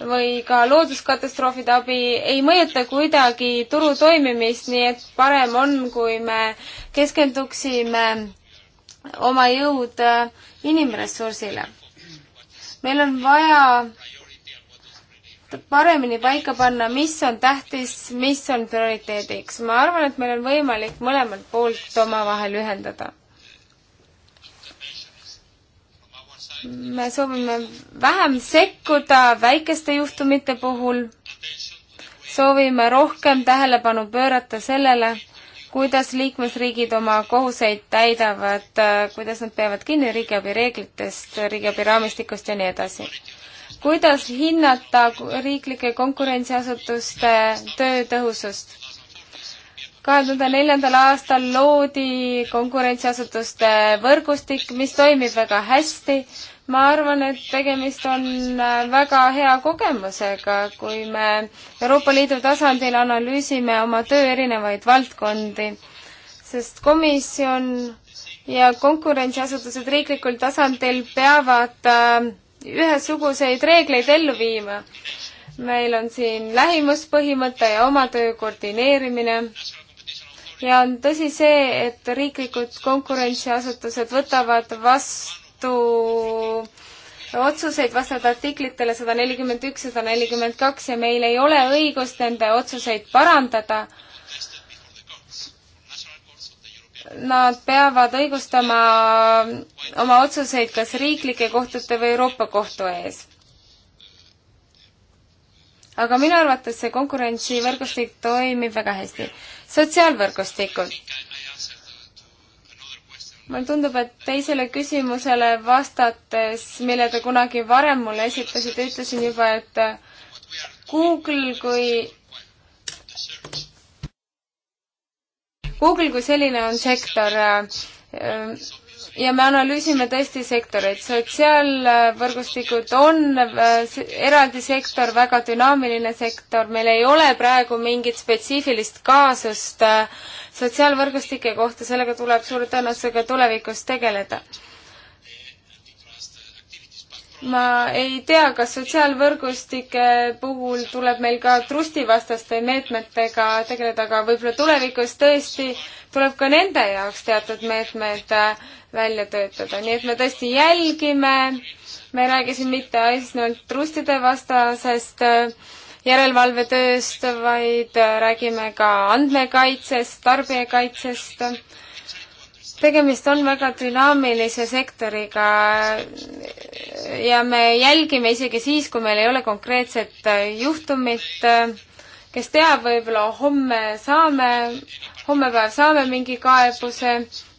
või ka looduskatastroofide abi ei mõjuta kuidagi turu toimimist, nii et parem on, kui me keskenduksime oma jõud äh, inimressursile. meil on vaja paremini paika panna, mis on tähtis, mis on prioriteediks. ma arvan, et meil on võimalik mõlemalt poolt omavahel ühendada. me soovime vähem sekkuda väikeste juhtumite puhul, soovime rohkem tähelepanu pöörata sellele, kuidas liikmesriigid oma kohuseid täidavad, kuidas nad peavad kinni riigiabi reeglitest, riigiabi raamistikust ja nii edasi. kuidas hinnata riiklike konkurentsiasutuste töö tõhusust? kahe tuhande neljandal aastal loodi konkurentsiasutuste võrgustik, mis toimib väga hästi. ma arvan, et tegemist on äh, väga hea kogemusega, kui me Euroopa Liidu tasandil analüüsime oma töö erinevaid valdkondi, sest komisjon ja konkurentsiasutused riiklikul tasandil peavad äh, ühesuguseid reegleid ellu viima. meil on siin lähimuspõhimõte ja oma töö koordineerimine ja on tõsi see, et riiklikud konkurentsiasutused võtavad vastu otsuseid vastavalt artiklitele sada nelikümmend üks ja sada nelikümmend kaks ja meil ei ole õigust nende otsuseid parandada. Nad peavad õigustama oma otsuseid kas riiklike kohtute või Euroopa Kohtu ees. aga minu arvates see konkurentsivõrgustik toimib väga hästi sotsiaalvõrgustikud. mulle tundub, et teisele küsimusele vastates, mille te kunagi varem mulle esitasite, ütlesin juba, et Google kui Google kui selline on sektor äh, ja me analüüsime tõesti sektoreid. sotsiaalvõrgustikud on äh, eraldi sektor, väga dünaamiline sektor, meil ei ole praegu mingit spetsiifilist kaasust äh, sotsiaalvõrgustike kohta, sellega tuleb suure tõenäosusega tulevikus tegeleda ma ei tea, kas sotsiaalvõrgustike puhul tuleb meil ka trustivastaste meetmetega tegeleda, aga võib-olla tulevikus tõesti tuleb ka nende jaoks teatud meetmed äh, välja töötada, nii et me tõesti jälgime, me ei räägi siin mitte ainult trustide vastasest äh, järelevalvetööst, vaid äh, räägime ka andmekaitsest, tarbijakaitsest tegemist on väga dünaamilise sektoriga ja me jälgime isegi siis, kui meil ei ole konkreetset äh, juhtumit. Äh, kes teab, võib-olla homme saame, homme päev saame mingi kaebuse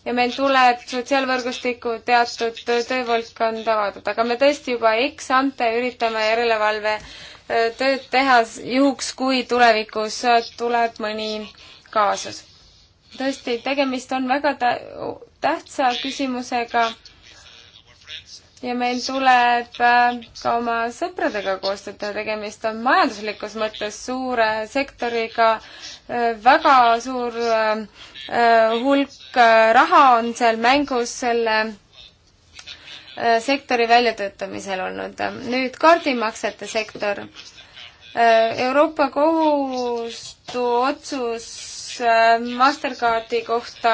ja meil tuleb sotsiaalvõrgustiku teatud töövaldkonda vaadata, aga me tõesti juba ex-ante üritame järelevalve äh, tööd teha juhuks, kui tulevikus tuleb mõni kaasus tõesti, tegemist on väga tähtsa küsimusega ja meil tuleb äh, ka oma sõpradega koostööd teha, tegemist on majanduslikus mõttes suure sektoriga, äh, väga suur äh, hulk raha on seal mängus selle sektori väljatöötamisel olnud. nüüd kaardimaksete sektor. Euroopa Kohus kohtu otsus Äh, Mastercardi kohta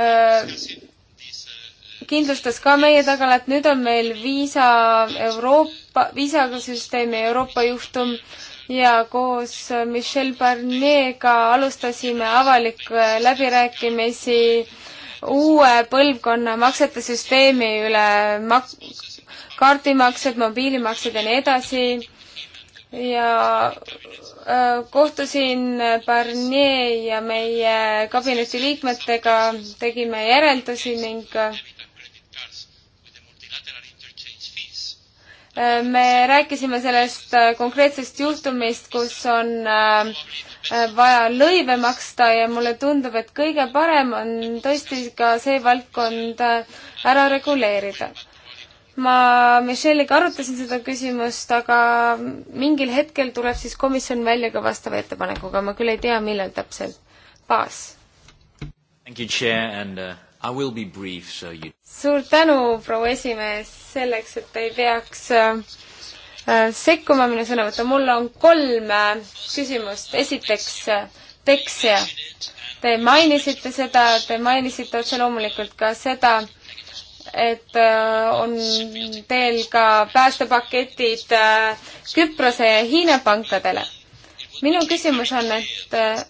äh, kindlustas ka meie tagala, et nüüd on meil Viisa Euroopa, viisasüsteemi Euroopa juhtum ja koos Michel Barnier'ga alustasime avalikke läbirääkimisi uue põlvkonna maksete süsteemi üle mak-, kaardimaksed, mobiilimaksed ja nii edasi ja äh, kohtusin Barnier ja meie kabineti liikmetega, tegime järeldusi ning äh, me rääkisime sellest äh, konkreetsest juhtumist, kus on vaja lõive maksta ja mulle tundub, et kõige parem on tõesti ka see valdkond ära reguleerida ma Michelle'iga arutasin seda küsimust, aga mingil hetkel tuleb siis komisjon välja ka vastava ettepanekuga, ma küll ei tea, millal täpselt. baas. Uh, you... suur tänu, proua esimees, selleks, et te ei peaks äh, äh, sekkuma minu sõnavõttu, mul on kolm äh, küsimust, esiteks Texia. Te mainisite seda, te mainisite otse loomulikult ka seda, et äh, on teil ka päästepaketid äh, Küprose ja Hiina pankadele. minu küsimus on, et äh,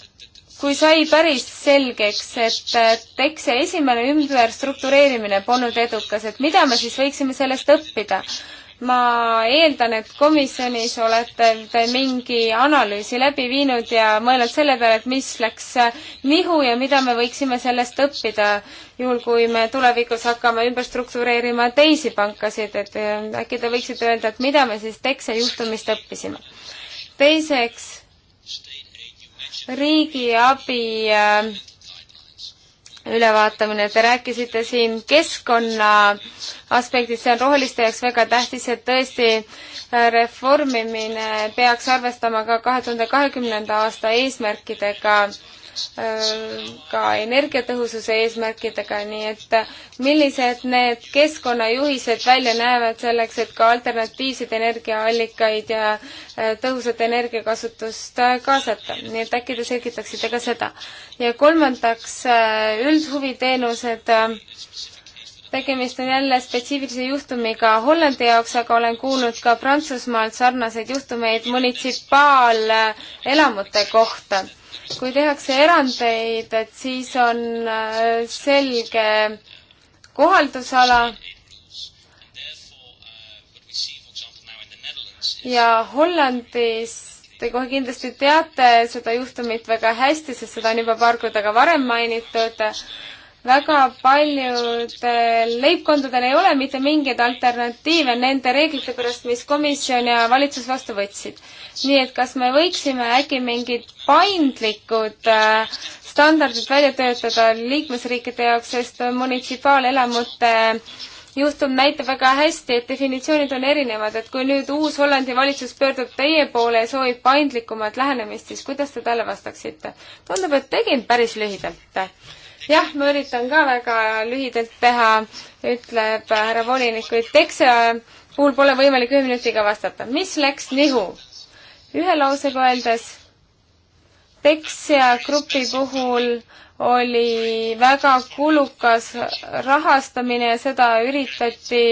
kui sai päris selgeks, et eks see esimene ümberstruktureerimine polnud edukas, et mida me siis võiksime sellest õppida? ma eeldan, et komisjonis olete te mingi analüüsi läbi viinud ja mõelnud selle peale, et mis läks nihu ja mida me võiksime sellest õppida, juhul kui me tulevikus hakkame ümber struktureerima teisi pankasid, et äh, äkki te võiksite öelda, et mida me siis Texa juhtumist õppisime. teiseks, riigiabi äh, ülevaatamine. Te rääkisite siin keskkonna aspektist, see on roheliste jaoks väga tähtis, et tõesti äh, reformimine peaks arvestama ka kahe tuhande kahekümnenda aasta eesmärkidega Äh, ka energiatõhususe eesmärkidega, nii et äh, millised need keskkonnajuhised välja näevad selleks, et ka alternatiivseid energiaallikaid ja äh, tõhusat energiakasutust kaasata, nii et äkki te selgitaksite ka seda. ja kolmandaks, üldhuviteenused tegemist on jälle spetsiifilise juhtumiga Hollandi jaoks, aga olen kuulnud ka Prantsusmaalt sarnaseid juhtumeid munitsipaalelamute kohta kui tehakse erandeid, et siis on äh, selge kohaldusala ja Hollandis Te kohe kindlasti teate seda juhtumit väga hästi, sest seda on juba paar korda ka varem mainitud väga paljudel leibkondadel ei ole mitte mingeid alternatiive nende reeglite pärast, mis komisjon ja valitsus vastu võtsid. nii et kas me võiksime äkki mingid paindlikud äh, standardid välja töötada liikmesriikide jaoks, sest munitsipaalelamute juhtum näitab väga hästi, et definitsioonid on erinevad, et kui nüüd uus Hollandi valitsus pöördub teie poole ja soovib paindlikumat lähenemist, siis kuidas te talle vastaksite? tundub, et tegin päris lühidalt jah, ma üritan ka väga lühidalt teha, ütleb härra volinik, kuid tekse puhul pole võimalik ühe minutiga vastata. mis läks nihu? ühe lausega öeldes, Texia grupi puhul oli väga kulukas rahastamine ja seda üritati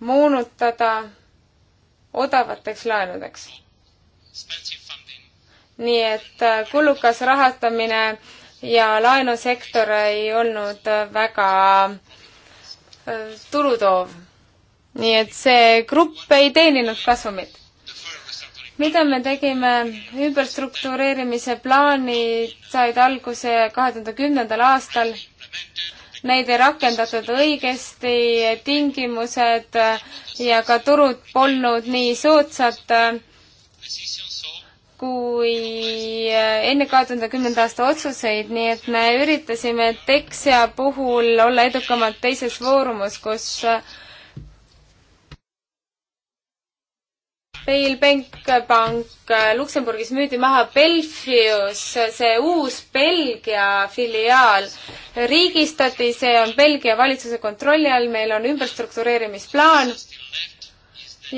moonutada odavateks laenudeks. nii et kulukas rahastamine ja laenusektor ei olnud väga äh, tulutoov. nii et see grupp ei teeninud kasumit. mida me tegime, ümberstruktureerimise plaanid said alguse kahe tuhande kümnendal aastal. Neid ei rakendatud õigesti, tingimused ja ka turud polnud nii soodsad kui äh, enne kahe tuhande kümnenda aasta otsuseid, nii et me üritasime Texia puhul olla edukamad teises voorumus, kus Bail äh, Bankbank äh, Luksemburgis müüdi maha Belfius, see uus Belgia filiaal riigistati, see on Belgia valitsuse kontrolli all, meil on ümberstruktureerimisplaan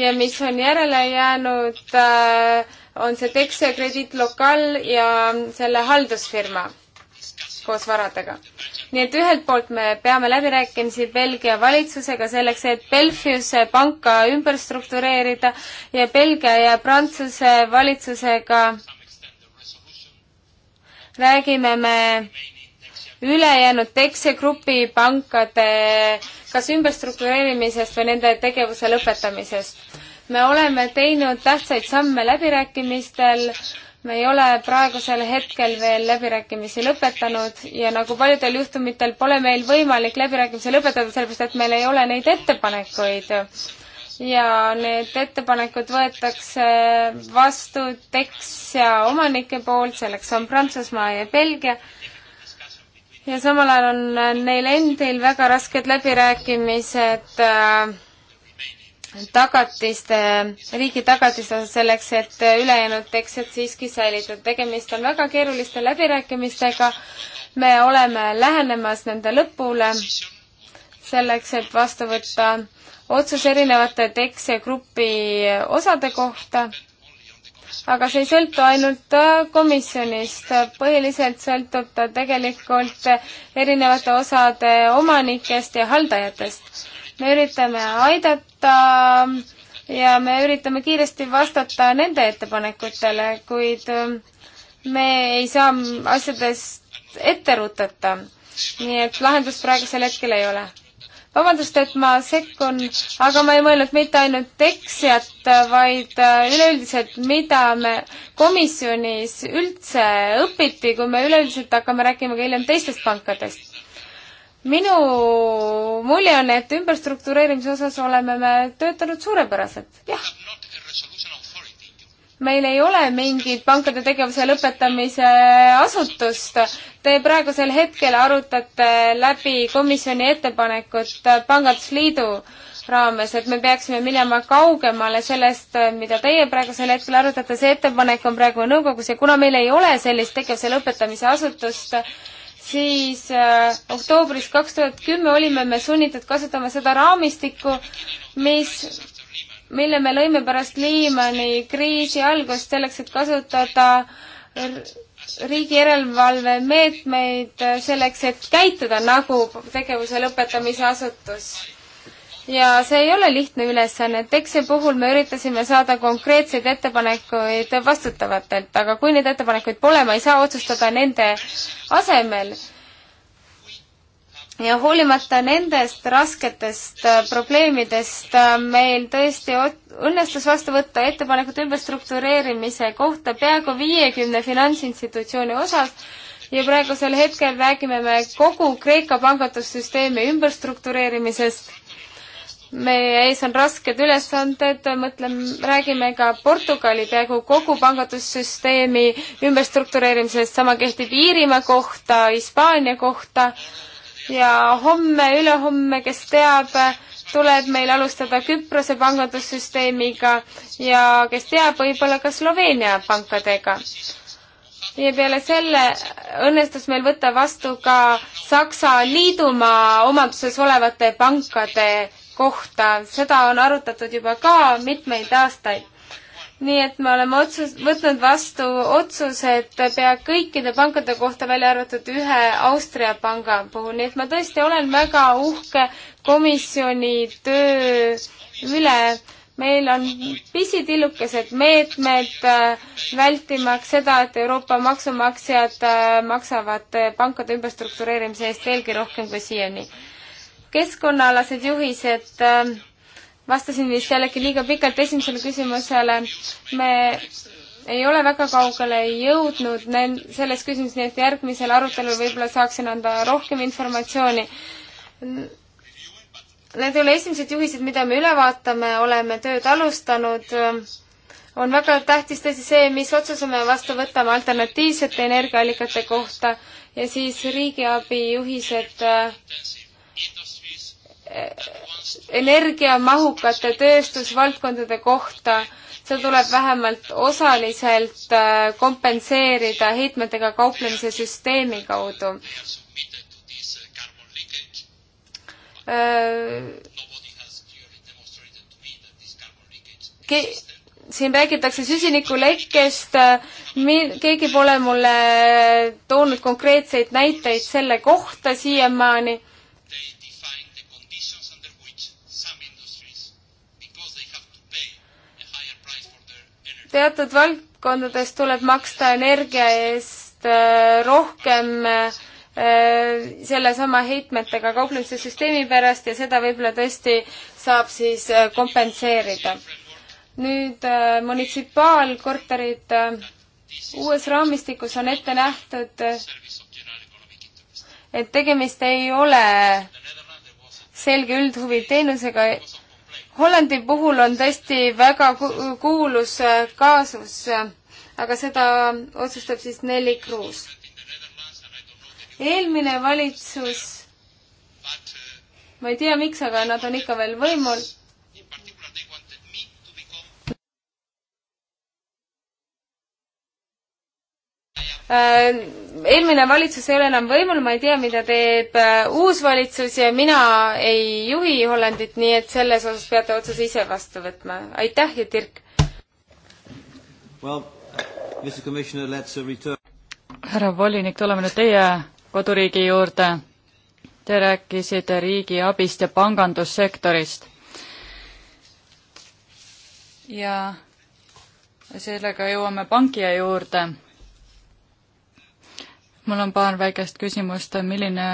ja mis on järele jäänud äh, on see Texia Credit Local ja selle haldusfirma koos varadega. nii et ühelt poolt me peame läbirääkimisi Belgia valitsusega selleks, et Belfiuse panka ümber struktureerida ja Belgia ja Prantsuse valitsusega räägime me ülejäänud Texia Grupi pankade kas ümberstruktureerimisest või nende tegevuse lõpetamisest me oleme teinud tähtsaid samme läbirääkimistel, me ei ole praegusel hetkel veel läbirääkimisi lõpetanud ja nagu paljudel juhtumitel pole meil võimalik läbirääkimisi lõpetada, sellepärast et meil ei ole neid ettepanekuid. ja need ettepanekud võetakse vastu Texia omanike poolt, selleks on Prantsusmaa ja Belgia ja samal ajal on neil endil väga rasked läbirääkimised äh, tagatiste, riigi tagatiste osas selleks, et ülejäänud teksted siiski säilitada. tegemist on väga keeruliste läbirääkimistega. me oleme lähenemas nende lõpule selleks, et vastu võtta otsus erinevate tekstigrupi osade kohta. aga see ei sõltu ainult komisjonist, põhiliselt sõltub ta tegelikult erinevate osade omanikest ja haldajatest me üritame aidata ja me üritame kiiresti vastata nende ettepanekutele, kuid ähm, me ei saa asjadest ette rutata. nii et lahendust praegusel hetkel ei ole. vabandust, et ma sekkun, aga ma ei mõelnud mitte ainult eksijat, vaid äh, üleüldiselt, mida me komisjonis üldse õpiti, kui me üleüldiselt hakkame rääkima ka hiljem teistest pankadest minu mulje on, et ümberstruktureerimise osas oleme me töötanud suurepäraselt, jah. meil ei ole mingit pankade tegevuse lõpetamise asutust. Te praegusel hetkel arutate läbi komisjoni ettepanekut Pangandusliidu raames, et me peaksime minema kaugemale sellest, mida teie praegusel hetkel arutate, see ettepanek on praegu nõukogus ja kuna meil ei ole sellist tegevuse lõpetamise asutust, siis äh, oktoobris kaks tuhat kümme olime me sunnitud kasutama seda raamistikku, mis, mille me lõime pärast Liimani kriisi algust selleks, et kasutada riigi järelevalve meetmeid äh, selleks, et käituda nagu tegevuse lõpetamise asutus ja see ei ole lihtne ülesanne, et EKSi puhul me üritasime saada konkreetseid ettepanekuid vastutavatelt, aga kui neid ettepanekuid pole, ma ei saa otsustada nende asemel. ja hoolimata nendest rasketest probleemidest äh, meil tõesti õnnestus vastu võtta ettepanekud ümberstruktureerimise kohta peaaegu viiekümne finantsinstitutsiooni osas ja praegusel hetkel räägime me kogu Kreeka pangandussüsteemi ümberstruktureerimisest meie ees on rasked ülesanded, mõtleme, räägime ka Portugali peaaegu kogu pangandussüsteemi ümberstruktureerimisest, sama kehtib Iirimaa kohta, Hispaania kohta ja homme, ülehomme, kes teab, tuleb meil alustada Küprose pangandussüsteemiga ja kes teab, võib-olla ka Sloveenia pankadega ja peale selle õnnestus meil võtta vastu ka Saksa liidumaa omanduses olevate pankade kohta, seda on arutatud juba ka mitmeid aastaid. nii et me oleme otsus, võtnud vastu otsused pea kõikide pankade kohta, välja arvatud ühe Austria panga puhul, nii et ma tõesti olen väga uhke komisjoni töö üle meil on pisitillukesed meetmed äh, vältimaks seda, et Euroopa maksumaksjad äh, maksavad pankade ümberstruktureerimise eest veelgi rohkem kui siiani keskkonnaalased juhised, äh, vastasin vist jällegi liiga pikalt esimesele küsimusele. me ei ole väga kaugele jõudnud selles küsimuses, nii et järgmisel arutelul võib-olla saaksin anda rohkem informatsiooni. Need ei ole esimesed juhised, mida me üle vaatame, oleme tööd alustanud. on väga tähtis tõesti see, mis otsuse me vastu võtame alternatiivsete energiaallikate kohta ja siis riigiabi juhised äh, energiamahukate tööstusvaldkondade kohta, seal tuleb vähemalt osaliselt äh, kompenseerida heitmetega kauplemise süsteemi kaudu. Äh, ke-, siin räägitakse süsinikulekkest, mi-, keegi pole mulle toonud konkreetseid näiteid selle kohta siiamaani teatud valdkondades tuleb maksta energia eest äh, rohkem äh, sellesama heitmetega kauplemise süsteemi pärast ja seda võib-olla tõesti saab siis äh, kompenseerida. nüüd munitsipaalkorterid uues raamistikus on ette nähtud, et tegemist ei ole selge üldhuvi teenusega Hollandi puhul on tõesti väga kuulus äh, kaasus, äh, aga seda otsustab siis Nelli Kruus. eelmine valitsus, ma ei tea, miks, aga nad on ikka veel võimul Äh, eelmine valitsus ei ole enam võimul, ma ei tea, mida teeb äh, uus valitsus ja mina ei juhi Hollandit, nii et selles osas peate otsuse ise vastu võtma. aitäh ja Dirk! Uh, härra volinik, tuleme nüüd teie koduriigi juurde. Te rääkisite riigi abist ja pangandussektorist. ja sellega jõuame pankija juurde mul on paar väikest küsimust, milline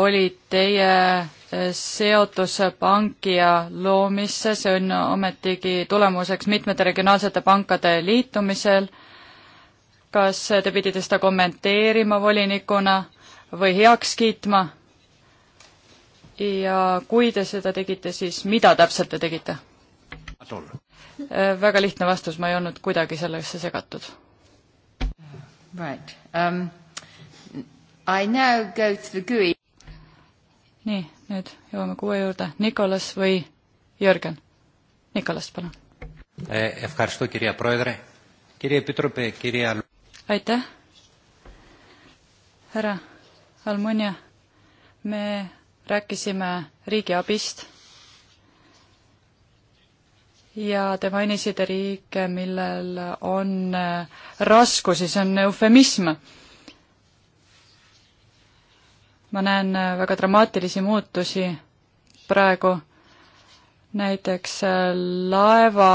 oli teie eh, seotus Bankia loomisse, see on ometigi tulemuseks mitmete regionaalsete pankade liitumisel. kas te pidite seda kommenteerima volinikuna või heaks kiitma? ja kui te seda tegite, siis mida täpselt te tegite? Eh, väga lihtne vastus, ma ei olnud kuidagi sellesse segatud. Right um.... I now go to the GUI. nii, nüüd jõuame kuue juurde, Nikolas või Jörgen? Nikolas, palun. Eh, aitäh, härra Almunia, me rääkisime riigiabist ja te mainisite riike, millel on eh, raskusi, see on eufemism ma näen äh, väga dramaatilisi muutusi praegu, näiteks äh, laeva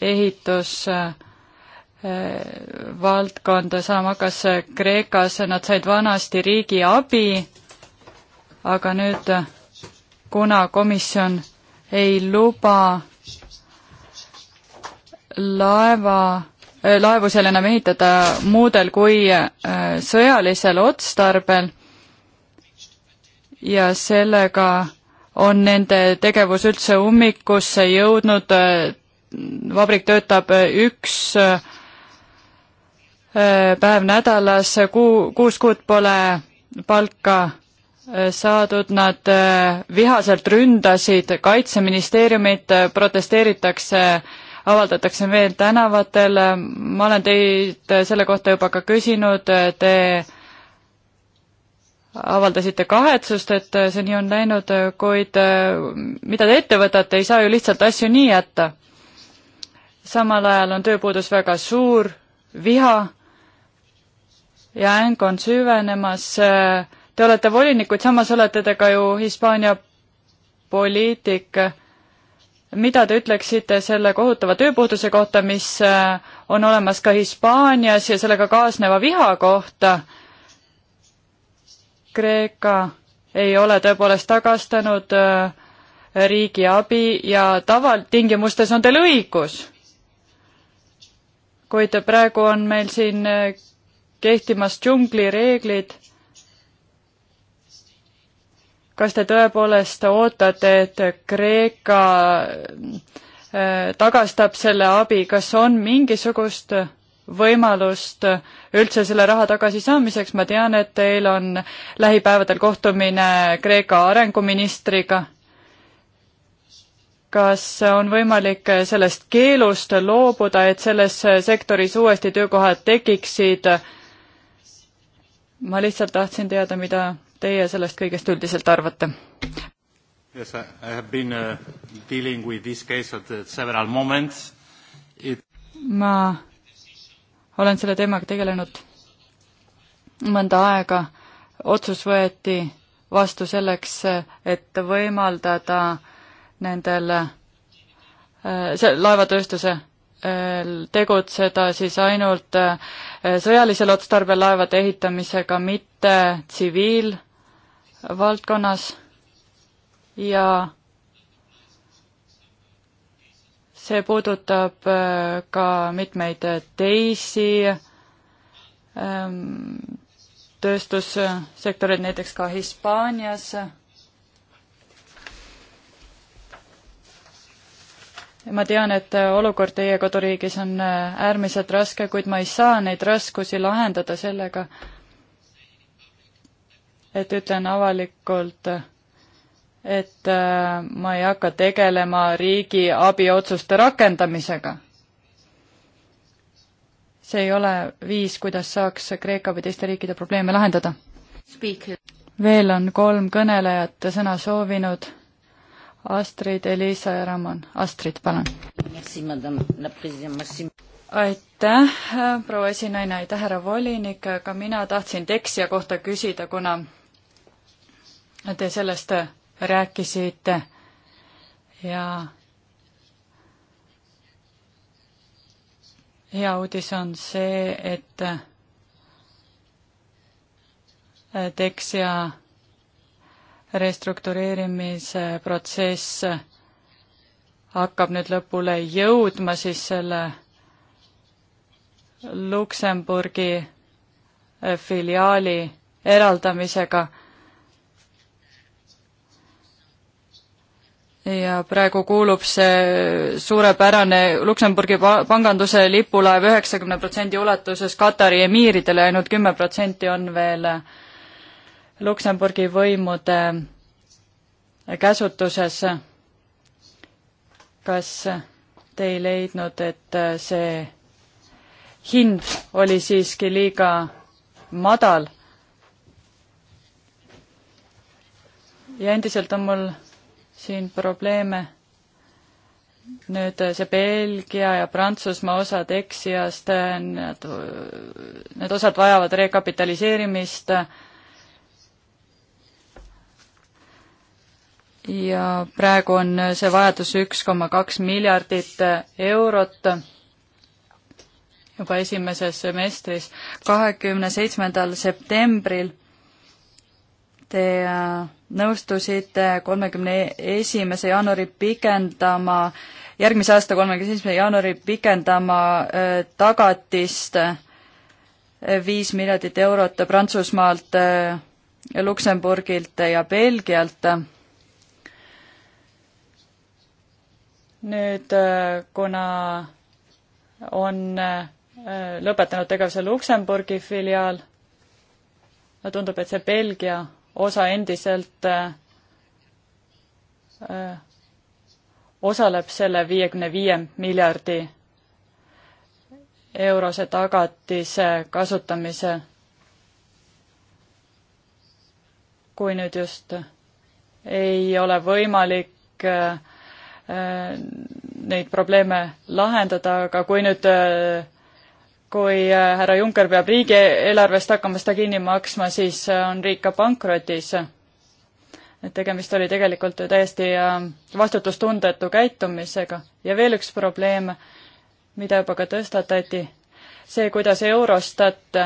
ehitus äh, valdkonda saama hakkas Kreekas, nad said vanasti riigi abi, aga nüüd, kuna komisjon ei luba laeva, laevu seal enam ehitada muudel kui sõjalisel otstarbel, ja sellega on nende tegevus üldse ummikusse jõudnud, vabrik töötab üks äh, päev nädalas, kuu, kuus kuud pole palka äh, saadud, nad äh, vihaselt ründasid kaitseministeeriumit, protesteeritakse, avaldatakse meelt tänavatel, ma olen teid selle kohta juba ka küsinud, te avaldasite kahetsust, et äh, see nii on läinud, äh, kuid äh, mida te ette võtate, ei saa ju lihtsalt asju nii jätta. samal ajal on tööpuudus väga suur, viha ja äng on süvenemas. Te olete volinikud, samas olete te ka ju Hispaania poliitik. mida te ütleksite selle kohutava tööpuuduse kohta, mis on olemas ka Hispaanias ja sellega kaasneva viha kohta? Kreeka ei ole tõepoolest tagastanud äh, riigi abi ja tavatingimustes on teil õigus. kuid praegu on meil siin äh, kehtimas džunglireeglid. kas te tõepoolest ootate, et Kreeka äh, tagastab selle abi, kas on mingisugust võimalust üldse selle raha tagasisaamiseks, ma tean, et teil on lähipäevadel kohtumine Kreeka arenguministriga. kas on võimalik sellest keelust loobuda, et selles sektoris uuesti töökohad tekiksid? ma lihtsalt tahtsin teada, mida teie sellest kõigest üldiselt arvate? Yes, I have been uh, dealing with this case at uh, several moments. It... ma olen selle teemaga tegelenud mõnda aega. otsus võeti vastu selleks, et võimaldada nendel, äh, see laevatööstuse äh, tegutseda siis ainult äh, sõjalisel otstarbel laevade ehitamisega, mitte tsiviilvaldkonnas ja see puudutab äh, ka mitmeid teisi ähm, tööstussektoreid, näiteks ka Hispaanias. ma tean, et olukord teie koduriigis on äh, äärmiselt raske, kuid ma ei saa neid raskusi lahendada sellega, et ütlen avalikult, et äh, ma ei hakka tegelema riigi abiotsuste rakendamisega. see ei ole viis, kuidas saaks Kreeka või teiste riikide probleeme lahendada. veel on kolm kõnelejat sõna soovinud. Astrid, Elisa ja Ramon. Astrid, palun. aitäh, proua esinaine, aitäh, härra volinik, aga mina tahtsin tekstija kohta küsida, kuna te sellest rääkisite ja hea uudis on see, et Dexia restruktureerimise protsess hakkab nüüd lõpule jõudma siis selle Luksemburgi filiaali eraldamisega ja praegu kuulub see suurepärane Luksemburgi panganduse lipulaev üheksakümne protsendi ulatuses Katari emiiridele, ainult kümme protsenti on veel Luksemburgi võimude käsutuses. kas te ei leidnud, et see hind oli siiski liiga madal? ja endiselt on mul siin probleeme. nüüd äh, see Belgia ja Prantsusmaa osad eksijast, äh, need, äh, need osad vajavad rekapitaliseerimist ja praegu on see vajadus üks koma kaks miljardit eurot juba esimeses semestris, kahekümne seitsmendal septembril Te äh, nõustusite kolmekümne esimese jaanuari pikendama, järgmise aasta kolmekümne esimese jaanuari pikendama äh, tagatist äh, viis miljardit eurot Prantsusmaalt, Luksemburgilt ja Belgialt. nüüd, kuna on lõpetanud tegevuse Luksemburgi filiaal, no tundub, et see Belgia osa endiselt äh, osaleb selle viiekümne viie miljardi eurose tagatise kasutamise. kui nüüd just ei ole võimalik äh, äh, neid probleeme lahendada, aga kui nüüd kui äh, härra Juncker peab riigieelarvest hakkama seda kinni maksma, siis äh, on riik ka pankrotis. et tegemist oli tegelikult ju täiesti äh, vastutustundetu käitumisega ja veel üks probleem, mida juba ka tõstatati, see, kuidas Eurostat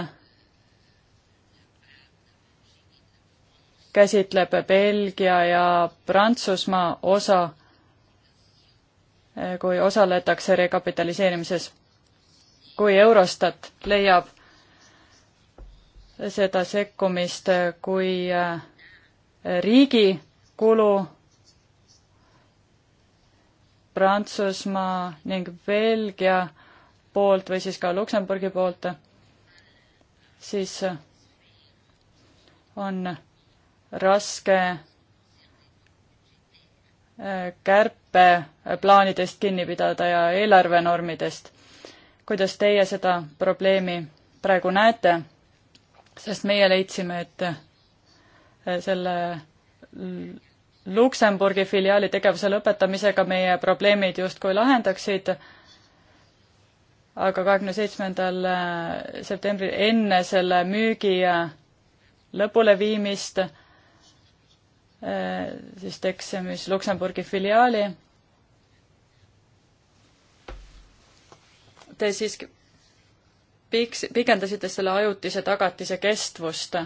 käsitleb Belgia ja Prantsusmaa osa, kui osaletakse rekapitaliseerimises kui Eurostat leiab seda sekkumist kui äh, riigi kulu Prantsusmaa ning Belgia poolt või siis ka Luksemburgi poolt, siis äh, on raske äh, kärpeplaanidest kinni pidada ja eelarvenormidest kuidas teie seda probleemi praegu näete, sest meie leidsime, et äh, selle Luksemburgi filiaali tegevuse lõpetamisega meie probleemid justkui lahendaksid, aga kahekümne seitsmendal äh, septembril enne selle müügi äh, lõpuleviimist siis teksime siis Luksemburgi filiaali te siiski piks-, pikendasite selle ajutise tagatise kestvust,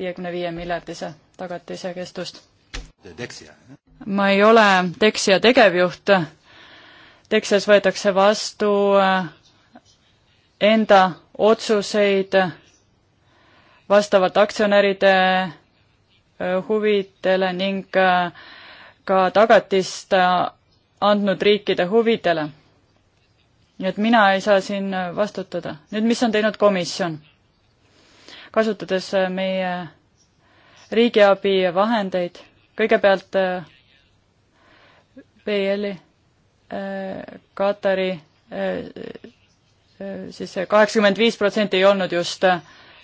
viiekümne viie miljardise tagatise kestust? ma ei ole Dexia tegevjuht. Dexias võetakse vastu äh, enda otsuseid vastavalt aktsionäride äh, huvidele ning äh, ka tagatist andnud riikide huvidele nii et mina ei saa siin vastutada. nüüd, mis on teinud komisjon? kasutades äh, meie riigiabi vahendeid, kõigepealt PL-i äh, äh, Katari siis see kaheksakümmend viis protsenti ei olnud just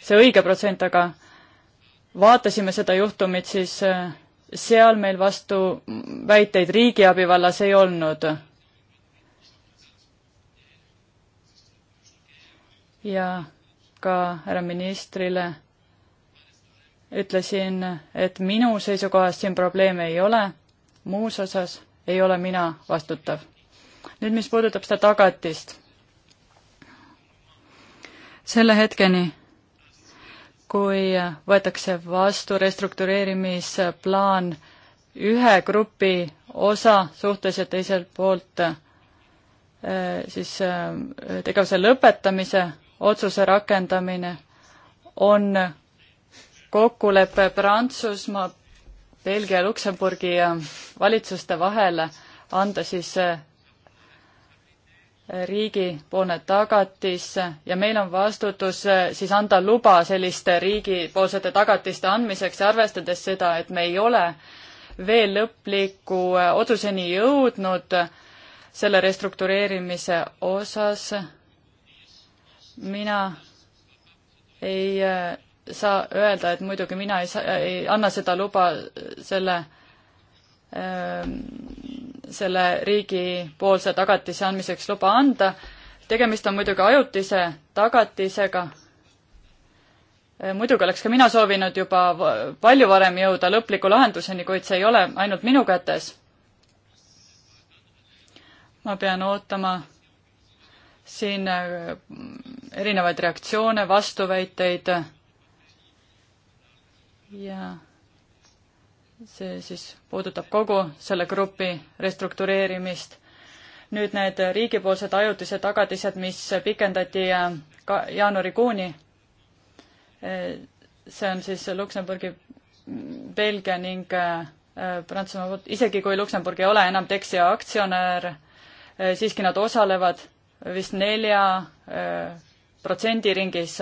see õige protsent, aga vaatasime seda juhtumit, siis seal meil vastu väiteid riigiabi vallas ei olnud ja ka härra ministrile ütlesin, et minu seisukohast siin probleeme ei ole, muus osas ei ole mina vastutav. nüüd, mis puudutab seda tagatist. selle hetkeni, kui võetakse vastu restruktureerimisplaan ühe grupi osa suhtes ja teiselt poolt eh, siis eh, tegevuse lõpetamise otsuse rakendamine on kokkulepe Prantsusmaa, Belgia, Luksemburgi äh, valitsuste vahel anda siis äh, riigipoolne tagatis ja meil on vastutus äh, siis anda luba selliste riigipoolsete tagatiste andmiseks ja arvestades seda, et me ei ole veel lõpliku otsuseni jõudnud selle restruktureerimise osas, mina ei äh, saa öelda, et muidugi mina ei saa, ei anna seda luba selle, ähm, selle riigipoolse tagatise andmiseks luba anda. tegemist on muidugi ajutise tagatisega. Äh, muidugi oleks ka mina soovinud juba palju varem jõuda lõpliku lahenduseni, kuid see ei ole ainult minu kätes. ma pean ootama siin äh, erinevaid reaktsioone, vastuväiteid ja see siis puudutab kogu selle grupi restruktureerimist. nüüd need riigipoolsed ajutised tagatised, mis pikendati äh, ka jaanuarikuuni, äh, see on siis Luksemburgi, Belgia ning äh, Prantsusmaa poolt, isegi kui Luksemburg ei ole enam Texia aktsionär, siiski nad osalevad vist nelja protsendiringis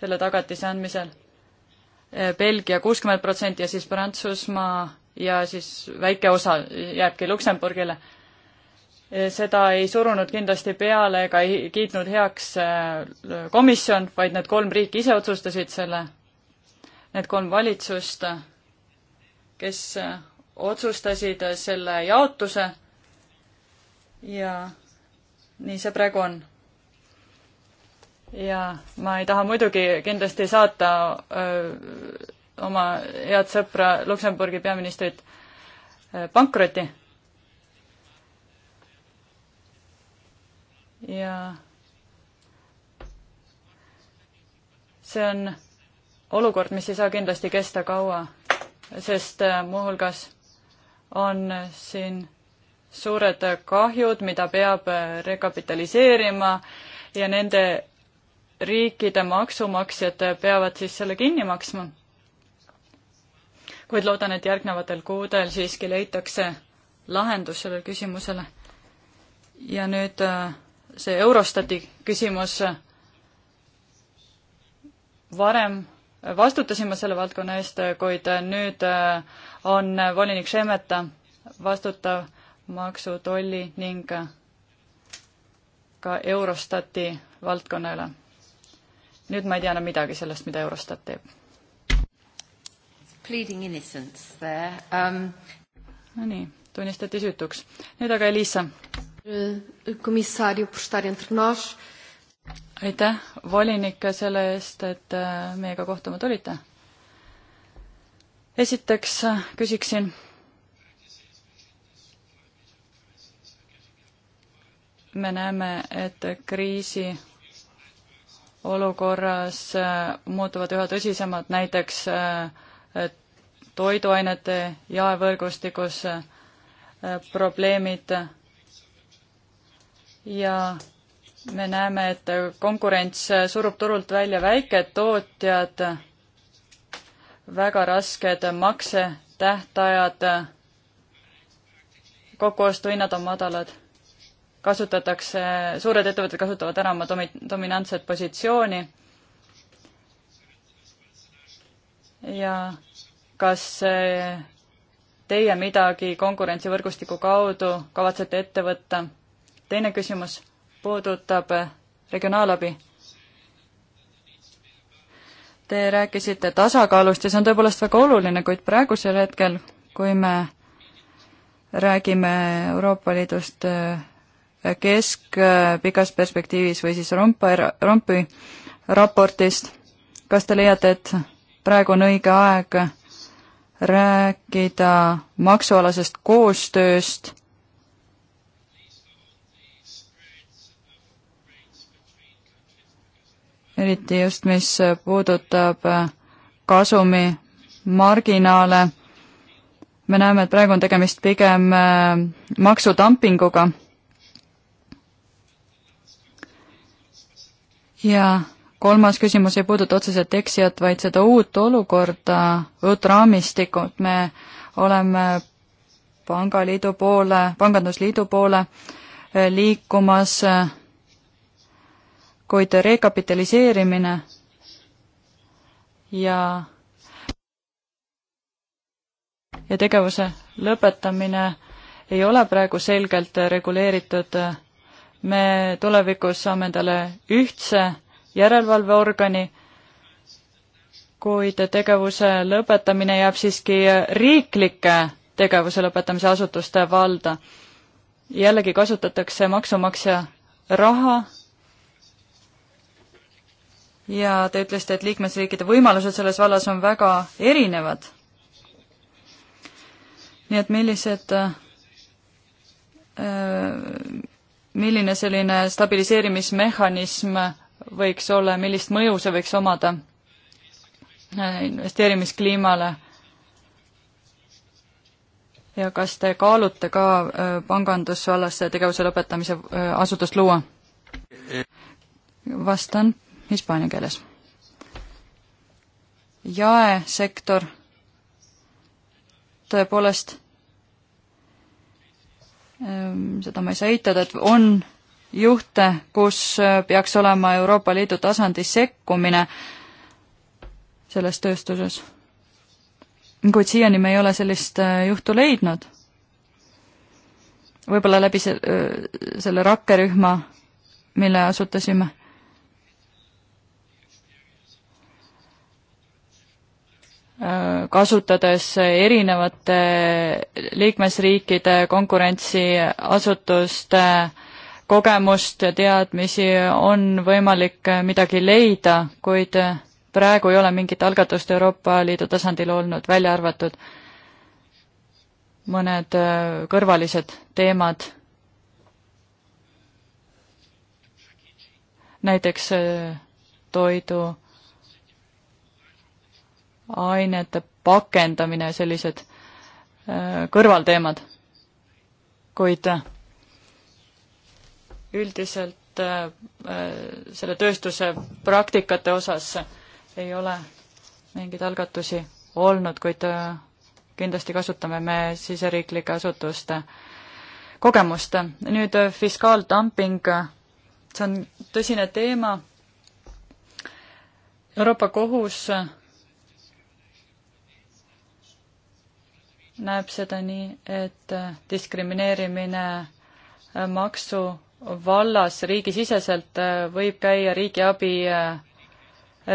selle tagatise andmisel. Belgia kuuskümmend protsenti ja siis Prantsusmaa ja siis väike osa jääbki Luksemburgile. seda ei surunud kindlasti peale ega ei kiitnud heaks äh, komisjon, vaid need kolm riiki ise otsustasid selle, need kolm valitsust, kes äh, otsustasid äh, selle jaotuse ja nii see praegu on ja ma ei taha muidugi kindlasti saata öö, oma head sõpra Luksemburgi peaministrit pankrotti. ja see on olukord, mis ei saa kindlasti kesta kaua, sest muuhulgas on siin suured kahjud, mida peab rekapitaliseerima ja nende riikide maksumaksjad peavad siis selle kinni maksma. kuid loodan, et järgnevatel kuudel siiski leitakse lahendus sellele küsimusele. ja nüüd äh, see Eurostati küsimus. varem vastutasin ma selle valdkonna eest, kuid nüüd äh, on volinik Šemeta vastutav maksu, tolli ning äh, ka Eurostati valdkonna üle nüüd ma ei tea enam midagi sellest, mida Eurostat teeb. Pleading innocence there um.... Nonii, tunnistati süütuks. nüüd aga Elisa. Eh, aitäh, volinik, selle eest, et eh, meiega kohtuma tulite. esiteks eh, küsiksin me näeme, et kriisi olukorras äh, muutuvad üha tõsisemad, näiteks äh, toiduainete jaevõrgustikus äh, probleemid ja me näeme, et konkurents surub turult välja väiketootjad, väga rasked maksetähtajad, kokkuostuhinnad on madalad kasutatakse, suured ettevõtted kasutavad ära oma domi-, dominantset positsiooni ja kas eh, teie midagi konkurentsivõrgustiku kaudu kavatsete ette võtta? teine küsimus puudutab eh, regionaalabi. Te rääkisite tasakaalust ja see on tõepoolest väga oluline, kuid praegusel hetkel, kui me räägime Euroopa Liidust eh, keskpikas perspektiivis või siis Rompa, er-, Rompi raportist. kas te leiate, et praegu on õige aeg rääkida maksualasest koostööst eriti just, mis puudutab kasumi marginaale. me näeme, et praegu on tegemist pigem äh, maksudumpinguga ja kolmas küsimus ei puuduta otseselt eksijat, vaid seda uut olukorda, uut raamistikku, et me oleme pangaliidu poole, pangandusliidu poole eh, liikumas, eh, kuid rekapitaliseerimine ja ja tegevuse lõpetamine ei ole praegu selgelt reguleeritud eh, me tulevikus saame endale ühtse järelevalveorgani, kuid tegevuse lõpetamine jääb siiski riiklike tegevuse lõpetamise asutuste valda. jällegi kasutatakse maksumaksja raha ja te ütlesite, et liikmesriikide võimalused selles vallas on väga erinevad. nii et millised äh, milline selline stabiliseerimismehhanism võiks olla ja millist mõju see võiks omada investeerimiskliimale? ja kas te kaalute ka äh, pangandusvallase tegevuse lõpetamise äh, asutust luua? vastan hispaania keeles. jaesektor tõepoolest Ehm, seda ma ei saa eitada, et on juhte, kus äh, peaks olema Euroopa Liidu tasandi sekkumine selles tööstuses. kuid siiani me ei ole sellist äh, juhtu leidnud. võib-olla läbi se-, äh, selle rakkerühma, mille asutasime Äh, kasutades erinevate liikmesriikide konkurentsiasutuste kogemust ja teadmisi on võimalik midagi leida, kuid praegu ei ole mingit algatust Euroopa Liidu tasandil olnud, välja arvatud mõned äh, kõrvalised teemad. näiteks äh, toidu ainete pakendamine, sellised äh, kõrvalteemad. kuid äh, üldiselt äh, selle tööstuse praktikate osas ei ole mingeid algatusi olnud, kuid kindlasti kasutame me siseriiklike asutuste kogemust. nüüd fiskaaldumping, see on tõsine teema. Euroopa Kohus näeb seda nii, et diskrimineerimine maksu vallas riigisiseselt võib käia riigiabi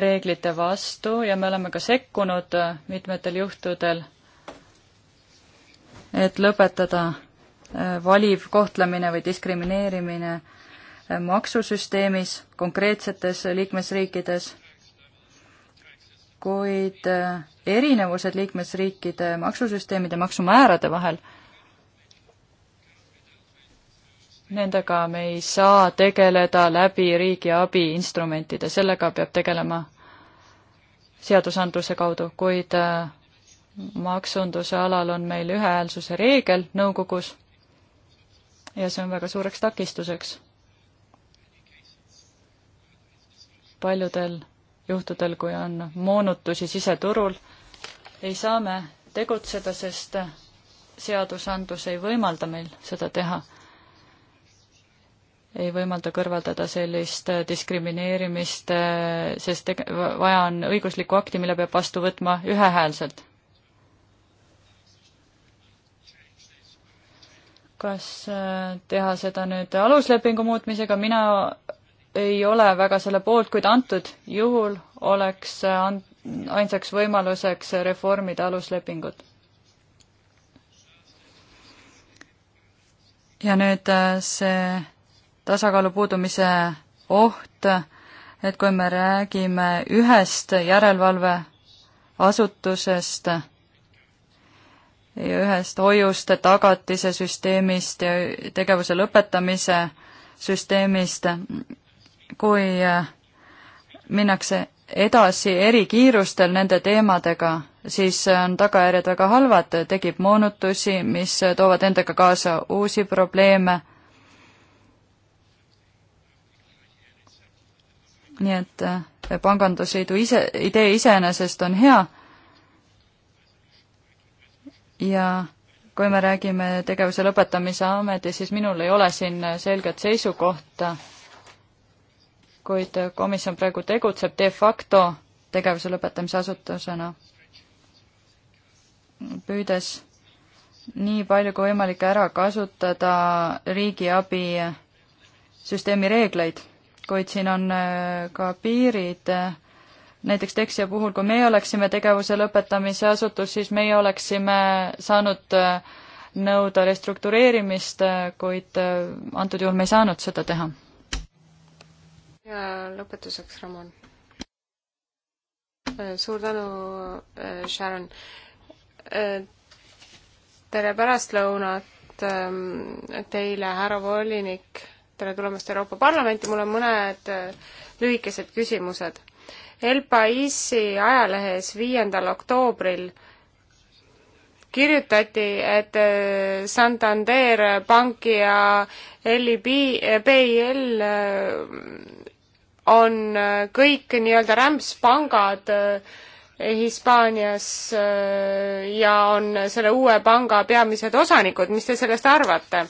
reeglite vastu ja me oleme ka sekkunud mitmetel juhtudel, et lõpetada valiv kohtlemine või diskrimineerimine maksusüsteemis konkreetsetes liikmesriikides, kuid äh, erinevused liikmesriikide maksusüsteemide maksumäärade vahel. Nendega me ei saa tegeleda läbi riigiabi instrumentide, sellega peab tegelema seadusandluse kaudu, kuid äh, maksunduse alal on meil ühehäälsuse reegel nõukogus ja see on väga suureks takistuseks. paljudel juhtudel, kui on moonutusi siseturul ei saa me tegutseda, sest seadusandlus ei võimalda meil seda teha. ei võimalda kõrvaldada sellist diskrimineerimist, sest tege-, vaja on õiguslikku akti, mille peab vastu võtma ühehäälselt. kas äh, teha seda nüüd aluslepingu muutmisega, mina ei ole väga selle poolt, kuid antud juhul oleks and-, ainsaks võimaluseks reformida aluslepingut. ja nüüd äh, see tasakaalu puudumise oht, et kui me räägime ühest järelevalveasutusest ja ühest hoiuste tagatise süsteemist ja tegevuse lõpetamise süsteemist, kui äh, minnakse edasi erikiirustel nende teemadega, siis on tagajärjed väga halvad, tekib moonutusi, mis toovad endaga kaasa uusi probleeme. nii et äh, pangandusliidu ise, idee iseenesest on hea ja kui me räägime tegevuse lõpetamise ameti, siis minul ei ole siin selget seisukohta kuid komisjon praegu tegutseb de facto tegevuse lõpetamise asutusena, püüdes nii palju kui võimalik ära kasutada riigiabi süsteemi reegleid, kuid siin on äh, ka piirid, näiteks Texia puhul, kui meie oleksime tegevuse lõpetamise asutus, siis meie oleksime saanud äh, nõuda restruktureerimist, äh, kuid antud juhul me ei saanud seda teha ja lõpetuseks, Ramon. Äh, suur tänu, äh, Sharon. Äh, tere pärastlõunat ähm, teile, härra volinik. tere tulemast Euroopa Parlamenti, mul on mõned lühikesed küsimused El Paisi ajalehes viiendal oktoobril kirjutati, et Santander pank ja LIB, BIL on äh, kõik nii-öelda rämpspangad äh, Hispaanias äh, ja on selle uue panga peamised osanikud, mis te sellest arvate?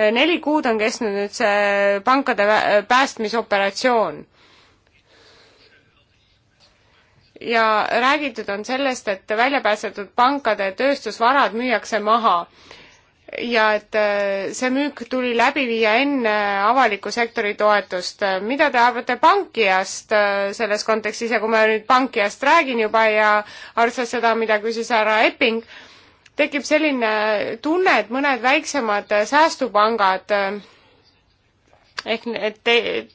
neli kuud on kestnud nüüd see pankade päästmisoperatsioon. ja räägitud on sellest, et väljapäästetud pankade tööstusvarad müüakse maha ja et äh, see müük tuli läbi viia enne avaliku sektori toetust. mida te arvate Pankiast äh, selles kontekstis ja kui ma nüüd Pankiast räägin juba ja arvestades seda, mida küsis härra Epping, tekib selline tunne, et mõned väiksemad säästupangad äh, ehk need te,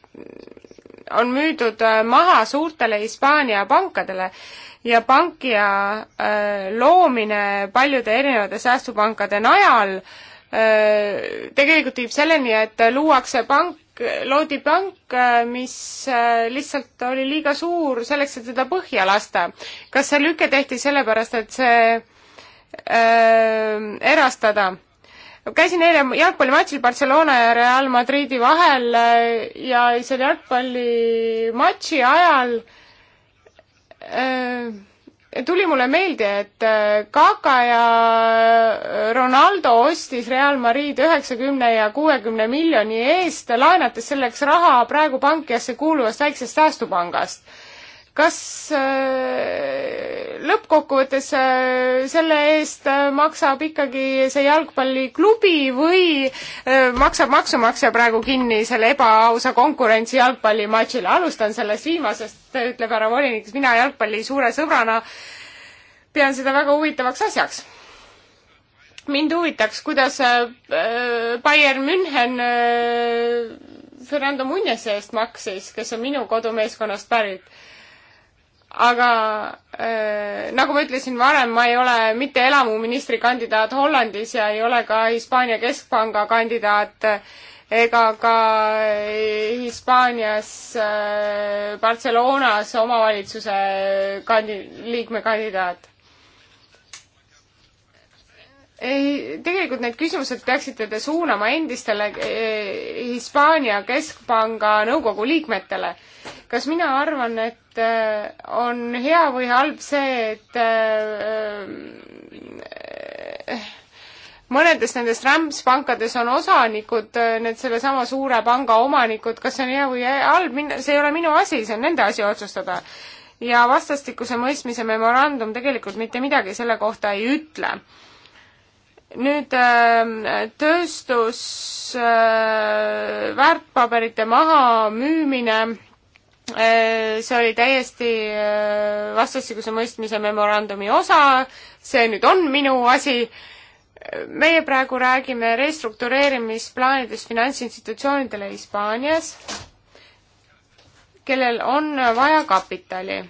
on müüdud maha suurtele Hispaania pankadele ja pankija äh, loomine paljude erinevate säästupankade najal äh, tegelikult viib selleni, et luuakse pank, loodi pank, äh, mis lihtsalt oli liiga suur selleks, et teda põhja lasta. kas see lüke tehti sellepärast, et see äh, erastada? käisin eile jalgpallimatšil Barcelona ja Real Madridi vahel ja seal jalgpallimatši ajal äh, Äh, tuli mulle meelde, et äh, Kaka ja äh, Ronaldo ostis Real Madrid üheksakümne ja kuuekümne miljoni eest, laenates selleks raha praegu pankiasse kuuluvast väiksest säästupangast kas äh, lõppkokkuvõttes äh, selle eest äh, maksab ikkagi see jalgpalliklubi või maksab maksumaksja praegu kinni selle ebaausa konkurentsi jalgpallimatšile? alustan sellest viimasest, ütleb härra volinik, mina jalgpalli suure sõbrana pean seda väga huvitavaks asjaks mind huvitaks, kuidas Bayern München Fernando Munese eest maksis, kes on minu kodumeeskonnast pärit aga äh, nagu ma ütlesin varem, ma ei ole mitte elamuministri kandidaat Hollandis ja ei ole ka Hispaania keskpanga kandidaat äh, ega ka äh, Hispaanias äh, Barcelonas omavalitsuse kandi-, liikme kandidaat ei, tegelikult need küsimused peaksite te suunama endistele eh, Hispaania Keskpanga nõukogu liikmetele. kas mina arvan, et eh, on hea või halb see, et eh, mõnedes nendes rämpspankades on osanikud, need sellesama suure panga omanikud, kas see on hea või halb, see ei ole minu asi, see on nende asi otsustada. ja vastastikuse mõistmise memorandum tegelikult mitte midagi selle kohta ei ütle nüüd ähm, tööstus, äh, väärtpaberite mahamüümine, äh, see oli täiesti äh, vastastikuse mõistmise memorandumi osa, see nüüd on minu asi meie praegu räägime restruktureerimisplaanidest finantsinstitutsioonidele Hispaanias, kellel on vaja kapitali.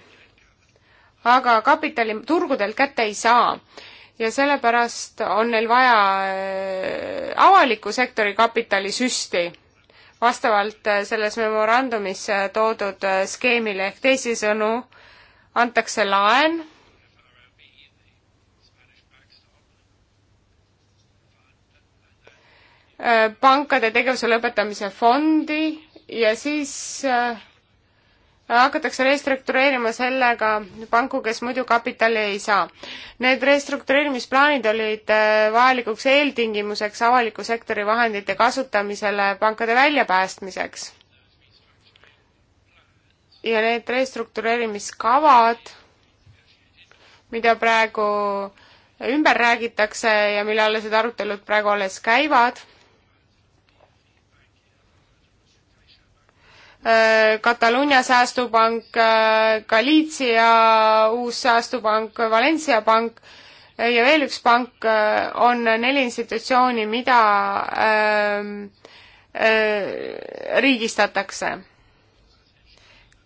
aga kapitali turgudelt kätte ei saa ja sellepärast on neil vaja äh, avaliku sektori kapitalisüsti vastavalt äh, selles memorandumis äh, toodud skeemile ehk teisisõnu antakse laen pankade tegevuse lõpetamise fondi ja siis äh, hakatakse restruktureerima sellega panku, kes muidu kapitali ei saa. Need restruktureerimisplaanid olid äh, vajalikuks eeltingimuseks avaliku sektori vahendite kasutamisele pankade väljapäästmiseks. ja need restruktureerimiskavad, mida praegu ümber räägitakse ja mille alles need arutelud praegu alles käivad Äh, Kataloonia säästupank, äh, Galiitsia uus säästupank, Valencia pank äh, ja veel üks pank on neli institutsiooni, mida ähm, äh, riigistatakse.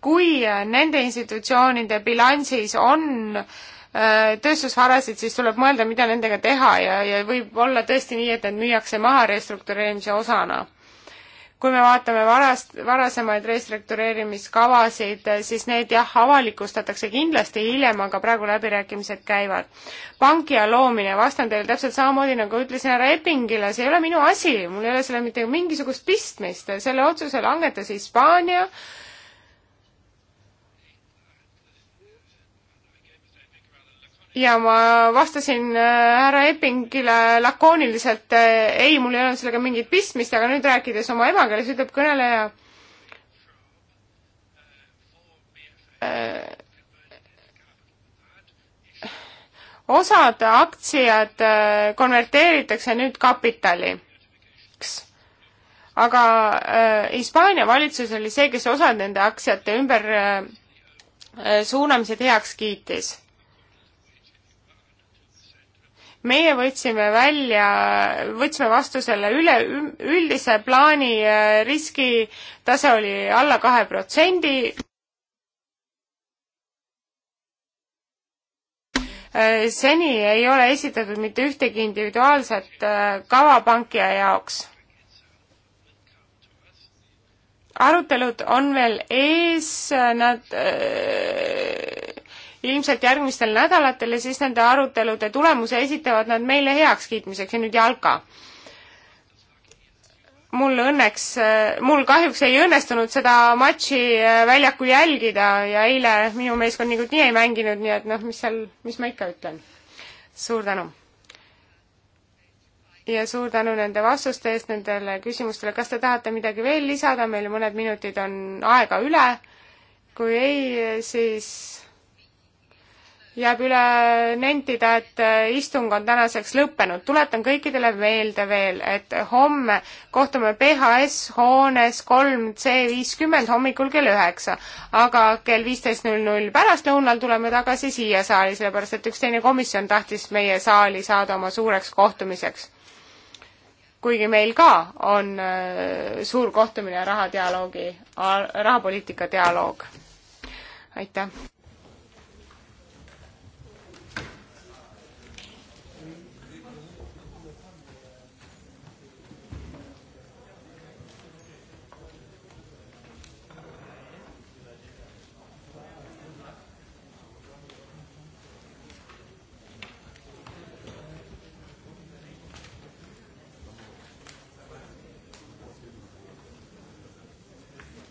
kui nende institutsioonide bilansis on äh, tööstusvarasid, siis tuleb mõelda, mida nendega teha ja, ja võib olla tõesti nii, et need müüakse maha restruktureerimise osana kui me vaatame varast, varasemaid restruktureerimiskavasid, siis need jah, avalikustatakse kindlasti hiljem, aga praegu läbirääkimised käivad. pankija loomine, vastan teile täpselt samamoodi, nagu ütlesin härra Eppingile, see ei ole minu asi, mul ei ole selle mitte mingisugust pistmist, selle otsuse langetas Hispaania äh, ja ma vastasin äh, härra Eppingile lakooniliselt, äh, ei, mul ei olnud sellega mingit pistmist, aga nüüd rääkides oma emakeeles, ütleb kõneleja äh,. osad aktsiad äh, konverteeritakse nüüd kapitaliks. aga äh, Hispaania äh, valitsus oli see, kes osad nende aktsiate ümber suunamised heaks kiitis meie võtsime välja, võtsime vastu selle üle, üldise plaani, äh, riskitase oli alla kahe protsendi. Äh, seni ei ole esitatud mitte ühtegi individuaalset äh, kava pankija jaoks. arutelud on veel ees, nad öö, ilmselt järgmistel nädalatel ja siis nende arutelude tulemuse esitavad nad meile heakskiitmiseks ja nüüd jalka mul õnneks, äh, mul kahjuks ei õnnestunud seda matši äh, väljakul jälgida ja eile minu meeskond niikuinii ei mänginud, nii et noh, mis seal, mis ma ikka ütlen. suur tänu! ja suur tänu nende vastuste eest nendele küsimustele, kas te tahate midagi veel lisada, meil mõned minutid on aega üle, kui ei, siis jääb üle nentida, et äh, istung on tänaseks lõppenud. tuletan kõikidele meelde veel, et homme kohtume PHS hoones kolm C viiskümmend hommikul kell üheksa. aga kell viisteist null null pärastlõunal tuleme tagasi siia saali, sellepärast et üks teine komisjon tahtis meie saali saada oma suureks kohtumiseks. kuigi meil ka on äh, suur kohtumine rahadialoogi, rahapoliitika dialoog. aitäh!